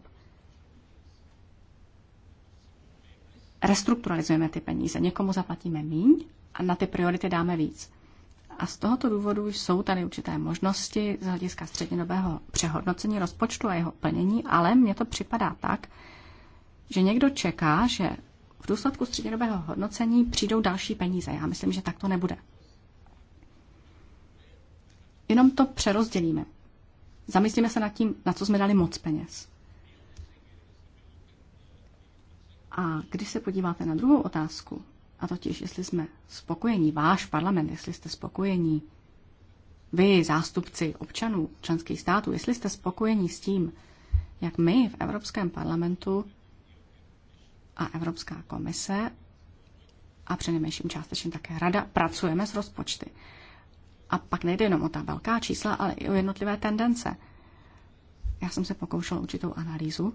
S3: Restrukturalizujeme ty peníze. Někomu zaplatíme míň a na ty priority dáme víc. A z tohoto důvodu jsou tady určité možnosti z hlediska střednědobého přehodnocení rozpočtu a jeho plnění, ale mně to připadá tak, že někdo čeká, že v důsledku střednědobého hodnocení přijdou další peníze. Já myslím, že tak to nebude. Jenom to přerozdělíme. Zamyslíme se nad tím, na co jsme dali moc peněz. A když se podíváte na druhou otázku, a totiž, jestli jsme spokojení, váš parlament, jestli jste spokojení, vy, zástupci občanů členských států, jestli jste spokojení s tím, jak my v Evropském parlamentu a Evropská komise a přinejmenším částečně také Rada pracujeme s rozpočty. A pak nejde jenom o ta velká čísla, ale i o jednotlivé tendence. Já jsem se pokoušel určitou analýzu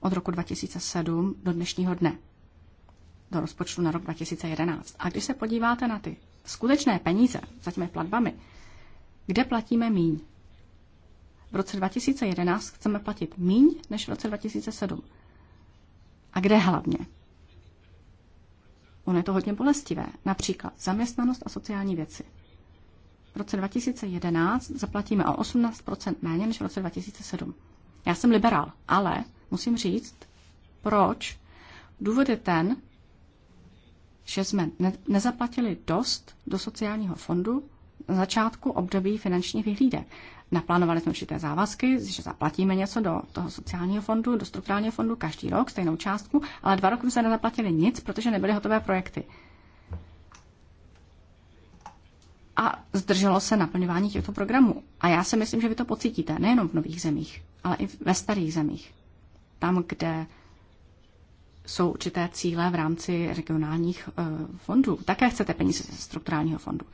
S3: od roku 2007 do dnešního dne, do rozpočtu na rok 2011. A když se podíváte na ty skutečné peníze za těmi platbami, kde platíme míň? V roce 2011 chceme platit míň než v roce 2007. A kde hlavně? Ono je to hodně bolestivé, například zaměstnanost a sociální věci v roce 2011 zaplatíme o 18 méně než v roce 2007. Já jsem liberál, ale musím říct, proč. Důvod je ten, že jsme nezaplatili dost do sociálního fondu na začátku období finančních vyhlídek. Naplánovali jsme určité závazky, že zaplatíme něco do toho sociálního fondu, do strukturálního fondu každý rok, stejnou částku, ale dva roky jsme nezaplatili nic, protože nebyly hotové projekty. a zdrželo se naplňování těchto programů. A já si myslím, že vy to pocítíte nejenom v nových zemích, ale i ve starých zemích. Tam, kde jsou určité cíle v rámci regionálních eh, fondů. Také chcete peníze ze strukturálního fondu.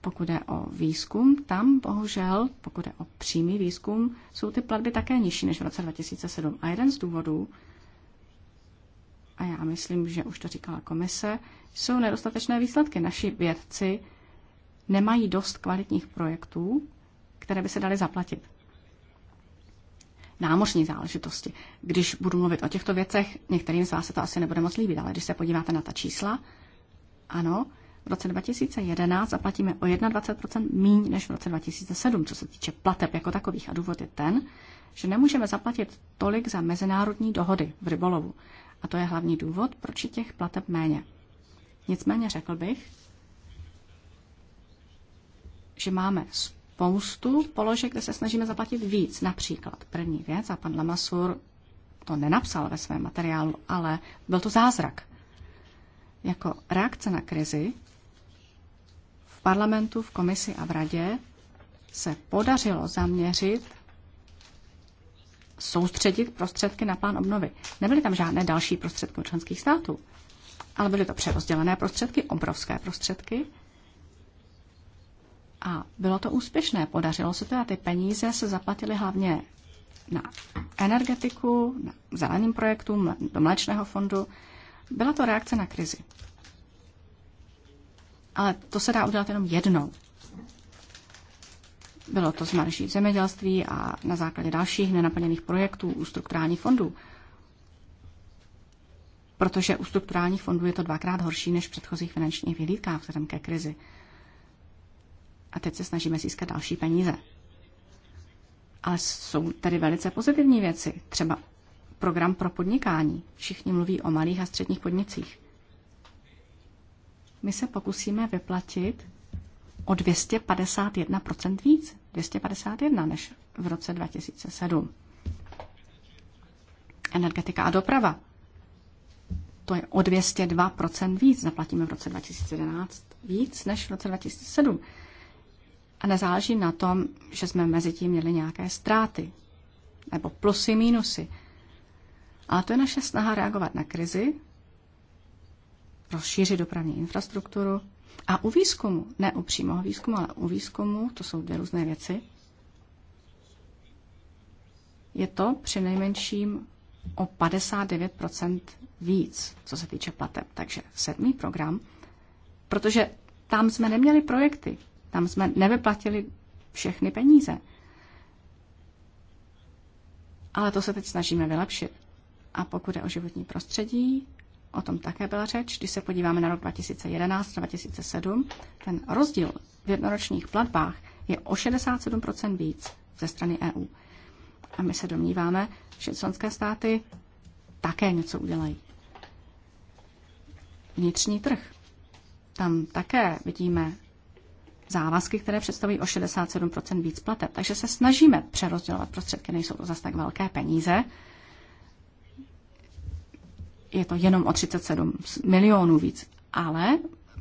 S3: Pokud je o výzkum, tam bohužel, pokud je o přímý výzkum, jsou ty platby také nižší než v roce 2007. A jeden z důvodů, a já myslím, že už to říkala komise, jsou nedostatečné výsledky. Naši vědci nemají dost kvalitních projektů, které by se daly zaplatit. Námořní záležitosti. Když budu mluvit o těchto věcech, některým z vás se to asi nebude moc líbit, ale když se podíváte na ta čísla, ano, v roce 2011 zaplatíme o 21% míň než v roce 2007, co se týče plateb jako takových. A důvod je ten, že nemůžeme zaplatit tolik za mezinárodní dohody v rybolovu. A to je hlavní důvod, proč je těch plateb méně. Nicméně řekl bych, že máme spoustu položek, kde se snažíme zaplatit víc. Například první věc, a pan Lamasur to nenapsal ve svém materiálu, ale byl to zázrak. Jako reakce na krizi v parlamentu, v komisi a v radě se podařilo zaměřit, soustředit prostředky na plán obnovy. Nebyly tam žádné další prostředky členských států, ale byly to přerozdělené prostředky, obrovské prostředky, a bylo to úspěšné, podařilo se to a ty peníze se zaplatily hlavně na energetiku, na zeleným projektům, do mléčného fondu. Byla to reakce na krizi. Ale to se dá udělat jenom jednou. Bylo to z marží zemědělství a na základě dalších nenaplněných projektů u strukturálních fondů. Protože u strukturálních fondů je to dvakrát horší než v předchozích finančních vyhlídkách vzhledem ke krizi a teď se snažíme získat další peníze. Ale jsou tady velice pozitivní věci, třeba program pro podnikání. Všichni mluví o malých a středních podnicích. My se pokusíme vyplatit o 251% víc, 251 než v roce 2007. Energetika a doprava. To je o 202% víc, zaplatíme v roce 2011 víc než v roce 2007. A nezáleží na tom, že jsme mezi tím měli nějaké ztráty nebo plusy, mínusy. Ale to je naše snaha reagovat na krizi, rozšířit dopravní infrastrukturu a u výzkumu, ne u přímého výzkumu, ale u výzkumu, to jsou dvě různé věci, je to při nejmenším o 59 víc, co se týče plateb. Takže sedmý program, protože tam jsme neměli projekty, tam jsme nevyplatili všechny peníze. Ale to se teď snažíme vylepšit. A pokud je o životní prostředí, o tom také byla řeč, když se podíváme na rok 2011 a 2007, ten rozdíl v jednoročních platbách je o 67% víc ze strany EU. A my se domníváme, že členské státy také něco udělají. Vnitřní trh. Tam také vidíme závazky, které představují o 67% víc plateb. Takže se snažíme přerozdělovat prostředky, nejsou to zase tak velké peníze. Je to jenom o 37 milionů víc, ale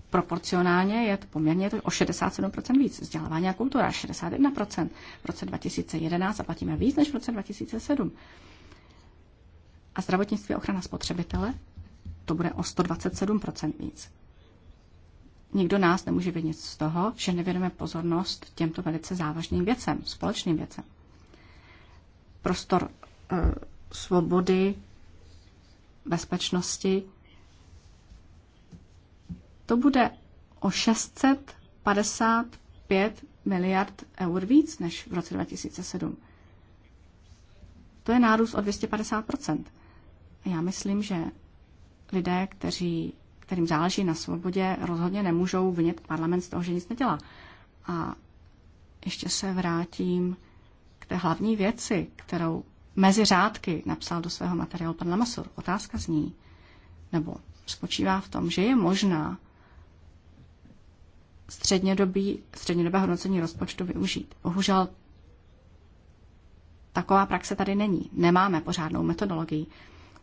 S3: proporcionálně je to poměrně je to o 67% víc. Vzdělávání a kultura 61%. V roce 2011 zaplatíme víc než v roce 2007. A zdravotnictví a ochrana spotřebitele to bude o 127% víc nikdo nás nemůže vinit z toho, že nevěnujeme pozornost těmto velice závažným věcem, společným věcem. Prostor e, svobody, bezpečnosti, to bude o 655 miliard eur víc než v roce 2007. To je nárůst o 250 Já myslím, že lidé, kteří kterým záleží na svobodě, rozhodně nemůžou vynět parlament z toho, že nic nedělá. A ještě se vrátím k té hlavní věci, kterou mezi řádky napsal do svého materiálu pan Lamasur. Otázka zní, nebo spočívá v tom, že je možná střednědobí, střednědobé hodnocení rozpočtu využít. Bohužel taková praxe tady není. Nemáme pořádnou metodologii.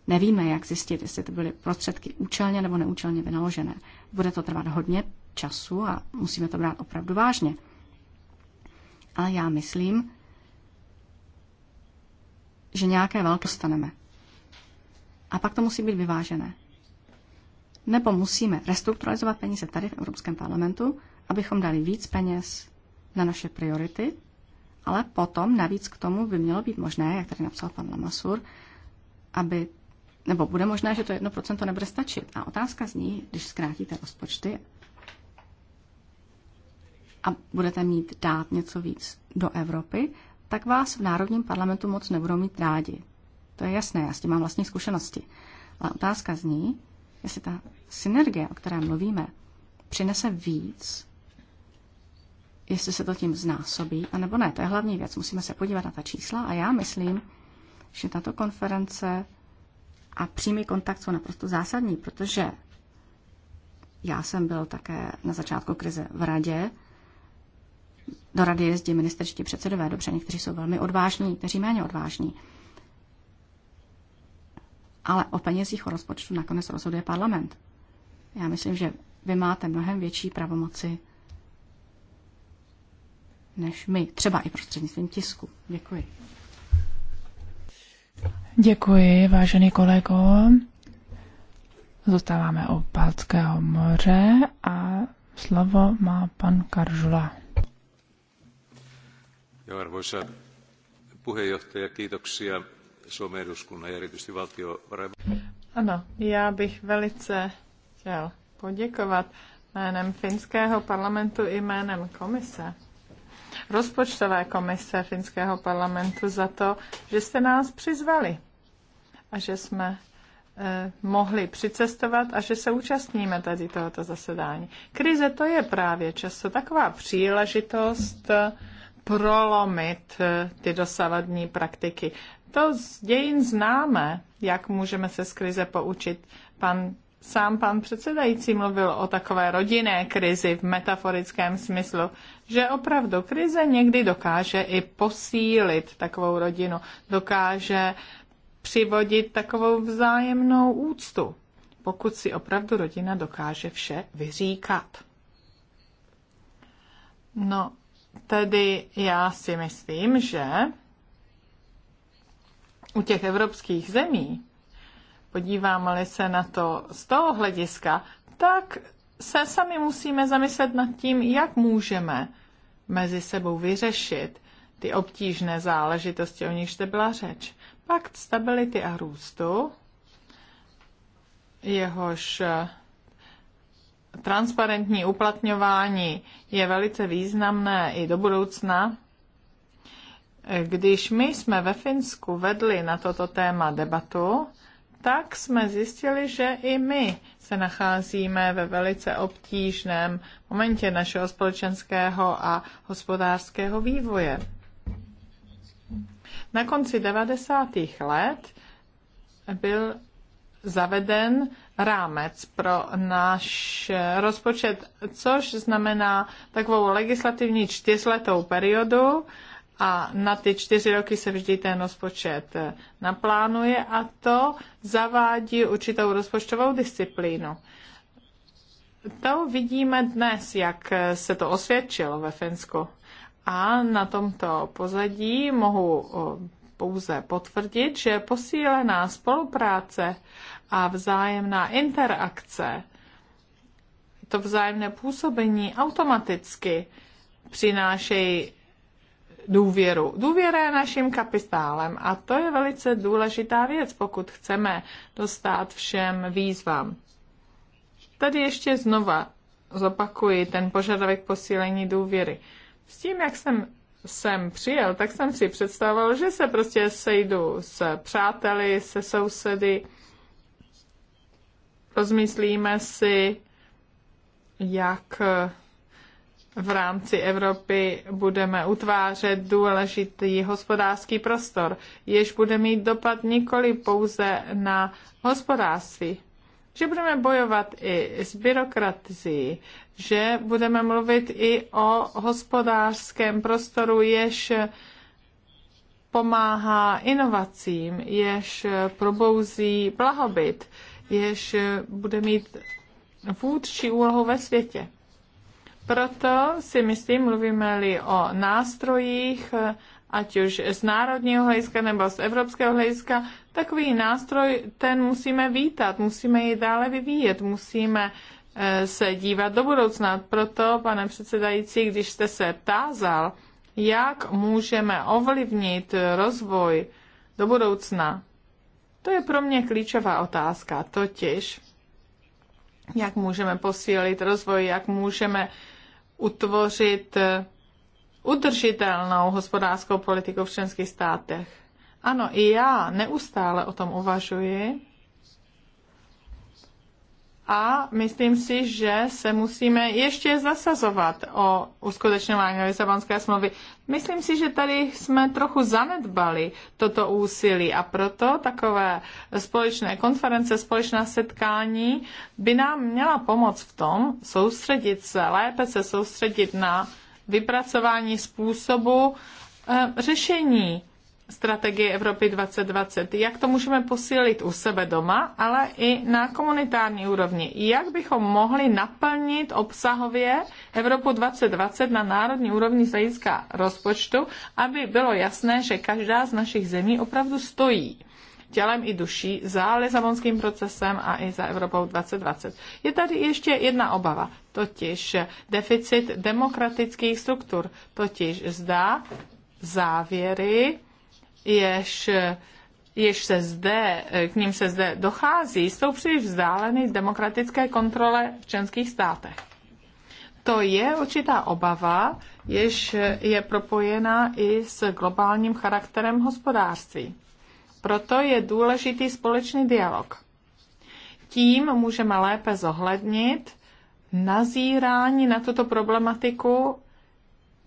S3: Nevíme, jak zjistit, jestli to byly prostředky účelně nebo neúčelně vynaložené. Bude to trvat hodně času a musíme to brát opravdu vážně. Ale já myslím, že nějaké velké staneme. A pak to musí být vyvážené. Nebo musíme restrukturalizovat peníze tady v Evropském parlamentu, abychom dali víc peněz na naše priority, ale potom navíc k tomu by mělo být možné, jak tady napsal pan Lamasur, aby nebo bude možné, že to 1% nebude stačit. A otázka zní, když zkrátíte rozpočty a budete mít dát něco víc do Evropy, tak vás v Národním parlamentu moc nebudou mít rádi. To je jasné, já s tím mám vlastní zkušenosti. Ale otázka zní, jestli ta synergie, o které mluvíme, přinese víc, jestli se to tím znásobí, anebo ne. To je hlavní věc. Musíme se podívat na ta čísla a já myslím, že tato konference a přímý kontakt jsou naprosto zásadní, protože já jsem byl také na začátku krize v radě. Do rady jezdí ministerští předsedové, dobře, někteří jsou velmi odvážní, někteří méně odvážní. Ale o penězích o rozpočtu nakonec rozhoduje parlament. Já myslím, že vy máte mnohem větší pravomoci než my, třeba i prostřednictvím tisku. Děkuji.
S2: Děkuji, vážený kolego. Zůstáváme u Baltského moře a slovo má pan Karžula. Jo, arvoisa puheenjohtaja, kiitoksia
S1: Suomen eduskunnan ja erityisesti Ano, já bych velice chtěl poděkovat jménem finského parlamentu i jménem komise rozpočtové komise finského parlamentu za to, že jste nás přizvali a že jsme eh, mohli přicestovat a že se účastníme tady tohoto zasedání. Krize to je právě často taková příležitost eh, prolomit eh, ty dosavadní praktiky. To z dějin známe, jak můžeme se z krize poučit. Pan Sám pan předsedající mluvil o takové rodinné krizi v metaforickém smyslu, že opravdu krize někdy dokáže i posílit takovou rodinu, dokáže přivodit takovou vzájemnou úctu, pokud si opravdu rodina dokáže vše vyříkat. No, tedy já si myslím, že u těch evropských zemí Podíváme-li se na to z toho hlediska, tak se sami musíme zamyslet nad tím, jak můžeme mezi sebou vyřešit ty obtížné záležitosti, o nichž zde byla řeč. Pakt stability a růstu, jehož eh, transparentní uplatňování je velice významné i do budoucna. Eh, když my jsme ve Finsku vedli na toto téma debatu, tak jsme zjistili, že i my se nacházíme ve velice obtížném momentě našeho společenského a hospodářského vývoje. Na konci 90. let byl zaveden rámec pro náš rozpočet, což znamená takovou legislativní čtyřletou periodu a na ty čtyři roky se vždy ten rozpočet eh, naplánuje a to zavádí určitou rozpočtovou disciplínu. To vidíme dnes, jak eh, se to osvědčilo ve Finsku. A na tomto pozadí mohu eh, pouze potvrdit, že posílená spolupráce a vzájemná interakce, to vzájemné působení automaticky přinášejí důvěru. Důvěra je naším kapitálem a to je velice důležitá věc, pokud chceme dostat všem výzvám. Tady ještě znova zopakuji ten požadavek posílení důvěry. S tím, jak jsem jsem přijel, tak jsem si představoval, že se prostě sejdu s přáteli, se sousedy, rozmyslíme si, jak v rámci Evropy budeme utvářet důležitý hospodářský prostor, jež bude mít dopad nikoli pouze na hospodářství, že budeme bojovat i s byrokratií, že budeme mluvit i o hospodářském prostoru, jež pomáhá inovacím, jež probouzí blahobyt, jež bude mít vůdčí úlohu ve světě. Proto si myslím, mluvíme-li o nástrojích, ať už z národního hlediska nebo z evropského hlediska, takový nástroj, ten musíme vítat, musíme ji dále vyvíjet, musíme eh, se dívat do budoucna. Proto, pane předsedající, když jste se tázal, jak můžeme ovlivnit rozvoj do budoucna, to je pro mě klíčová otázka, totiž jak můžeme posílit rozvoj, jak můžeme utvořit eh, udržitelnou hospodářskou politiku v členských státech. Ano, i já neustále o tom uvažuji a myslím si, že se musíme ještě zasazovat o uskutečňování Lisabonské smlouvy. Myslím si, že tady jsme trochu zanedbali toto úsilí a proto takové společné konference, společná setkání by nám měla pomoct v tom soustředit se, lépe se soustředit na vypracování způsobu e, řešení Strategie Evropy 2020. Jak to můžeme posílit u sebe doma, ale i na komunitární úrovni? Jak bychom mohli naplnit obsahově Evropu 2020 na národní úrovni z hlediska rozpočtu, aby bylo jasné, že každá z našich zemí opravdu stojí tělem i duší za Lisabonským procesem a i za Evropou 2020. Je tady ještě jedna obava, totiž deficit demokratických struktur, totiž zdá závěry jež jež se zde, k ním se zde dochází, jsou příliš vzdáleny demokratické kontrole v členských státech. To je určitá obava, jež je propojená i s globálním charakterem hospodářství. Proto je důležitý společný dialog. Tím můžeme lépe zohlednit nazírání na tuto problematiku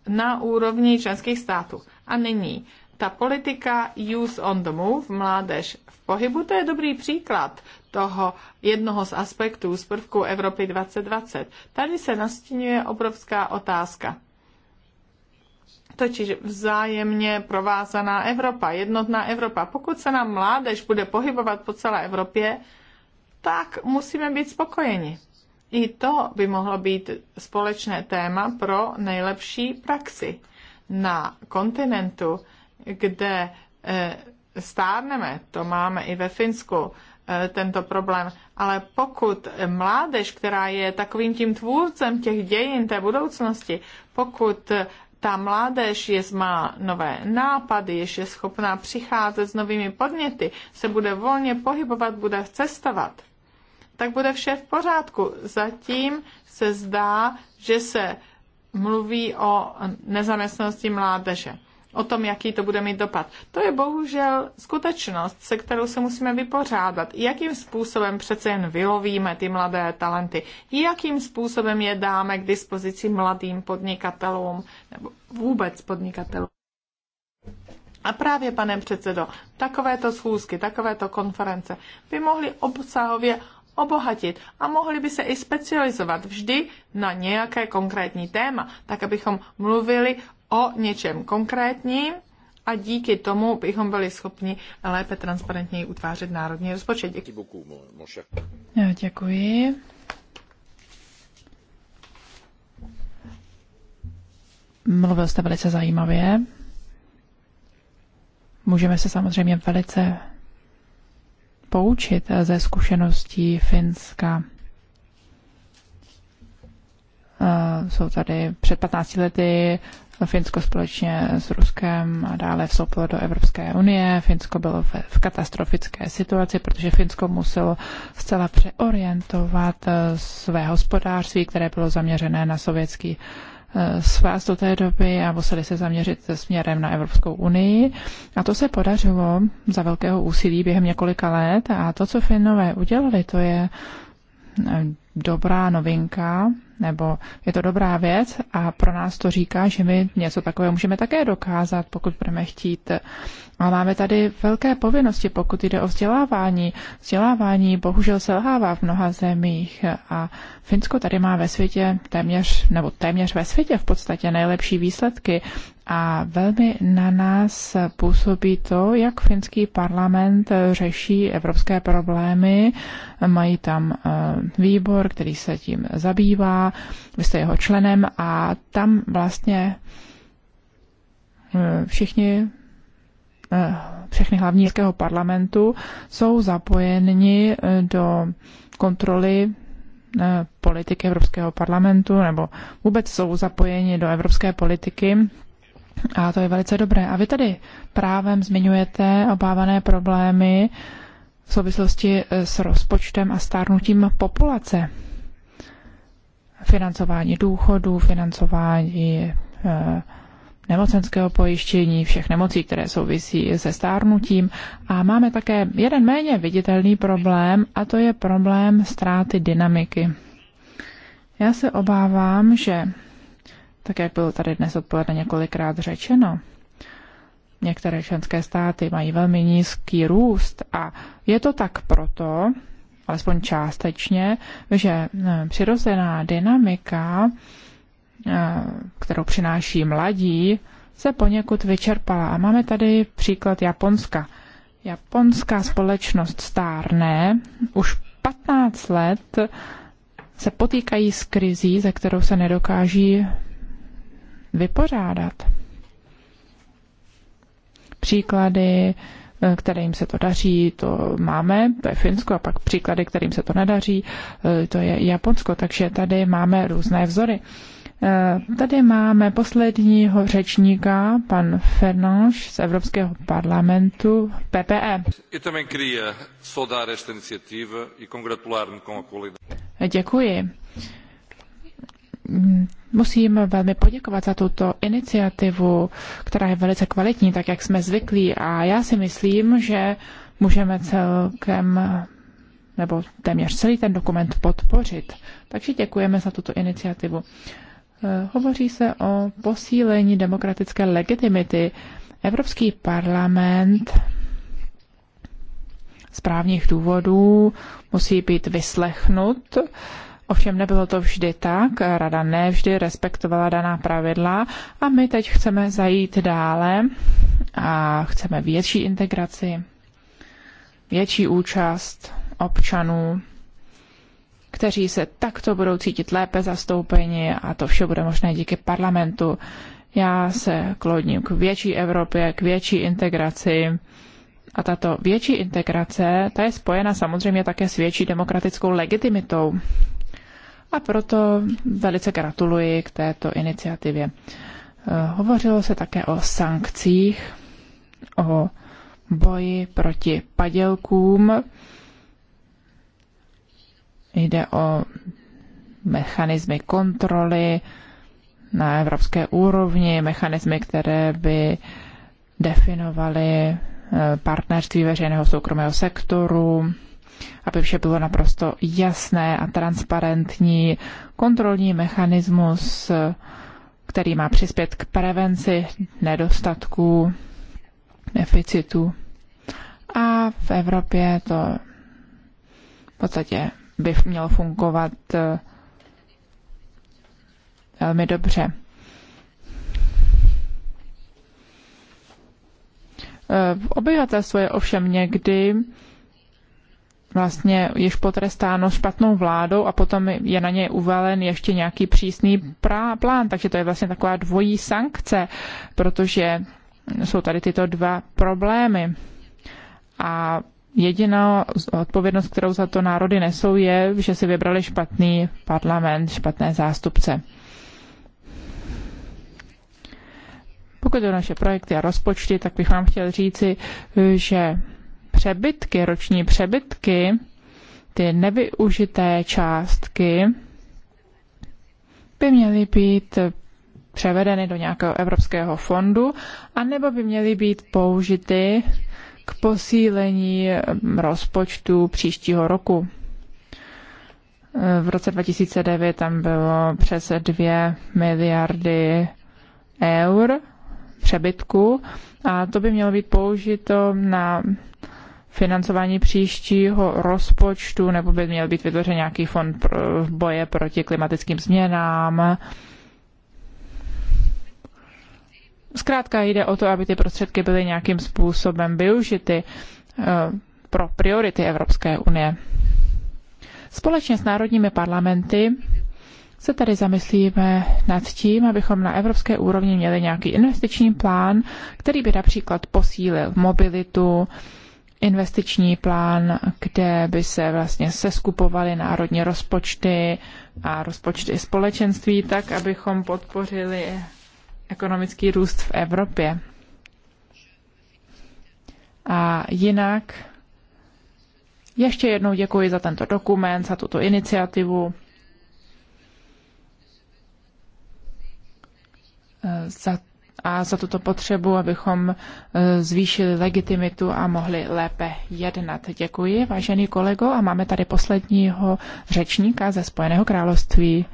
S1: na úrovni členských států. A nyní ta politika Youth on the Move, mládež v pohybu, to je dobrý příklad toho jednoho z aspektů z prvku Evropy 2020. Tady se nastínuje obrovská otázka. Totiž vzájemně provázaná Evropa, jednotná Evropa. Pokud se nám mládež bude pohybovat po celé Evropě, tak musíme být spokojeni. I to by mohlo být společné téma pro nejlepší praxi. Na kontinentu kde eh, stárneme, to máme i ve Finsku, eh, tento problém. Ale pokud mládež, která je takovým tím tvůrcem těch dějin, té budoucnosti, pokud eh, ta mládež je, má nové nápady, jež je schopná přicházet s novými podněty, se bude volně pohybovat, bude cestovat, tak bude vše v pořádku. Zatím se zdá, že se mluví o nezaměstnanosti mládeže o tom, jaký to bude mít dopad. To je bohužel skutečnost, se kterou se musíme vypořádat. Jakým způsobem přece jen vylovíme ty mladé talenty? Jakým způsobem je dáme k dispozici mladým podnikatelům nebo vůbec podnikatelům? A právě, pane předsedo, takovéto schůzky, takovéto konference by mohly obsahově obohatit a mohli by se i specializovat vždy na nějaké konkrétní téma, tak abychom mluvili o něčem konkrétním a díky tomu bychom byli schopni lépe transparentněji utvářet národní rozpočet. Děkuji.
S2: Děkuji. Mluvil jste velice zajímavě. Můžeme se samozřejmě velice poučit ze zkušeností Finska. Eh, jsou tady před 15 lety Finsko společně s Ruskem a dále vstoupilo do Evropské unie. Finsko bylo v katastrofické situaci, protože Finsko muselo zcela přeorientovat eh, své hospodářství, které bylo zaměřené na sovětský eh, svaz do té doby a museli se zaměřit směrem na Evropskou unii. A to se podařilo za velkého úsilí během několika let a to, co Finové udělali, to je dobrá novinka, nebo je to dobrá věc a pro nás to říká, že my něco takového můžeme také dokázat, pokud budeme chtít. A máme tady velké povinnosti, pokud jde o vzdělávání. Vzdělávání bohužel selhává v mnoha zemích a Finsko tady má ve světě téměř, nebo téměř ve světě v podstatě nejlepší výsledky a velmi na nás působí to, jak finský parlament řeší evropské problémy. Mají tam eh, výbor, který se tím zabývá, vy jste jeho členem a tam vlastně eh, všichni eh, všechny hlavní parlamentu jsou zapojeni do kontroly politiky Evropského parlamentu nebo vůbec jsou zapojeni do evropské politiky a to je velice dobré. A vy tady právem zmiňujete obávané problémy v souvislosti s rozpočtem a stárnutím populace. Financování důchodů, financování eh, nemocenského pojištění, všech nemocí, které souvisí se stárnutím. A máme také jeden méně viditelný problém, a to je problém ztráty dynamiky. Já se obávám, že tak jak bylo tady dnes odpoledne několikrát řečeno, některé členské státy mají velmi nízký růst a je to tak proto, alespoň částečně, že eh, přirozená dynamika, eh, kterou přináší mladí, se poněkud vyčerpala. A máme tady příklad Japonska. Japonská společnost stárne, už 15 let se potýkají s krizí, ze kterou se nedokáží vypořádat. Příklady, eh, kterým se to daří, to máme, to je Finsko, a pak příklady, kterým se to nedaří, eh, to je Japonsko, takže tady máme různé vzory. Eh, tady máme posledního řečníka, pan Fernáš z Evropského parlamentu, PPE. E Děkuji musím velmi poděkovat za tuto iniciativu, která je velice kvalitní, tak jak jsme zvyklí. A já si myslím, že můžeme celkem nebo téměř celý ten dokument podpořit. Takže děkujeme za tuto iniciativu. Eh, hovoří se o posílení demokratické legitimity. Evropský parlament z právních důvodů musí být vyslechnut Ovšem nebylo to vždy tak, rada nevždy respektovala daná pravidla a my teď chceme zajít dále a chceme větší integraci, větší účast občanů, kteří se takto budou cítit lépe zastoupeni a to vše bude možné díky parlamentu. Já se klodním k větší Evropě, k větší integraci. A tato větší integrace, ta je spojena samozřejmě také s větší demokratickou legitimitou a proto velice gratuluji k této iniciativě. Eh, hovořilo se také o sankcích, o boji proti padělkům. Jde o mechanismy kontroly na evropské úrovni, mechanismy, které by definovaly eh, partnerství veřejného soukromého sektoru, aby vše bylo naprosto jasné a transparentní, kontrolní mechanismus, který má přispět k prevenci nedostatků, deficitů. A v Evropě to v podstatě by mělo fungovat eh, velmi dobře. Eh, Obyvatelstvo je ovšem někdy vlastně již potrestáno špatnou vládou a potom je na ně uvalen ještě nějaký přísný plán. Takže to je vlastně taková dvojí sankce, protože jsou tady tyto dva problémy. A jediná odpovědnost, kterou za to národy nesou, je, že si vybrali špatný parlament, špatné zástupce. Pokud jde o naše projekty a rozpočty, tak bych vám chtěl říci, že přebytky, roční přebytky, ty nevyužité částky, by měly být převedeny do nějakého evropského fondu, anebo by měly být použity k posílení rozpočtu příštího roku. V roce 2009 tam bylo přes 2 miliardy eur přebytku a to by mělo být použito na financování příštího rozpočtu, nebo by měl být vytvořen nějaký fond boje proti klimatickým změnám. Zkrátka jde o to, aby ty prostředky byly nějakým způsobem využity eh, pro priority Evropské unie. Společně s národními parlamenty se tady zamyslíme nad tím, abychom na evropské úrovni měli nějaký investiční plán, který by například posílil mobilitu, investiční plán, kde by se vlastně seskupovaly národní rozpočty a rozpočty společenství tak, abychom podpořili ekonomický růst v Evropě. A jinak ještě jednou děkuji za tento dokument, za tuto iniciativu, za a za tuto potřebu, abychom e, zvýšili legitimitu a mohli lépe jednat. Děkuji, vážený kolego, a máme tady posledního řečníka ze Spojeného
S3: království.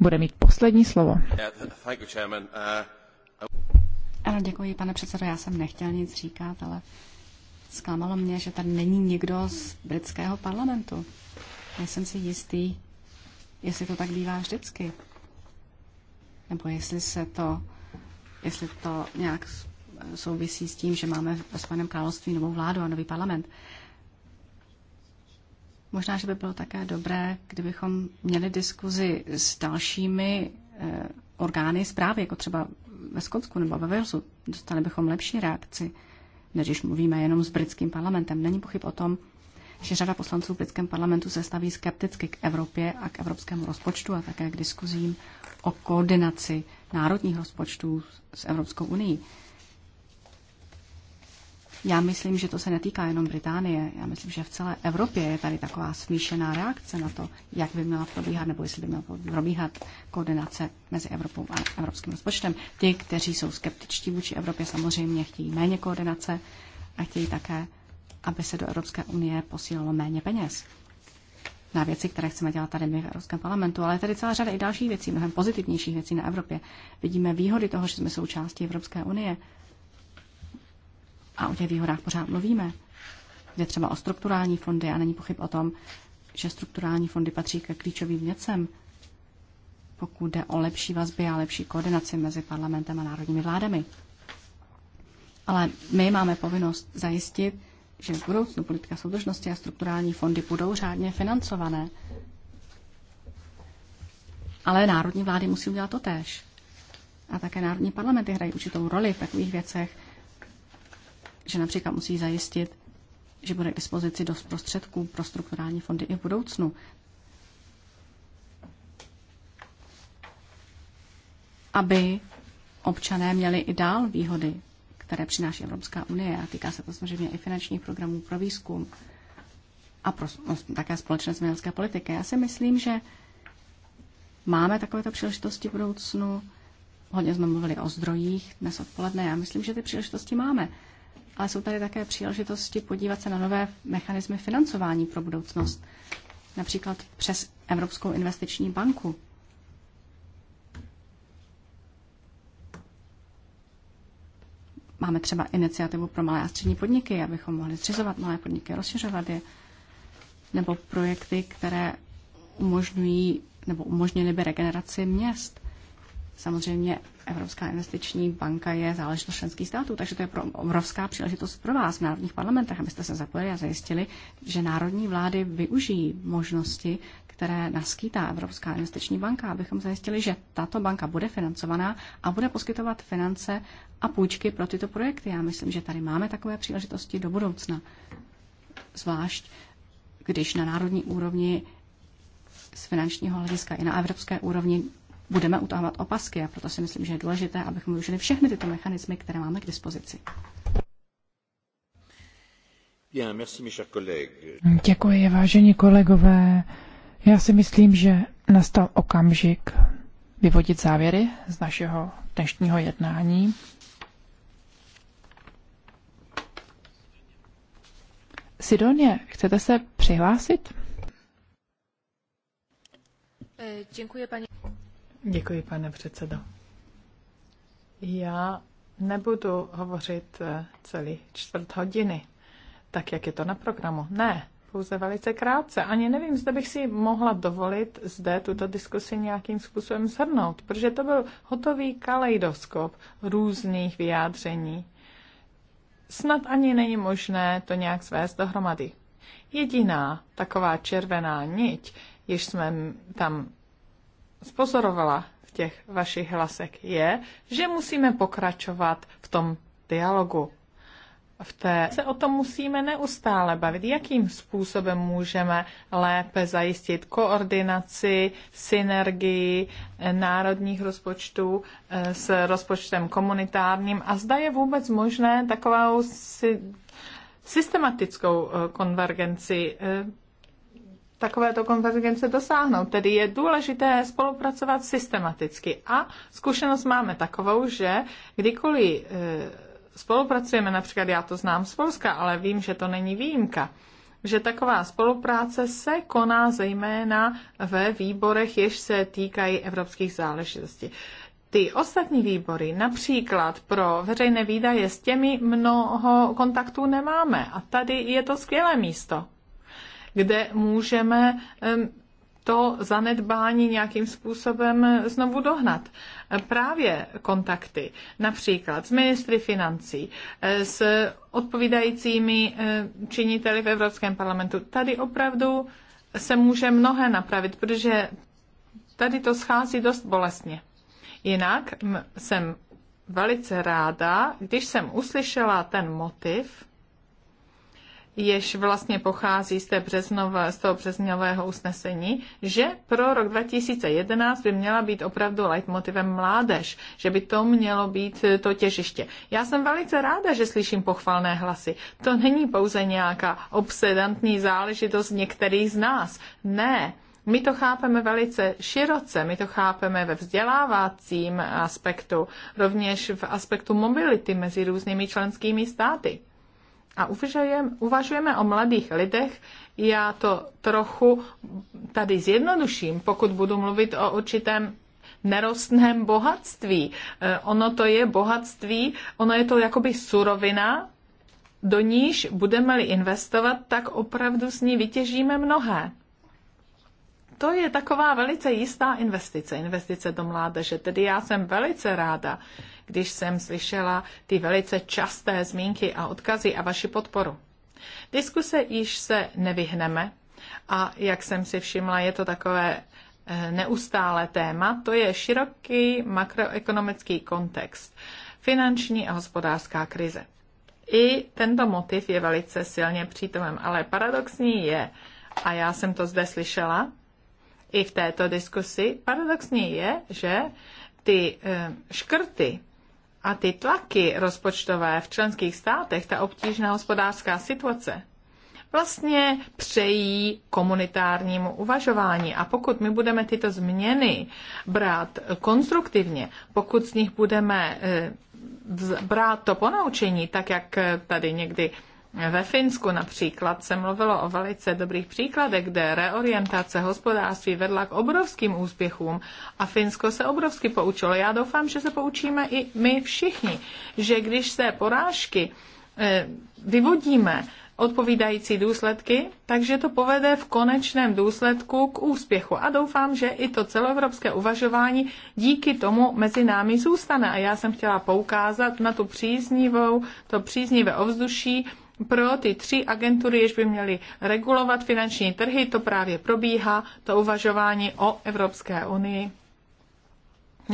S3: Bude mít poslední slovo. Ano, děkuji, pane předsedo. Já jsem nechtěl nic říkat, ale zklamalo mě, že tady není nikdo z britského parlamentu. Jsem si jistý, jestli to tak bývá vždycky. Nebo jestli se to jestli to nějak souvisí s tím, že máme v Spojeném království novou vládu a nový parlament. Možná, že by bylo také dobré, kdybychom měli diskuzi s dalšími eh, orgány zprávy, jako třeba ve Skotsku nebo ve Walesu. Dostali bychom lepší reakci, než když mluvíme jenom s britským parlamentem. Není pochyb o tom, že řada poslanců v britském parlamentu se staví skepticky k Evropě a k evropskému rozpočtu a také k diskuzím o koordinaci národních rozpočtů s Evropskou unii. Já myslím, že to se netýká jenom Británie. Já myslím, že v celé Evropě je tady taková smíšená reakce na to, jak by měla probíhat, nebo jestli by měla probíhat koordinace mezi Evropou a evropským rozpočtem. Ti, kteří jsou skeptičtí vůči Evropě, samozřejmě chtějí méně koordinace a chtějí také, aby se do Evropské unie posílalo méně peněz na věci, které chceme dělat tady v Evropském parlamentu, ale je tady celá řada i dalších věcí, mnohem pozitivnějších věcí na Evropě. Vidíme výhody toho, že jsme součástí Evropské unie. A o těch výhodách pořád mluvíme. Jde třeba o strukturální fondy a není pochyb o tom, že strukturální fondy patří ke klíčovým věcem, pokud jde o lepší vazby a lepší koordinaci mezi parlamentem a národními vládami. Ale my máme povinnost zajistit, že v budoucnu politika soudržnosti a strukturální fondy budou řádně financované. Ale národní vlády musí udělat to též. A také národní parlamenty hrají určitou roli v takových věcech, že například musí zajistit, že bude k dispozici dost prostředků pro strukturální fondy i v budoucnu. Aby občané měli i dál výhody které přináší Evropská unie a týká se to samozřejmě i finančních programů pro výzkum a pro, no, také společné zemědělské politiky. Já si myslím, že máme takovéto příležitosti v budoucnu. Hodně jsme mluvili o zdrojích dnes odpoledne. Já myslím, že ty příležitosti máme. Ale jsou tady také příležitosti podívat se na nové mechanismy financování pro budoucnost. Například přes Evropskou investiční banku. Máme třeba iniciativu pro malé a střední podniky, abychom mohli zřizovat malé podniky, rozšiřovat je, nebo projekty, které umožňují nebo umožnily by regeneraci měst. Samozřejmě Evropská investiční banka je záležitost členských států, takže to je pro obrovská příležitost pro vás v národních parlamentech, abyste se zapojili a zajistili, že národní vlády využijí možnosti, které naskýtá Evropská investiční banka, abychom zajistili, že tato banka bude financovaná a bude poskytovat finance a půjčky pro tyto projekty. Já myslím, že tady máme takové příležitosti do budoucna. Zvlášť, když na národní úrovni z finančního hlediska i na evropské úrovni budeme utahovat opasky a proto si myslím, že je důležité, abychom využili všechny tyto mechanismy, které máme k dispozici. Děkuji, vážení kolegové. Já si myslím, že
S2: nastal okamžik vyvodit závěry z našeho dnešního jednání. Sidonie, chcete se přihlásit?
S3: Eh, děkuji, paní.
S2: Děkuji,
S1: pane předsedo. Já nebudu hovořit eh, celý čtvrt hodiny, tak jak je to na programu. Ne, pouze velice krátce. Ani nevím, zda bych si mohla dovolit zde tuto diskusi nějakým způsobem shrnout, protože to byl hotový kaleidoskop různých vyjádření. Snad ani není možné to nějak svést dohromady. Jediná taková červená niť, jež jsme tam spozorovala v těch vašich hlasek, je, že musíme pokračovat v tom dialogu v té se o tom musíme neustále bavit, jakým způsobem můžeme lépe zajistit koordinaci, synergii národních rozpočtů eh, s rozpočtem komunitárním a zda je vůbec možné takovou si, systematickou eh, konvergenci eh, takovéto konvergence dosáhnout. Tedy je důležité spolupracovat systematicky. A zkušenost máme takovou, že kdykoliv spolupracujeme, například já to znám z Polska, ale vím, že to není výjimka, že taková spolupráce se koná zejména ve výborech, jež se týkají evropských záležitostí. Ty ostatní výbory, například pro veřejné výdaje, s těmi mnoho kontaktů nemáme. A tady je to skvělé místo, kde můžeme um, to zanedbání nějakým způsobem znovu dohnat. Právě kontakty, například s ministry financí, eh, s odpovídajícími eh, činiteli v Evropském parlamentu. Tady opravdu se může mnohé napravit, protože tady to schází dost bolestně. Jinak jsem velice ráda, když jsem uslyšela ten motiv, jež vlastně pochází z, té březnové, z toho březňového usnesení, že pro rok 2011 by měla být opravdu leitmotivem mládež, že by to mělo být eh, to těžiště. Já jsem velice ráda, že slyším pochvalné hlasy. To není pouze nějaká obsedantní záležitost některých z nás. Ne, my to chápeme velice široce, my to chápeme ve vzdělávacím aspektu, rovněž v aspektu mobility mezi různými členskými státy a uvažujeme, uvažujeme o mladých lidech. Já to trochu tady zjednoduším, pokud budu mluvit o určitém nerostném bohatství. E, ono to je bohatství, ono je to jakoby surovina, do níž budeme-li investovat, tak opravdu s ní vytěžíme mnohé to je taková velice jistá investice, investice do mládeže. Tedy já jsem velice ráda, když jsem slyšela ty velice časté zmínky a odkazy a vaši podporu. Diskuse již se nevyhneme a jak jsem si všimla, je to takové eh, neustále téma, to je široký makroekonomický kontext, finanční a hospodářská krize. I tento motiv je velice silně přítomen, ale paradoxní je, a já jsem to zde slyšela, i v této diskusi. paradoxně je, že ty eh, škrty a ty tlaky rozpočtové v členských státech, ta obtížná hospodářská situace, vlastně přejí komunitárnímu uvažování. A pokud my budeme tyto změny brát konstruktivně, pokud z nich budeme eh, brát to ponaučení, tak jak eh, tady někdy ve Finsku například se mluvilo o velice dobrých příkladech, kde reorientace hospodářství vedla k obrovským úspěchům a Finsko se obrovsky poučilo. Já doufám, že se poučíme i my všichni, že když se porážky eh, vyvodíme odpovídající důsledky, takže to povede v konečném důsledku k úspěchu. A doufám, že i to celoevropské uvažování díky tomu mezi námi zůstane. A já jsem chtěla poukázat na tu příznivou, to příznivé ovzduší, pro ty tři agentury, jež by měly regulovat finanční trhy, to právě probíhá, to uvažování o Evropské unii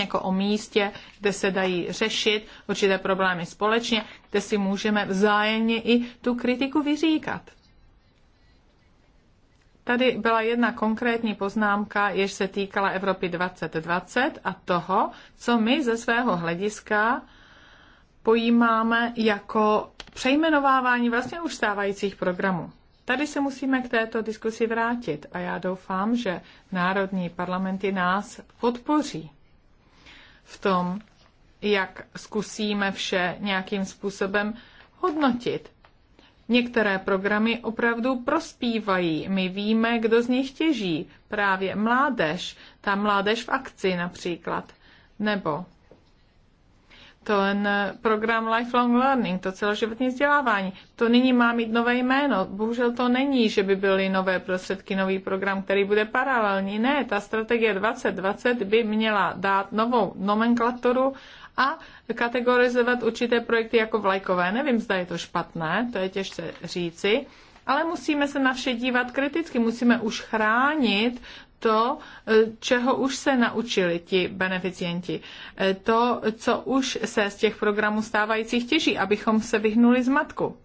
S1: jako o místě, kde se dají řešit určité problémy společně, kde si můžeme vzájemně i tu kritiku vyříkat. Tady byla jedna konkrétní poznámka, jež se týkala Evropy 2020 a toho, co my ze svého hlediska pojímáme jako přejmenovávání vlastně už stávajících programů. Tady se musíme k této diskusi vrátit a já doufám, že národní parlamenty nás podpoří v tom, jak zkusíme vše nějakým způsobem hodnotit. Některé programy opravdu prospívají. My víme, kdo z nich těží. Právě mládež, ta mládež v akci například. Nebo ten eh, program Lifelong Learning, to celoživotní vzdělávání, to nyní má mít nové jméno. Bohužel to není, že by byly nové prostředky, nový program, který bude paralelní. Ne, ta strategie 2020 by měla dát novou nomenklaturu a kategorizovat určité projekty jako vlajkové. Nevím, zda je to špatné, to je těžce říci, ale musíme se na vše dívat kriticky, musíme už chránit to, eh, čeho už se naučili ti beneficienti, eh, to, co už se z těch programů stávajících těží, abychom se vyhnuli z matku.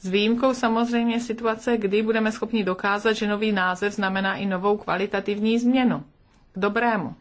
S1: S výjimkou samozřejmě situace, kdy budeme schopni dokázat, že nový název znamená i novou kvalitativní změnu. K dobrému.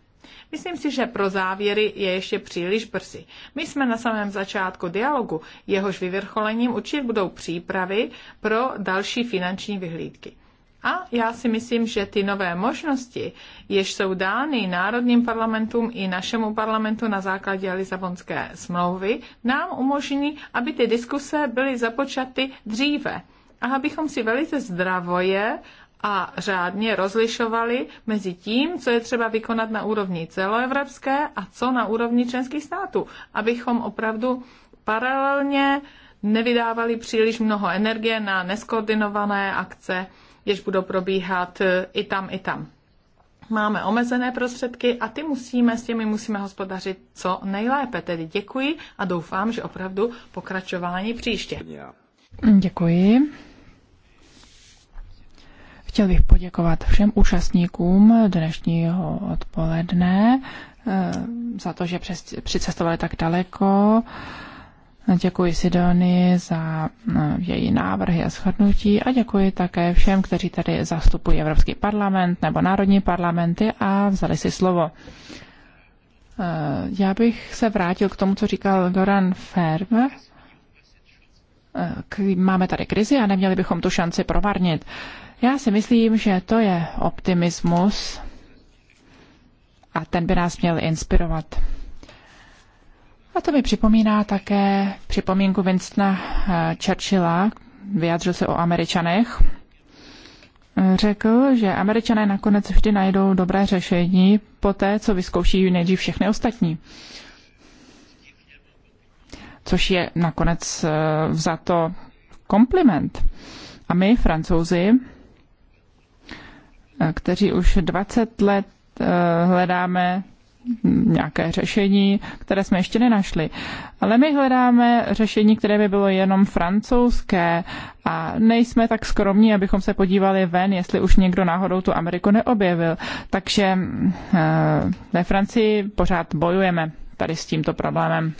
S1: Myslím si, že pro závěry je ještě příliš brzy. My jsme na samém začátku dialogu, jehož vyvrcholením určitě budou přípravy pro další finanční vyhlídky. A já si myslím, že ty nové možnosti, jež jsou dány národním parlamentům i našemu parlamentu na základě Lisabonské smlouvy, nám umožní, aby ty diskuse byly započaty dříve a abychom si velice zdravoje a řádně rozlišovali mezi tím, co je třeba vykonat na úrovni celoevropské a co na úrovni členských států, abychom opravdu paralelně nevydávali příliš mnoho energie na neskoordinované akce jež budou probíhat e, i tam, i tam. Máme omezené prostředky a ty musíme, s těmi musíme hospodařit co nejlépe. Tedy děkuji a doufám, že opravdu pokračování příště.
S2: Děkuji. Chtěl bych poděkovat všem účastníkům dnešního odpoledne e, za to, že přicestovali tak daleko. Děkuji Sidonii za eh, její návrhy a shodnutí a děkuji také všem, kteří tady zastupují Evropský parlament nebo národní parlamenty a vzali si slovo. Eh, já bych se vrátil k tomu, co říkal Goran Ferm. Eh, máme tady krizi a neměli bychom tu šanci provarnit. Já si myslím, že to je optimismus a ten by nás měl inspirovat. A to mi připomíná také připomínku Winstona eh, Churchilla, vyjádřil se o Američanech. Řekl, že Američané nakonec vždy najdou dobré řešení po té, co vyzkouší nejdřív všechny ostatní. Což je nakonec eh, za to kompliment. A my, francouzi, eh, kteří už 20 let hledáme nějaké řešení, které jsme ještě nenašli. Ale my hledáme řešení, které by bylo jenom francouzské a nejsme tak skromní, abychom se podívali ven, jestli už někdo náhodou tu Ameriku neobjevil. Takže eh, ve Francii pořád bojujeme tady s tímto problémem,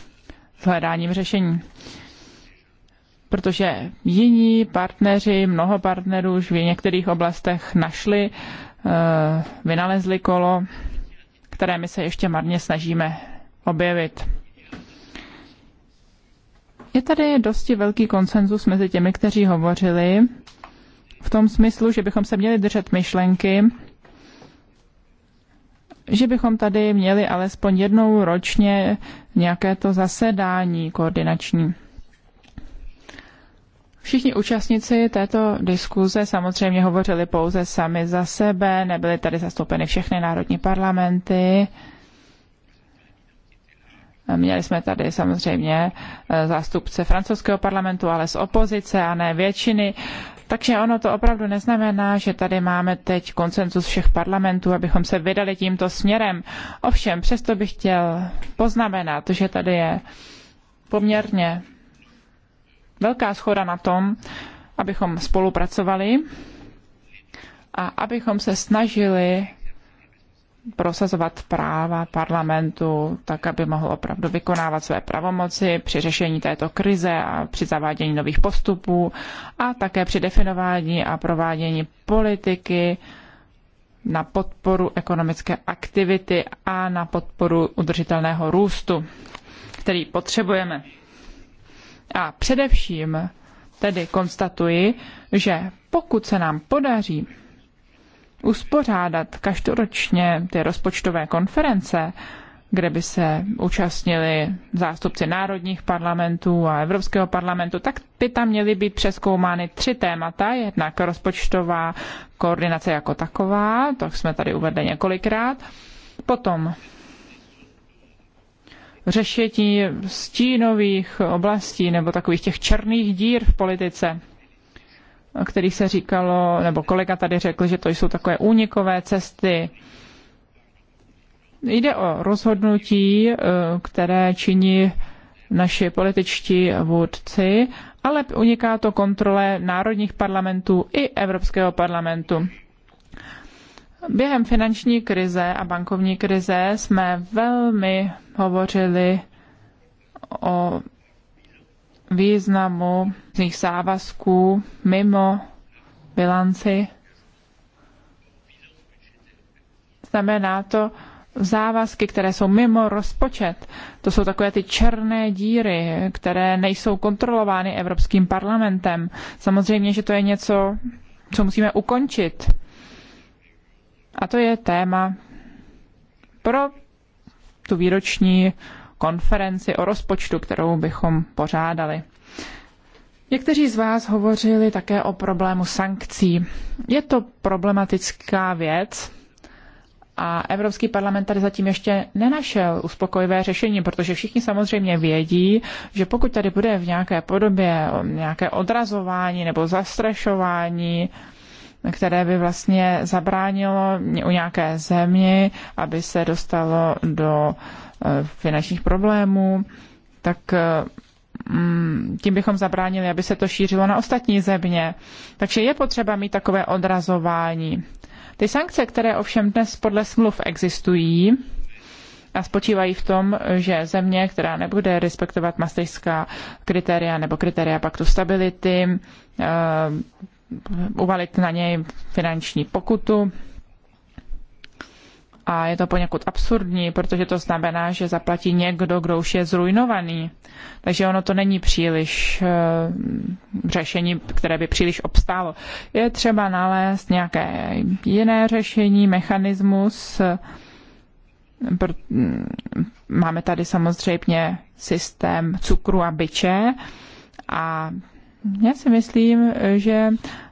S2: s hledáním řešení protože jiní partneři, mnoho partnerů už v některých oblastech našli, eh, vynalezli kolo které my se ještě marně snažíme objevit. Je tady dosti velký konsenzus mezi těmi, kteří hovořili, v tom smyslu, že bychom se měli držet myšlenky, že bychom tady měli alespoň jednou ročně nějaké to zasedání koordinační. Všichni účastníci této diskuze samozřejmě hovořili pouze sami za sebe, nebyly tady zastoupeny všechny národní parlamenty. Měli jsme tady samozřejmě eh, zástupce francouzského parlamentu, ale z opozice a ne většiny. Takže ono to opravdu neznamená, že tady máme teď koncenzus všech parlamentů, abychom se vydali tímto směrem. Ovšem, přesto bych chtěl poznamenat, že tady je poměrně velká schoda na tom, abychom spolupracovali a abychom se snažili prosazovat práva parlamentu, tak aby mohl opravdu vykonávat své pravomoci při řešení této krize a při zavádění nových postupů a také při definování a provádění politiky na podporu ekonomické aktivity a na podporu udržitelného růstu, který potřebujeme. A především tedy konstatuji, že pokud se nám podaří uspořádat každoročně ty rozpočtové konference, kde by se účastnili zástupci národních parlamentů a Evropského parlamentu, tak by tam měly být přeskoumány tři témata. Jednak rozpočtová koordinace jako taková, to jsme tady uvedli několikrát. Potom řešení stínových oblastí nebo takových těch černých dír v politice, o kterých se říkalo, nebo kolega tady řekl, že to jsou takové únikové cesty. Jde o rozhodnutí, eh, které činí naši političtí vůdci, ale uniká to kontrole národních parlamentů i Evropského parlamentu. Během finanční krize a bankovní krize jsme velmi hovořili o významu z nich závazků mimo bilanci. Znamená to závazky, které jsou mimo rozpočet. To jsou takové ty černé díry, které nejsou kontrolovány Evropským parlamentem. Samozřejmě, že to je něco, co musíme ukončit a to je téma pro tu výroční konferenci o rozpočtu, kterou bychom pořádali. Někteří z vás hovořili také o problému sankcí. Je to problematická věc a Evropský parlament tady zatím ještě nenašel uspokojivé řešení, protože všichni samozřejmě vědí, že pokud tady bude v nějaké podobě nějaké odrazování nebo zastrašování, které by vlastně zabránilo u nějaké zemi, aby se dostalo do eh, finančních problémů, tak eh, mm, tím bychom zabránili, aby se to šířilo na ostatní země. Takže je potřeba mít takové odrazování. Ty sankce, které ovšem dnes podle smluv existují, a spočívají v tom, že země, která nebude respektovat maastrichtská kritéria nebo kritéria paktu stability, eh, uvalit na něj finanční pokutu. A je to poněkud absurdní, protože to znamená, že zaplatí někdo, kdo už je zrujnovaný. Takže ono to není příliš uh, řešení, které by příliš obstálo. Je třeba nalézt nějaké jiné řešení, mechanismus. Eh, hm, máme tady samozřejmě systém cukru a byče a já si myslím, že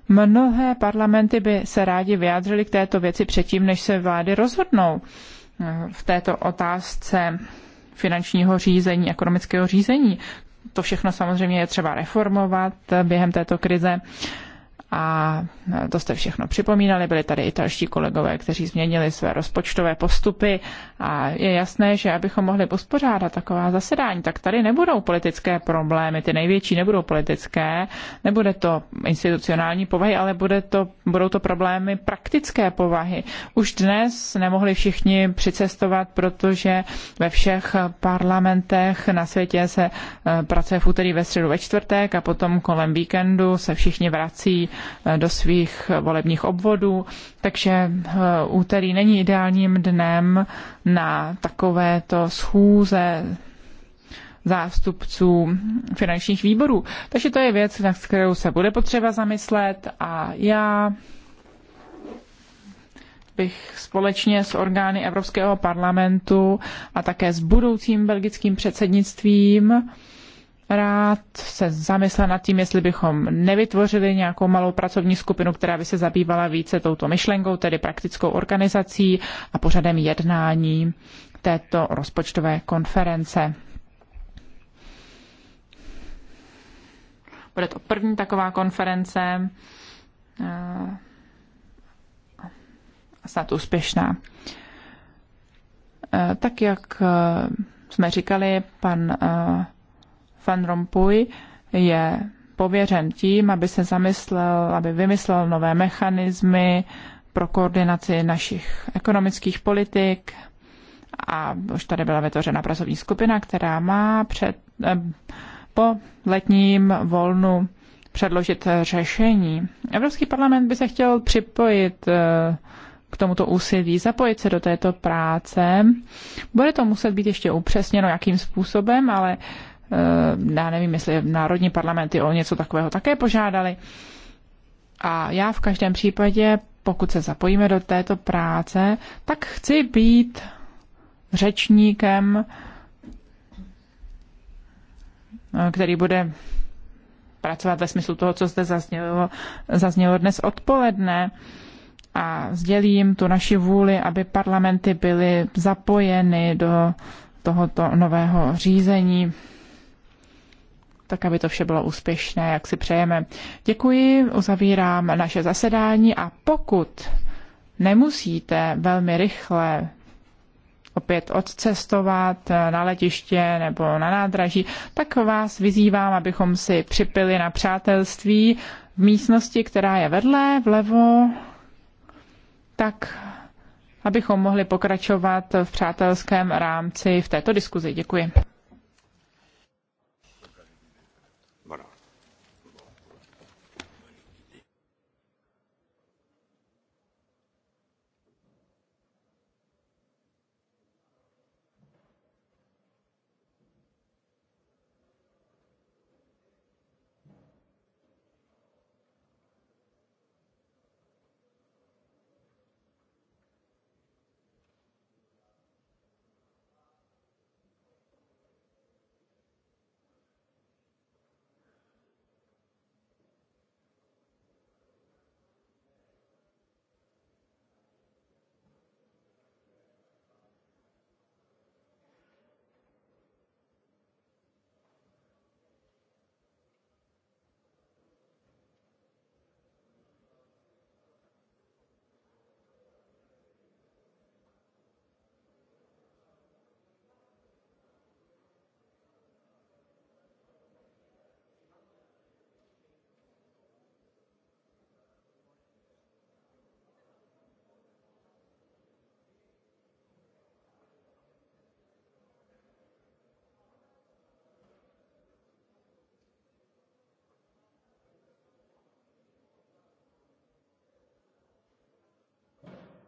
S2: mnohé parlamenty by se rádi vyjádřili k této věci předtím, než se vlády rozhodnou eh, v této otázce finančního řízení, ekonomického řízení. To všechno samozřejmě je třeba reformovat během této krize a to jste všechno připomínali. Byli tady i další kolegové, kteří změnili své rozpočtové postupy a je jasné, že abychom mohli uspořádat taková zasedání, tak tady nebudou politické problémy, ty největší nebudou politické, nebude to institucionální povahy, ale bude to, budou to problémy praktické povahy. Už dnes nemohli všichni přicestovat, protože ve všech parlamentech na světě se eh, pracuje v úterý ve středu ve čtvrtek a potom kolem víkendu se všichni vrací Eh, do svých volebních obvodů, takže eh, úterý není ideálním dnem na takovéto schůze zástupců finančních výborů. Takže to je věc, na kterou se bude potřeba zamyslet a já bych společně s orgány Evropského parlamentu a také s budoucím belgickým předsednictvím rád se zamyslel nad tím, jestli bychom nevytvořili nějakou malou pracovní skupinu, která by se zabývala více touto myšlenkou, tedy praktickou organizací a pořadem jednání této rozpočtové konference. Bude to první taková konference a eh, snad úspěšná. Eh, tak jak eh, jsme říkali, pan Van Rompuy je pověřen tím, aby se zamyslel, aby vymyslel nové mechanismy pro koordinaci našich ekonomických politik. A už tady byla vytvořena pracovní skupina, která má před, eh, po letním volnu předložit řešení. Evropský parlament by se chtěl připojit eh, k tomuto úsilí, zapojit se do této práce. Bude to muset být ještě upřesněno, jakým způsobem, ale Eh, já nevím, jestli národní parlamenty o něco takového také požádali. A já v každém případě, pokud se zapojíme do této práce, tak chci být řečníkem, eh, který bude pracovat ve smyslu toho, co zde zaznělo, zaznělo dnes odpoledne a sdělím tu naši vůli, aby parlamenty byly zapojeny do tohoto nového řízení tak aby to vše bylo úspěšné, jak si přejeme. Děkuji, uzavírám naše zasedání a pokud nemusíte velmi rychle opět odcestovat na letiště nebo na nádraží, tak vás vyzývám, abychom si připili na přátelství v místnosti, která je vedle, vlevo, tak abychom mohli pokračovat v přátelském rámci v této diskuzi. Děkuji.